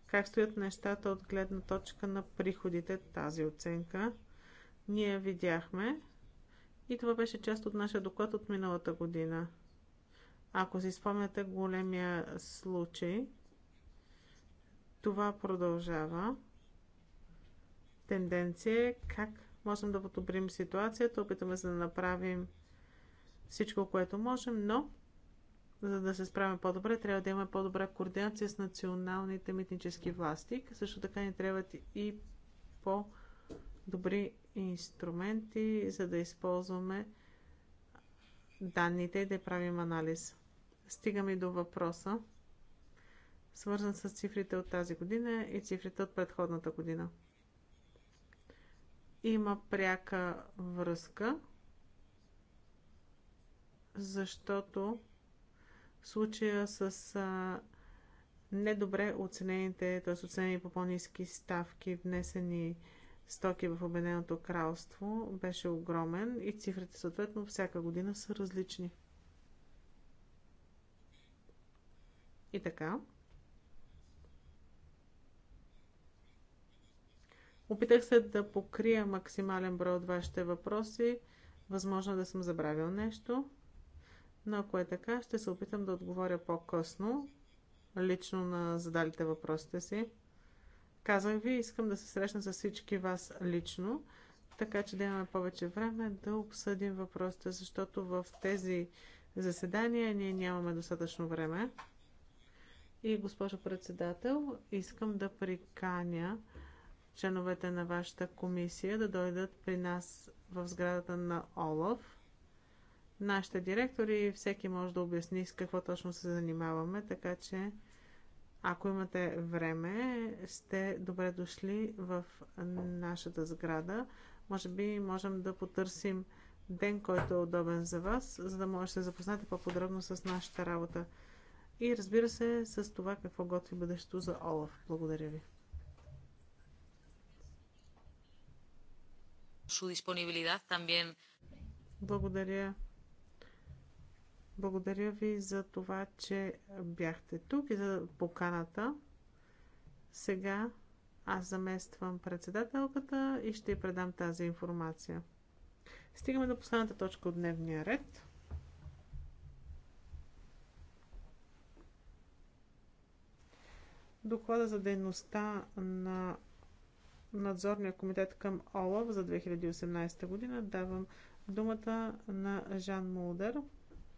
Как стоят нещата от гледна точка на приходите, тази оценка. Ние видяхме и това беше част от нашия доклад от миналата година. Ако си спомняте големия случай, това продължава. Тенденция е как можем да подобрим ситуацията, опитаме се да направим всичко, което можем, но за да се справим по-добре, трябва да имаме по-добра координация с националните митнически власти. Също така ни трябват и по-добри инструменти, за да използваме данните и да правим анализ. Стигаме до въпроса свързан с цифрите от тази година и цифрите от предходната година. Има пряка връзка, защото в случая с а, недобре оценените, т.е. оценени по по-низки ставки, внесени стоки в Обединеното кралство, беше огромен и цифрите съответно всяка година са различни. И така, Опитах се да покрия максимален брой от вашите въпроси. Възможно е да съм забравил нещо. Но ако е така, ще се опитам да отговоря по-късно, лично на задалите въпросите си. Казах ви, искам да се срещна с всички вас лично, така че да имаме повече време да обсъдим въпросите, защото в тези заседания ние нямаме достатъчно време. И, госпожо председател, искам да приканя членовете на вашата комисия да дойдат при нас в сградата на Олаф. Нашите директори, всеки може да обясни с какво точно се занимаваме, така че ако имате време, сте добре дошли в нашата сграда. Може би можем да потърсим ден, който е удобен за вас, за да можете да се запознаете по-подробно с нашата работа. И разбира се, с това какво готви бъдещето за Олаф. Благодаря ви. su disponibilidad también. Благодаря. Благодаря ви за това, че бяхте тук и за поканата. Сега аз замествам председателката и ще й предам тази информация. Стигаме до последната точка от дневния ред. Доклада за дейността на надзорния комитет към ОЛАВ за 2018 година. Давам думата на Жан Молдер,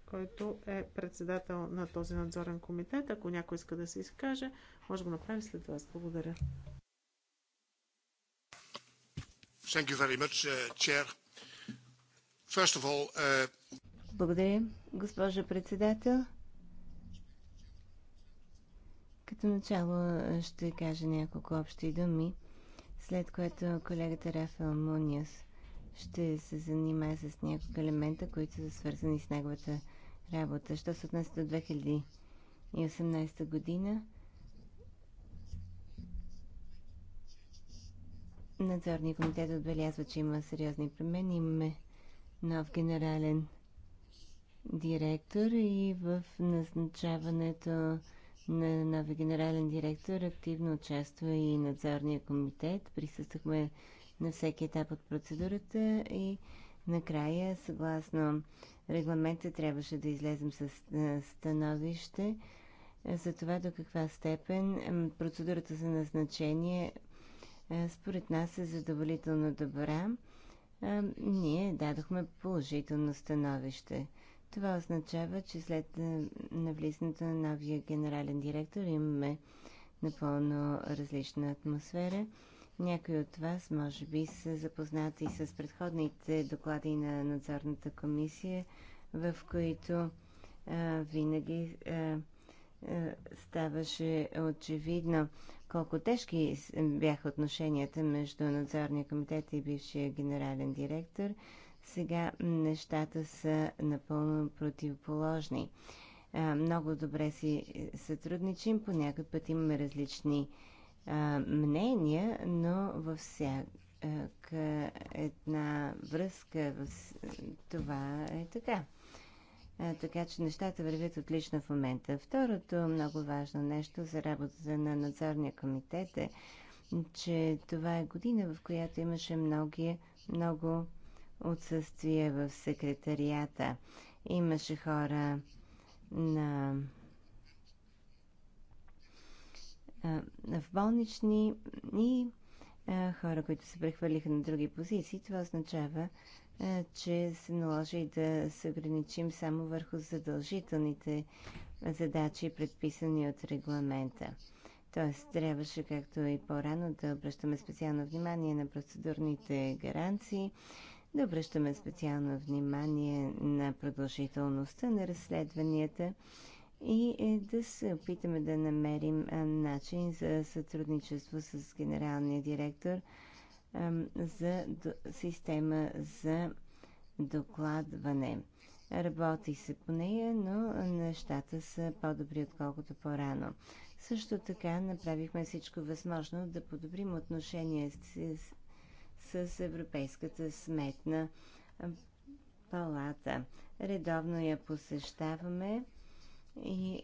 който е председател на този надзорен комитет. Ако някой иска да се изкаже, може да го направи след вас. Благодаря. Thank you very much, uh, chair. First of all, uh... Благодаря, госпожа председател. Като начало ще кажа няколко общи думи след което колегата Рафаел Муниас ще се занимае с няколко елемента, които са свързани с неговата работа. Що се отнася до 2018 година, надзорния комитет отбелязва, че има сериозни промени. Имаме нов генерален директор и в назначаването на нови генерален директор активно участва и надзорния комитет. Присъствахме на всеки етап от процедурата и накрая, съгласно регламента, трябваше да излезем с е, становище за това до каква степен процедурата за назначение е, според нас е задоволително добра. Е, ние дадохме положително становище. Това означава, че след е, навлизането на новия генерален директор имаме напълно различна атмосфера. Някои от вас, може би, са запознати с предходните доклади на надзорната комисия, в които а, е, винаги а, е, а, ставаше очевидно колко тежки бяха отношенията между надзорния комитет и бившия генерален директор. Сега нещата са напълно противоположни. Много добре си сътрудничим, по някакъв път имаме различни мнения, но във всяка една връзка това е така. Така че нещата вървят отлично в момента. Второто много важно нещо за работата на надзорния комитет е, че това е година, в която имаше много, много отсъствие в секретарията. Имаше хора на в болнични и хора, които се прехвърлиха на други позиции. Това означава, че се наложи да се ограничим само върху задължителните задачи, предписани от регламента. Тоест, трябваше, както е и по-рано, да обръщаме специално внимание на процедурните гаранции, да обръщаме специално внимание на продължителността на разследванията и е, да се опитаме да намерим начин за сътрудничество с генералния директор за система за докладване. Работи се по нея, но нещата са по-добри, отколкото по-рано. Също така направихме всичко възможно да подобрим отношение с с Европейската сметна палата. Редовно я посещаваме и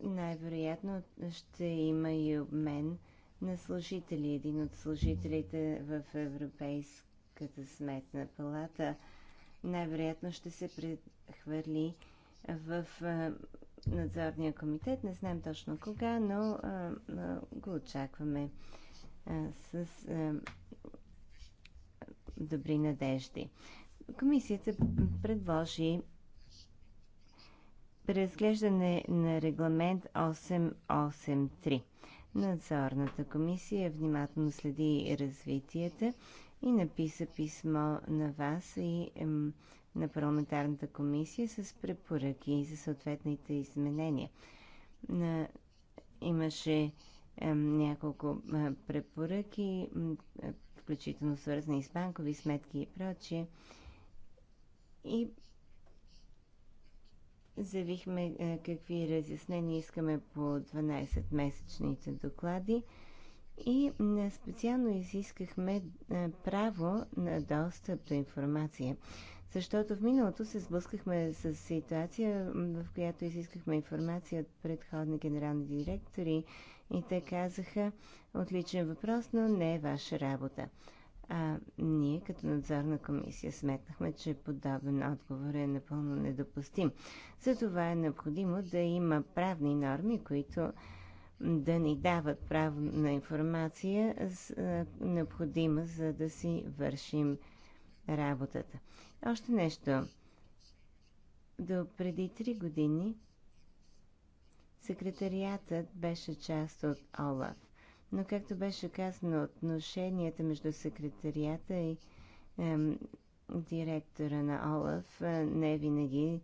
най-вероятно ще има и обмен на служители. Един от служителите в Европейската сметна палата най-вероятно ще се прехвърли в е, надзорния комитет. Не знам точно кога, но а, е, а, е, го очакваме с добри надежди. Комисията предложи преразглеждане на регламент 883. Надзорната комисия внимателно следи развитията и написа писмо на вас и ем, на парламентарната комисия с препоръки за съответните изменения. На, имаше няколко препоръки, включително свързани с банкови сметки и прочие. И заявихме какви разяснения искаме по 12-месечните доклади и специално изискахме право на достъп до информация. Защото в миналото се сблъскахме с ситуация, в която изискахме информация от предходни генерални директори и те казаха, отличен въпрос, но не е ваша работа. А ние като надзорна комисия сметнахме, че подобен отговор е напълно недопустим. Затова е необходимо да има правни норми, които да ни дават право на информация, необходима за да си вършим работата. Още нещо. До преди три години секретариатът беше част от ОЛАФ. Но както беше казано, отношенията между секретарията и ем, директора на ОЛАФ е, не винаги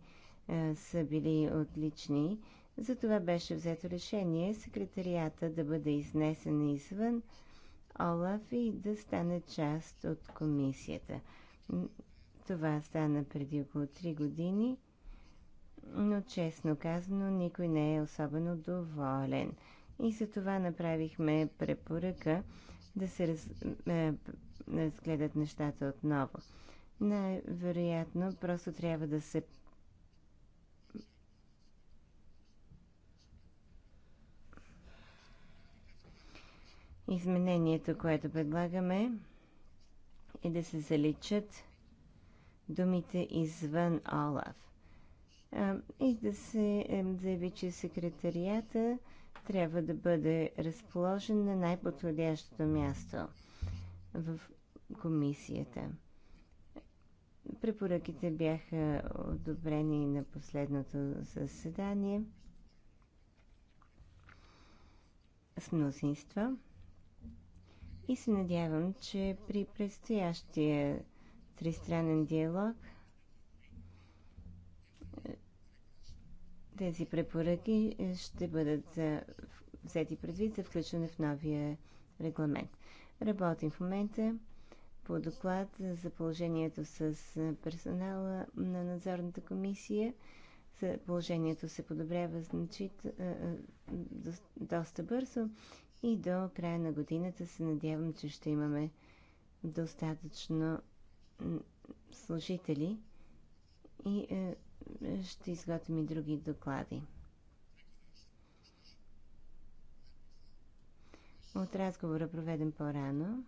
е, са били отлични. Затова беше взето решение секретарията да бъде изнесен извън ОЛАФ и да стане част от комисията. Това стана преди около 3 години, но честно казано никой не е особено доволен. И за това направихме препоръка да се раз, е, разгледат нещата отново. Най-вероятно просто трябва да се Изменението, което предлагаме, и да се заличат думите извън Олаф. И да се е, заяви, че секретарията трябва да бъде разположен на най-подходящото място в комисията. Препоръките бяха одобрени на последното заседание с мнозинства и се надявам, че при предстоящия тристранен диалог е, тези препоръки е, ще бъдат взети предвид за включване в новия регламент. Работим в момента по доклад за положението с е, персонала на надзорната комисия. Положението се подобрява значит, доста бързо и до края на годината се надявам, че ще имаме достатъчно служители и е, ще изготвим и други доклади. От разговора, проведен по-рано,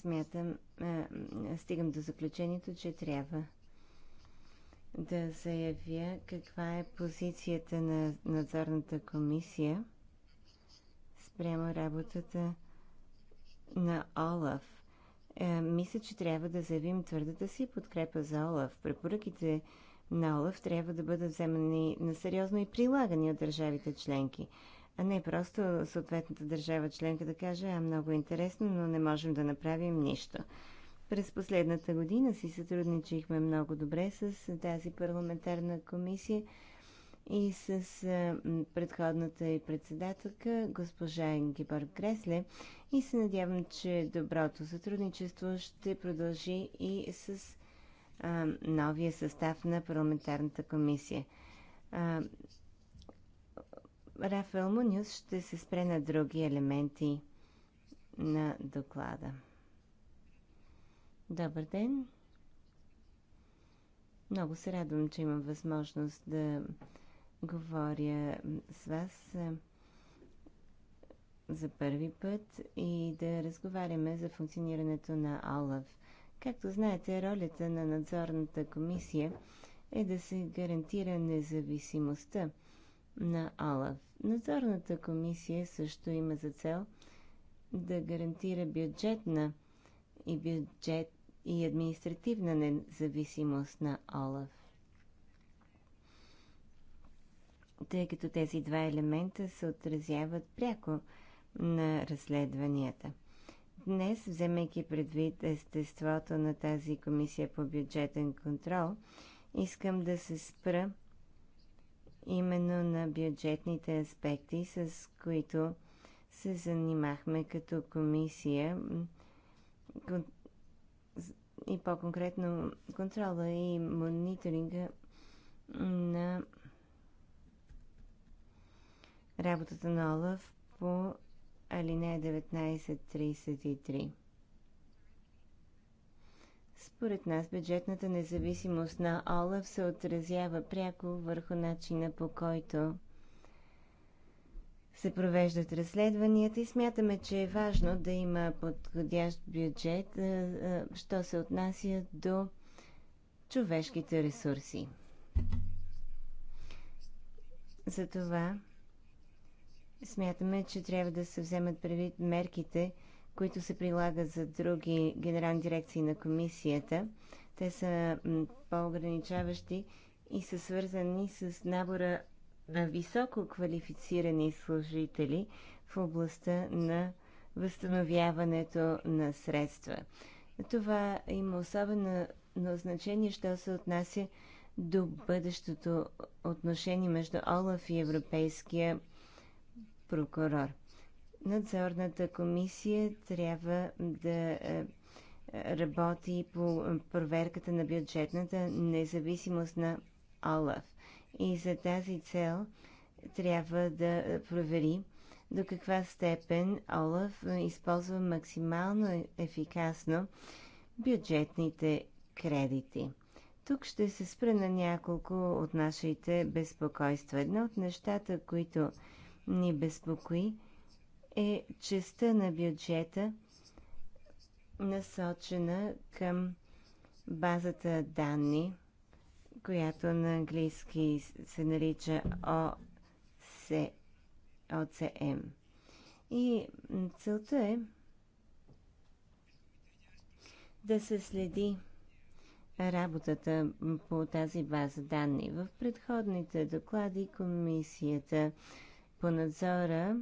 смятам, е, стигам до заключението, че трябва да заявя каква е позицията на надзорната комисия спрямо работата на Олаф. Е, мисля, че трябва да заявим твърдата си подкрепа за Олаф. Препоръките на Олаф трябва да бъдат вземани на сериозно и прилагани от държавите членки. А не просто съответната държава членка да каже, а много интересно, но не можем да направим нищо. През последната година си сътрудничихме много добре с тази парламентарна комисия и с предходната и председателка, госпожа Енгибор Кресле, и се надявам, че доброто сътрудничество ще продължи и с а, новия състав на парламентарната комисия. А, Рафаел Муниус ще се спре на други елементи на доклада. Добър ден! Много се радвам, че имам възможност да говоря с вас е, за първи път и да разговаряме за функционирането на ОЛАВ. Както знаете, ролята на надзорната комисия е да се гарантира независимостта на ОЛАВ. Надзорната комисия също има за цел да гарантира бюджетна и бюджет и административна независимост на ОЛАФ. Тъй като тези два елемента се отразяват пряко на разследванията. Днес, вземайки предвид естеството на тази комисия по бюджетен контрол, искам да се спра именно на бюджетните аспекти, с които се занимахме като комисия и по-конкретно контрола и мониторинга на работата на ОЛАФ по алинея 1933. Според нас бюджетната независимост на ОЛАФ се отразява пряко върху начина по който се провеждат разследванията и смятаме, че е важно да има подходящ бюджет, що се отнася до човешките ресурси. Затова смятаме, че трябва да се вземат предвид мерките, които се прилагат за други генерални дирекции на комисията. Те са по-ограничаващи и са свързани с набора високо квалифицирани служители в областта на възстановяването на средства. Това има особено значение, що се отнася до бъдещото отношение между ОЛАФ и Европейския прокурор. Надзорната комисия трябва да е, работи по проверката на бюджетната независимост на ОЛАФ и за тази цел трябва да провери до каква степен Олаф използва максимално ефикасно бюджетните кредити. Тук ще се спра на няколко от нашите безпокойства. Едно от нещата, които ни безпокои, е частта на бюджета, насочена към базата данни – която на английски се нарича OCM. И целта е да се следи работата по тази база данни. В предходните доклади комисията по надзора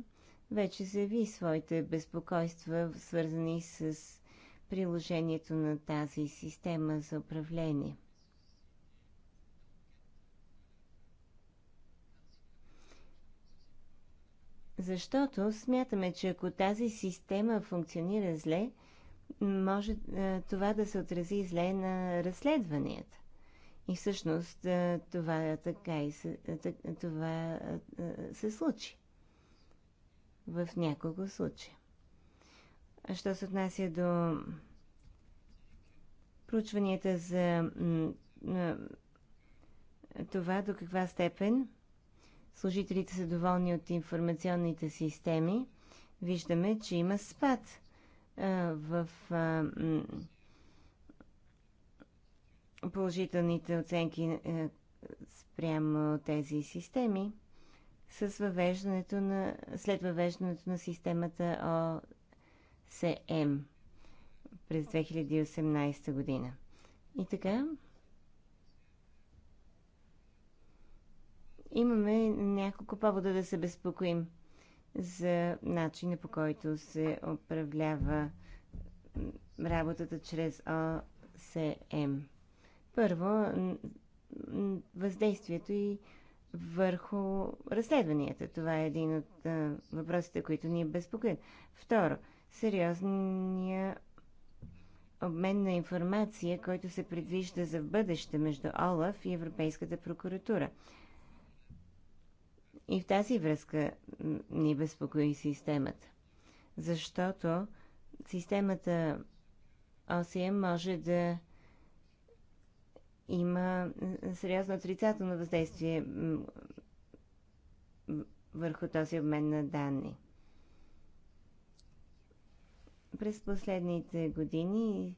вече заяви своите безпокойства, свързани с приложението на тази система за управление. Защото смятаме, че ако тази система функционира зле, може е, това да се отрази зле на разследванията. И всъщност е, това е така и се, това се случи. В няколко случая. А що се отнася до проучванията за това до каква степен служителите са доволни от информационните системи, виждаме, че има спад в положителните оценки спрямо тези системи с въвеждането на, след въвеждането на системата ОСМ през 2018 година. И така, имаме няколко повода да се безпокоим за начина по който се управлява работата чрез ОСМ. Първо, въздействието и върху разследванията. Това е един от въпросите, които ни е безпокоят. Второ, сериозния обмен на информация, който се предвижда за бъдеще между ОЛАФ и Европейската прокуратура. И в тази връзка ни безпокои системата. Защото системата OCM може да има сериозно отрицателно въздействие върху този обмен на данни. През последните години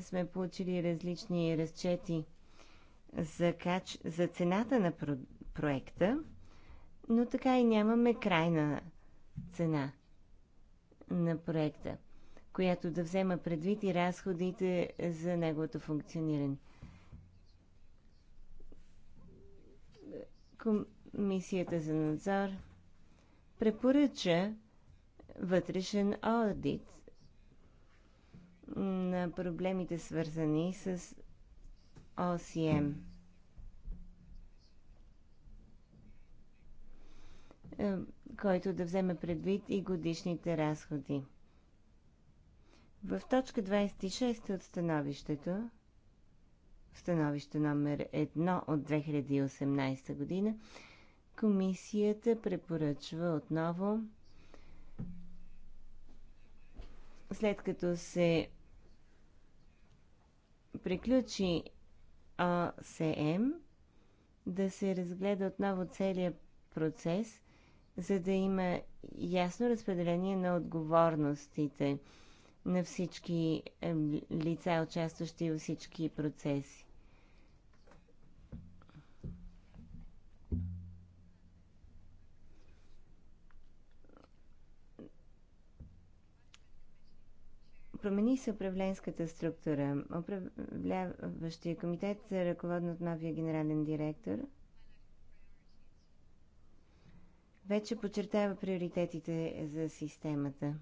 сме получили различни разчети за, кач... за цената на продукта проекта, но така и нямаме крайна цена на проекта, която да взема предвид и разходите за неговото функциониране. Комисията за надзор препоръча вътрешен аудит на проблемите свързани с ОСМ. Е, който да вземе предвид и годишните разходи. В точка 26 от становището, становище номер 1 от 2018 година, комисията препоръчва отново след като се приключи ОСМ да се разгледа отново целият процес за да има ясно разпределение на отговорностите на всички е, лица, участващи във всички процеси. Промени се управленската структура. Управляващия комитет, ръководен от новия генерален директор – вече подчертава приоритетите за системата.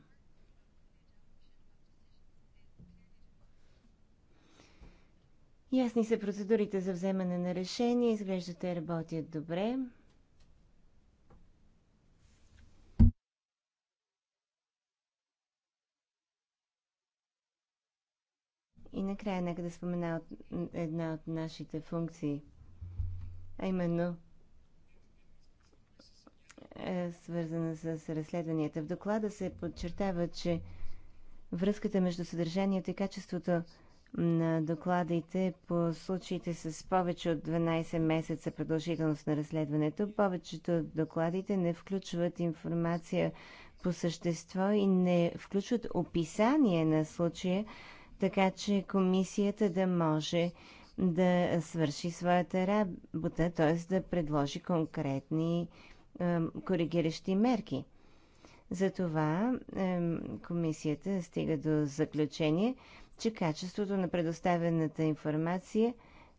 Ясни са процедурите за вземане на решения, изглежда те работят добре. И накрая нека да спомена една от нашите функции, а именно – е свързана с разследванията. В доклада се подчертава, че връзката между съдържанието и качеството на докладите по случаите с повече от 12 месеца продължителност на разследването. Повечето от докладите не включват информация по същество и не включват описание на случая, така че комисията да може да свърши своята работа, т.е. да предложи конкретни коригиращи мерки. Затова комисията стига до заключение, че качеството на предоставената информация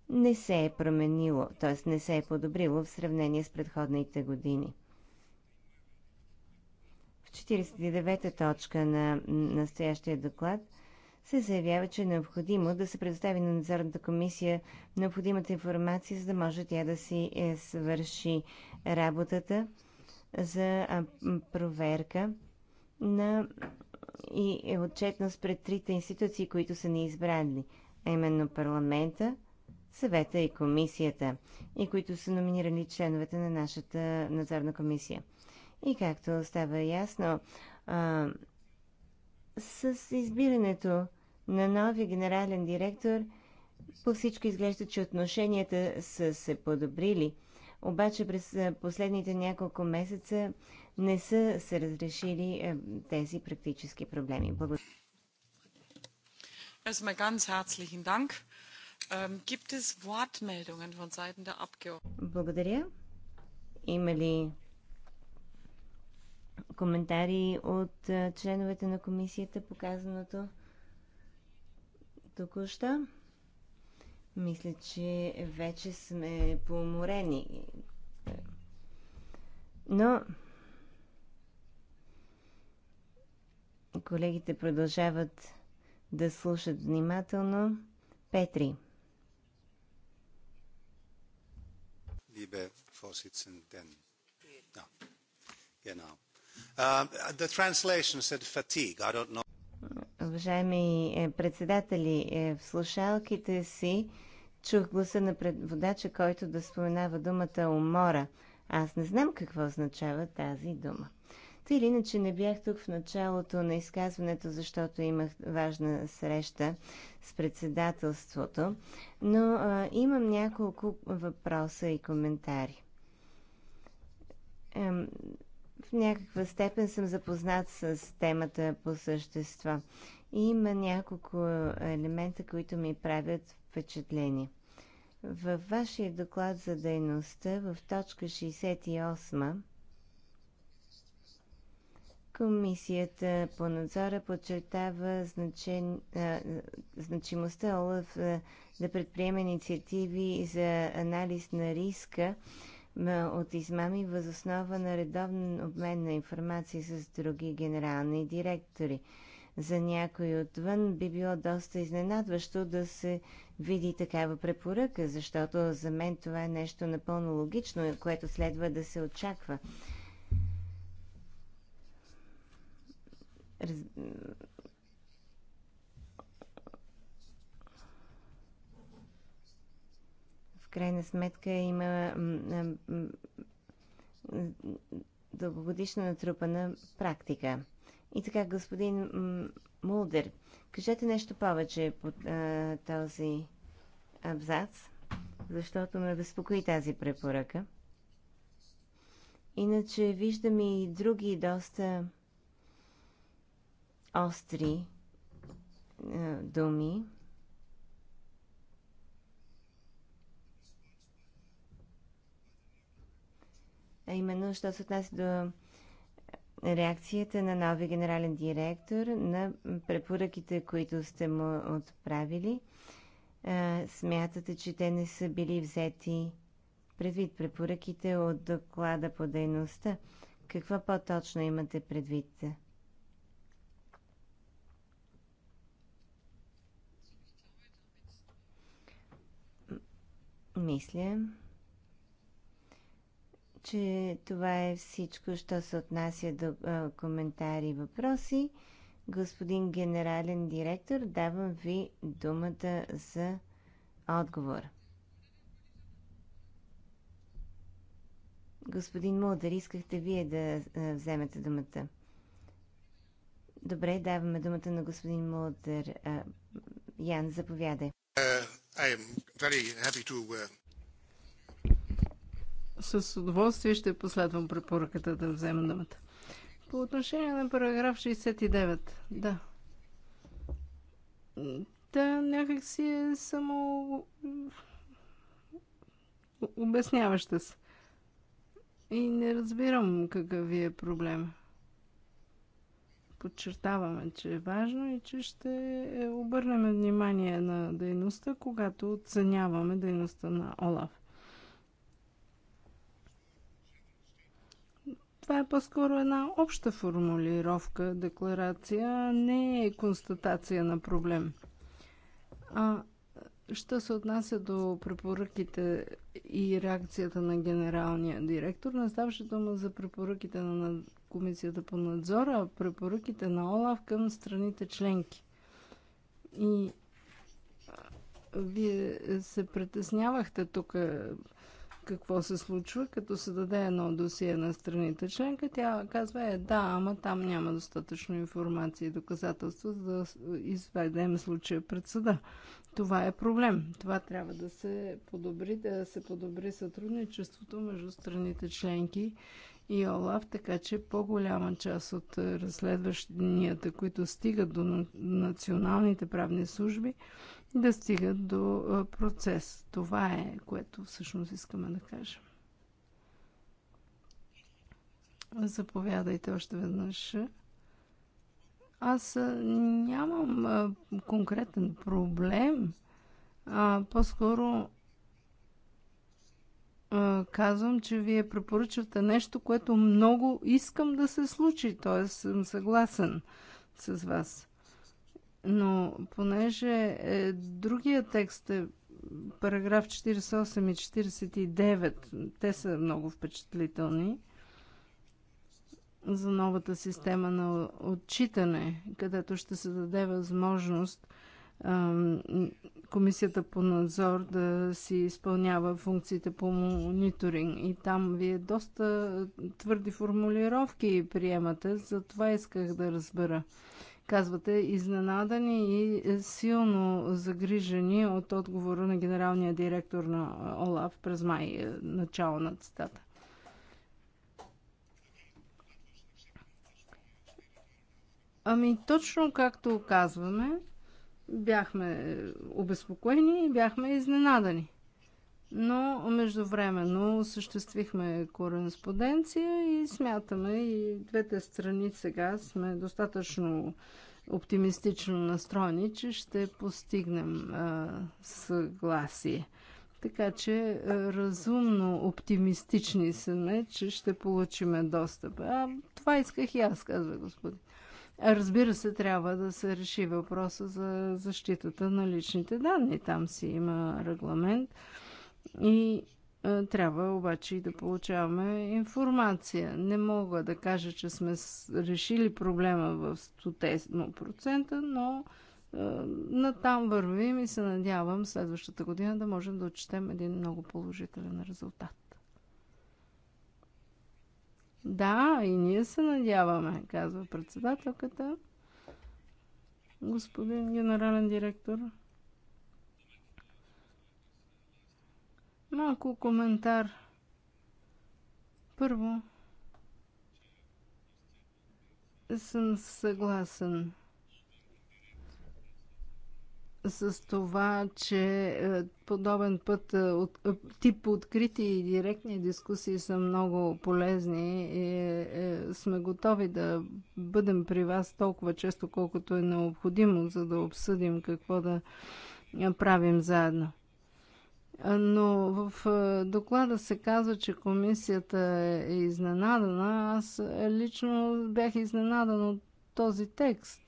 не се е променило, т.е. не се е подобрило в сравнение с предходните години. В 49-та точка на настоящия доклад – се заявява, че е необходимо да се предостави на надзорната комисия необходимата информация, за да може тя да си е свърши работата за проверка на и е отчетност пред трите институции, които са ни избрали, а именно парламента, съвета и комисията, и които са номинирали членовете на нашата надзорна комисия. И както става ясно, с избирането на нови генерален директор по всичко изглежда, че отношенията са се подобрили. Обаче през последните няколко месеца не са се разрешили тези практически проблеми. Благодаря. Ähm, gibt es Wortmeldungen von Seiten der Abgeordneten? Благодаря. Има ли коментари от членовете на комисията, показаното току-що. Мисля, че вече сме поуморени. Но колегите продължават да слушат внимателно. Петри. Liebe Vorsitzenden. Ja, genau. Um, the translation said fatigue. I don't know. Уважаеми е, председатели, е, в слушалките си чух гласа на предводача, който да споменава думата умора. Аз не знам какво означава тази дума. Та или иначе не бях тук в началото на изказването, защото имах важна среща с председателството, но а, имам няколко въпроса и коментари. Ем, в някаква степен съм запознат с темата по същество. И има няколко елемента, които ми правят впечатление. Във вашия доклад за дейността в точка 68 Комисията по надзора подчертава значен, а, значимостта ОЛАФ да предприеме инициативи за анализ на риска от измами възоснова на редовен обмен на информация с други генерални директори. За някой отвън би било доста изненадващо да се види такава препоръка, защото за мен това е нещо напълно логично, което следва да се очаква. крайна сметка има дългогодишна натрупана практика. И така, господин Мулдер, кажете нещо повече по този абзац, защото ме безпокои тази препоръка. Иначе виждам и други доста остри думи. а именно, що се отнася до реакцията на новия генерален директор, на препоръките, които сте му отправили. Смятате, че те не са били взети предвид препоръките от доклада по дейността. Какво по-точно имате предвид? Мисля, че това е всичко, що се отнася до а, коментари и въпроси. Господин генерален директор, давам ви думата за отговор. Господин Мулдър, искахте вие да вземете думата. Добре, даваме думата на господин Мулдър. Ян, заповядай. Uh, I am very happy to uh, с удоволствие ще последвам препоръката да взема думата. По отношение на параграф 69, да. Да, някак си е само обясняваща се. И не разбирам какъв ви е проблем. Подчертаваме, че е важно и че ще обърнем внимание на дейността, когато оценяваме дейността на Олаф. Това е по-скоро една обща формулировка, декларация, не е констатация на проблем. А, що се отнася до препоръките и реакцията на генералния директор, не ставаше дума за препоръките на Комисията по надзора, а препоръките на ОЛАВ към страните членки. И вие се притеснявахте тук какво се случва, като се даде едно досие на страните членка, тя казва е да, ама там няма достатъчно информация и доказателства, за да изведем случая пред съда. Това е проблем. Това трябва да се подобри, да се подобри сътрудничеството между страните членки и ОЛАВ, така че по-голяма част от разследващенията, които стигат до националните правни служби, да стигат до процес. Това е, което всъщност искаме да кажем. Заповядайте още веднъж. Аз нямам конкретен проблем, а по-скоро казвам, че вие препоръчвате нещо, което много искам да се случи, Тоест съм съгласен с вас. Но понеже е, другия текст е параграф 48 и 49, те са много впечатлителни за новата система на отчитане, където ще се даде възможност е, Комисията по надзор да си изпълнява функциите по мониторинг. И там вие доста твърди формулировки приемате, затова исках да разбера казвате, изненадани и силно загрижени от отговора на генералния директор на ОЛАФ през май, е, начало на цитата. Ами, точно както казваме, бяхме обезпокоени и бяхме изненадани но междувременно осъществихме кореспонденция и смятаме и двете страни сега сме достатъчно оптимистично настроени, че ще постигнем а, съгласие. Така че разумно оптимистични сме, че ще получиме достъп. А това исках и аз, казва господин. Разбира се, трябва да се реши въпроса за защитата на личните данни. Там си има регламент. А, и а, трябва обаче и да получаваме информация. Не мога да кажа, че сме решили проблема в 100%, но на натам вървим и се надявам следващата година да можем да отчетем един много положителен резултат. Да, и ние се надяваме, казва председателката. Господин генерален директор. Малко коментар. Първо, съм съгласен с това, че е, подобен път е, от, е, тип открити и директни дискусии са много полезни и е, сме готови да бъдем при вас толкова често, колкото е необходимо, за да обсъдим какво да правим заедно. Но в доклада се казва, че комисията е, е изненадана. Аз лично бях изненадан от този текст.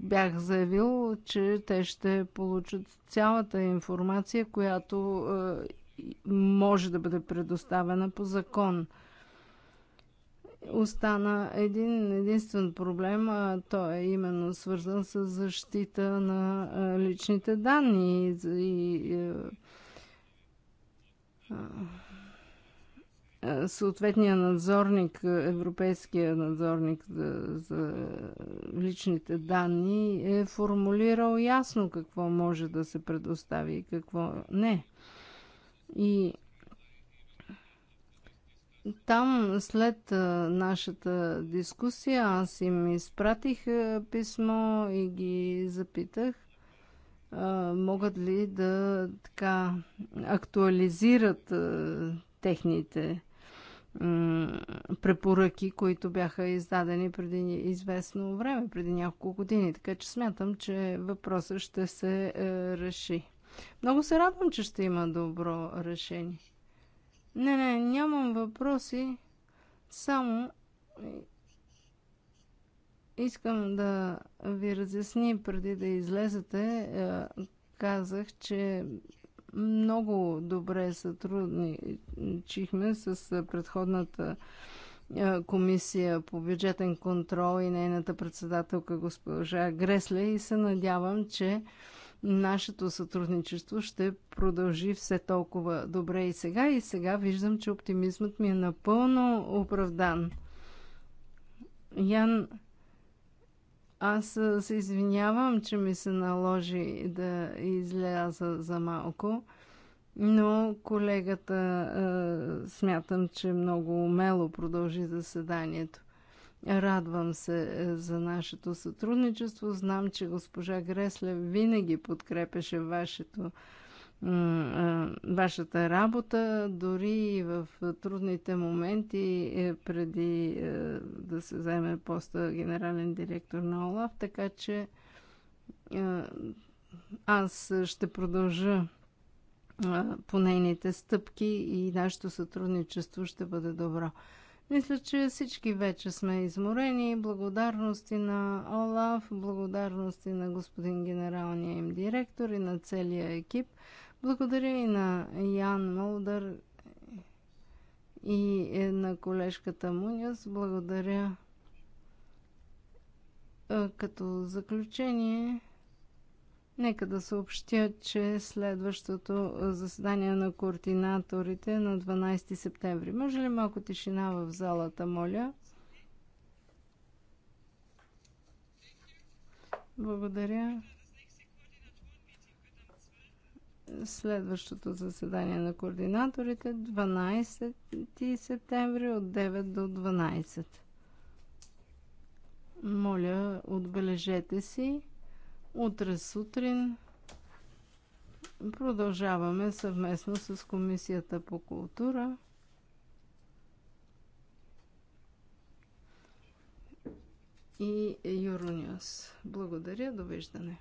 Бях заявил, че те ще получат цялата информация, която може да бъде предоставена по закон остана един единствен проблем, а той е именно свързан с защита на личните данни и е, съответния надзорник, европейския надзорник за, за личните данни е формулирал ясно какво може да се предостави и какво не. И там след нашата дискусия аз им изпратих писмо и ги запитах могат ли да така актуализират техните препоръки, които бяха издадени преди известно време, преди няколко години. Така че смятам, че въпросът ще се е, реши. Много се радвам, че ще има добро решение. Не, не, нямам въпроси. Само искам да ви разясни преди да излезете. Е, казах, че много добре сътрудничихме с предходната е, комисия по бюджетен контрол и нейната председателка госпожа Гресле и се надявам, че нашето сътрудничество ще продължи все толкова добре и сега. И сега виждам, че оптимизмът ми е напълно оправдан. Ян, аз се извинявам, че ми се наложи да изляза за малко, но колегата смятам, че много умело продължи заседанието. Радвам се е, за нашето сътрудничество. Знам, че госпожа Гресле винаги подкрепеше вашето, е, вашата работа, дори и в трудните моменти е, преди да се вземе поста генерален директор на ОЛАВ, така че аз ще продължа по нейните стъпки и нашето сътрудничество ще бъде добро. Мисля, че всички вече сме изморени. Благодарности на Олаф, благодарности на господин генералния им директор и на целия екип. Благодаря и на Ян Молдър и е, на колежката Муняс. Благодаря е, като заключение Нека да съобщя, че следващото заседание на координаторите е на 12 септември. Може ли малко тишина в залата, моля? Благодаря. Следващото заседание на координаторите 12 е септември от 9 до 12. Моля, отбележете си. Утре сутрин продължаваме съвместно с Комисията по култура. и Euronews. Благодаря, довиждане!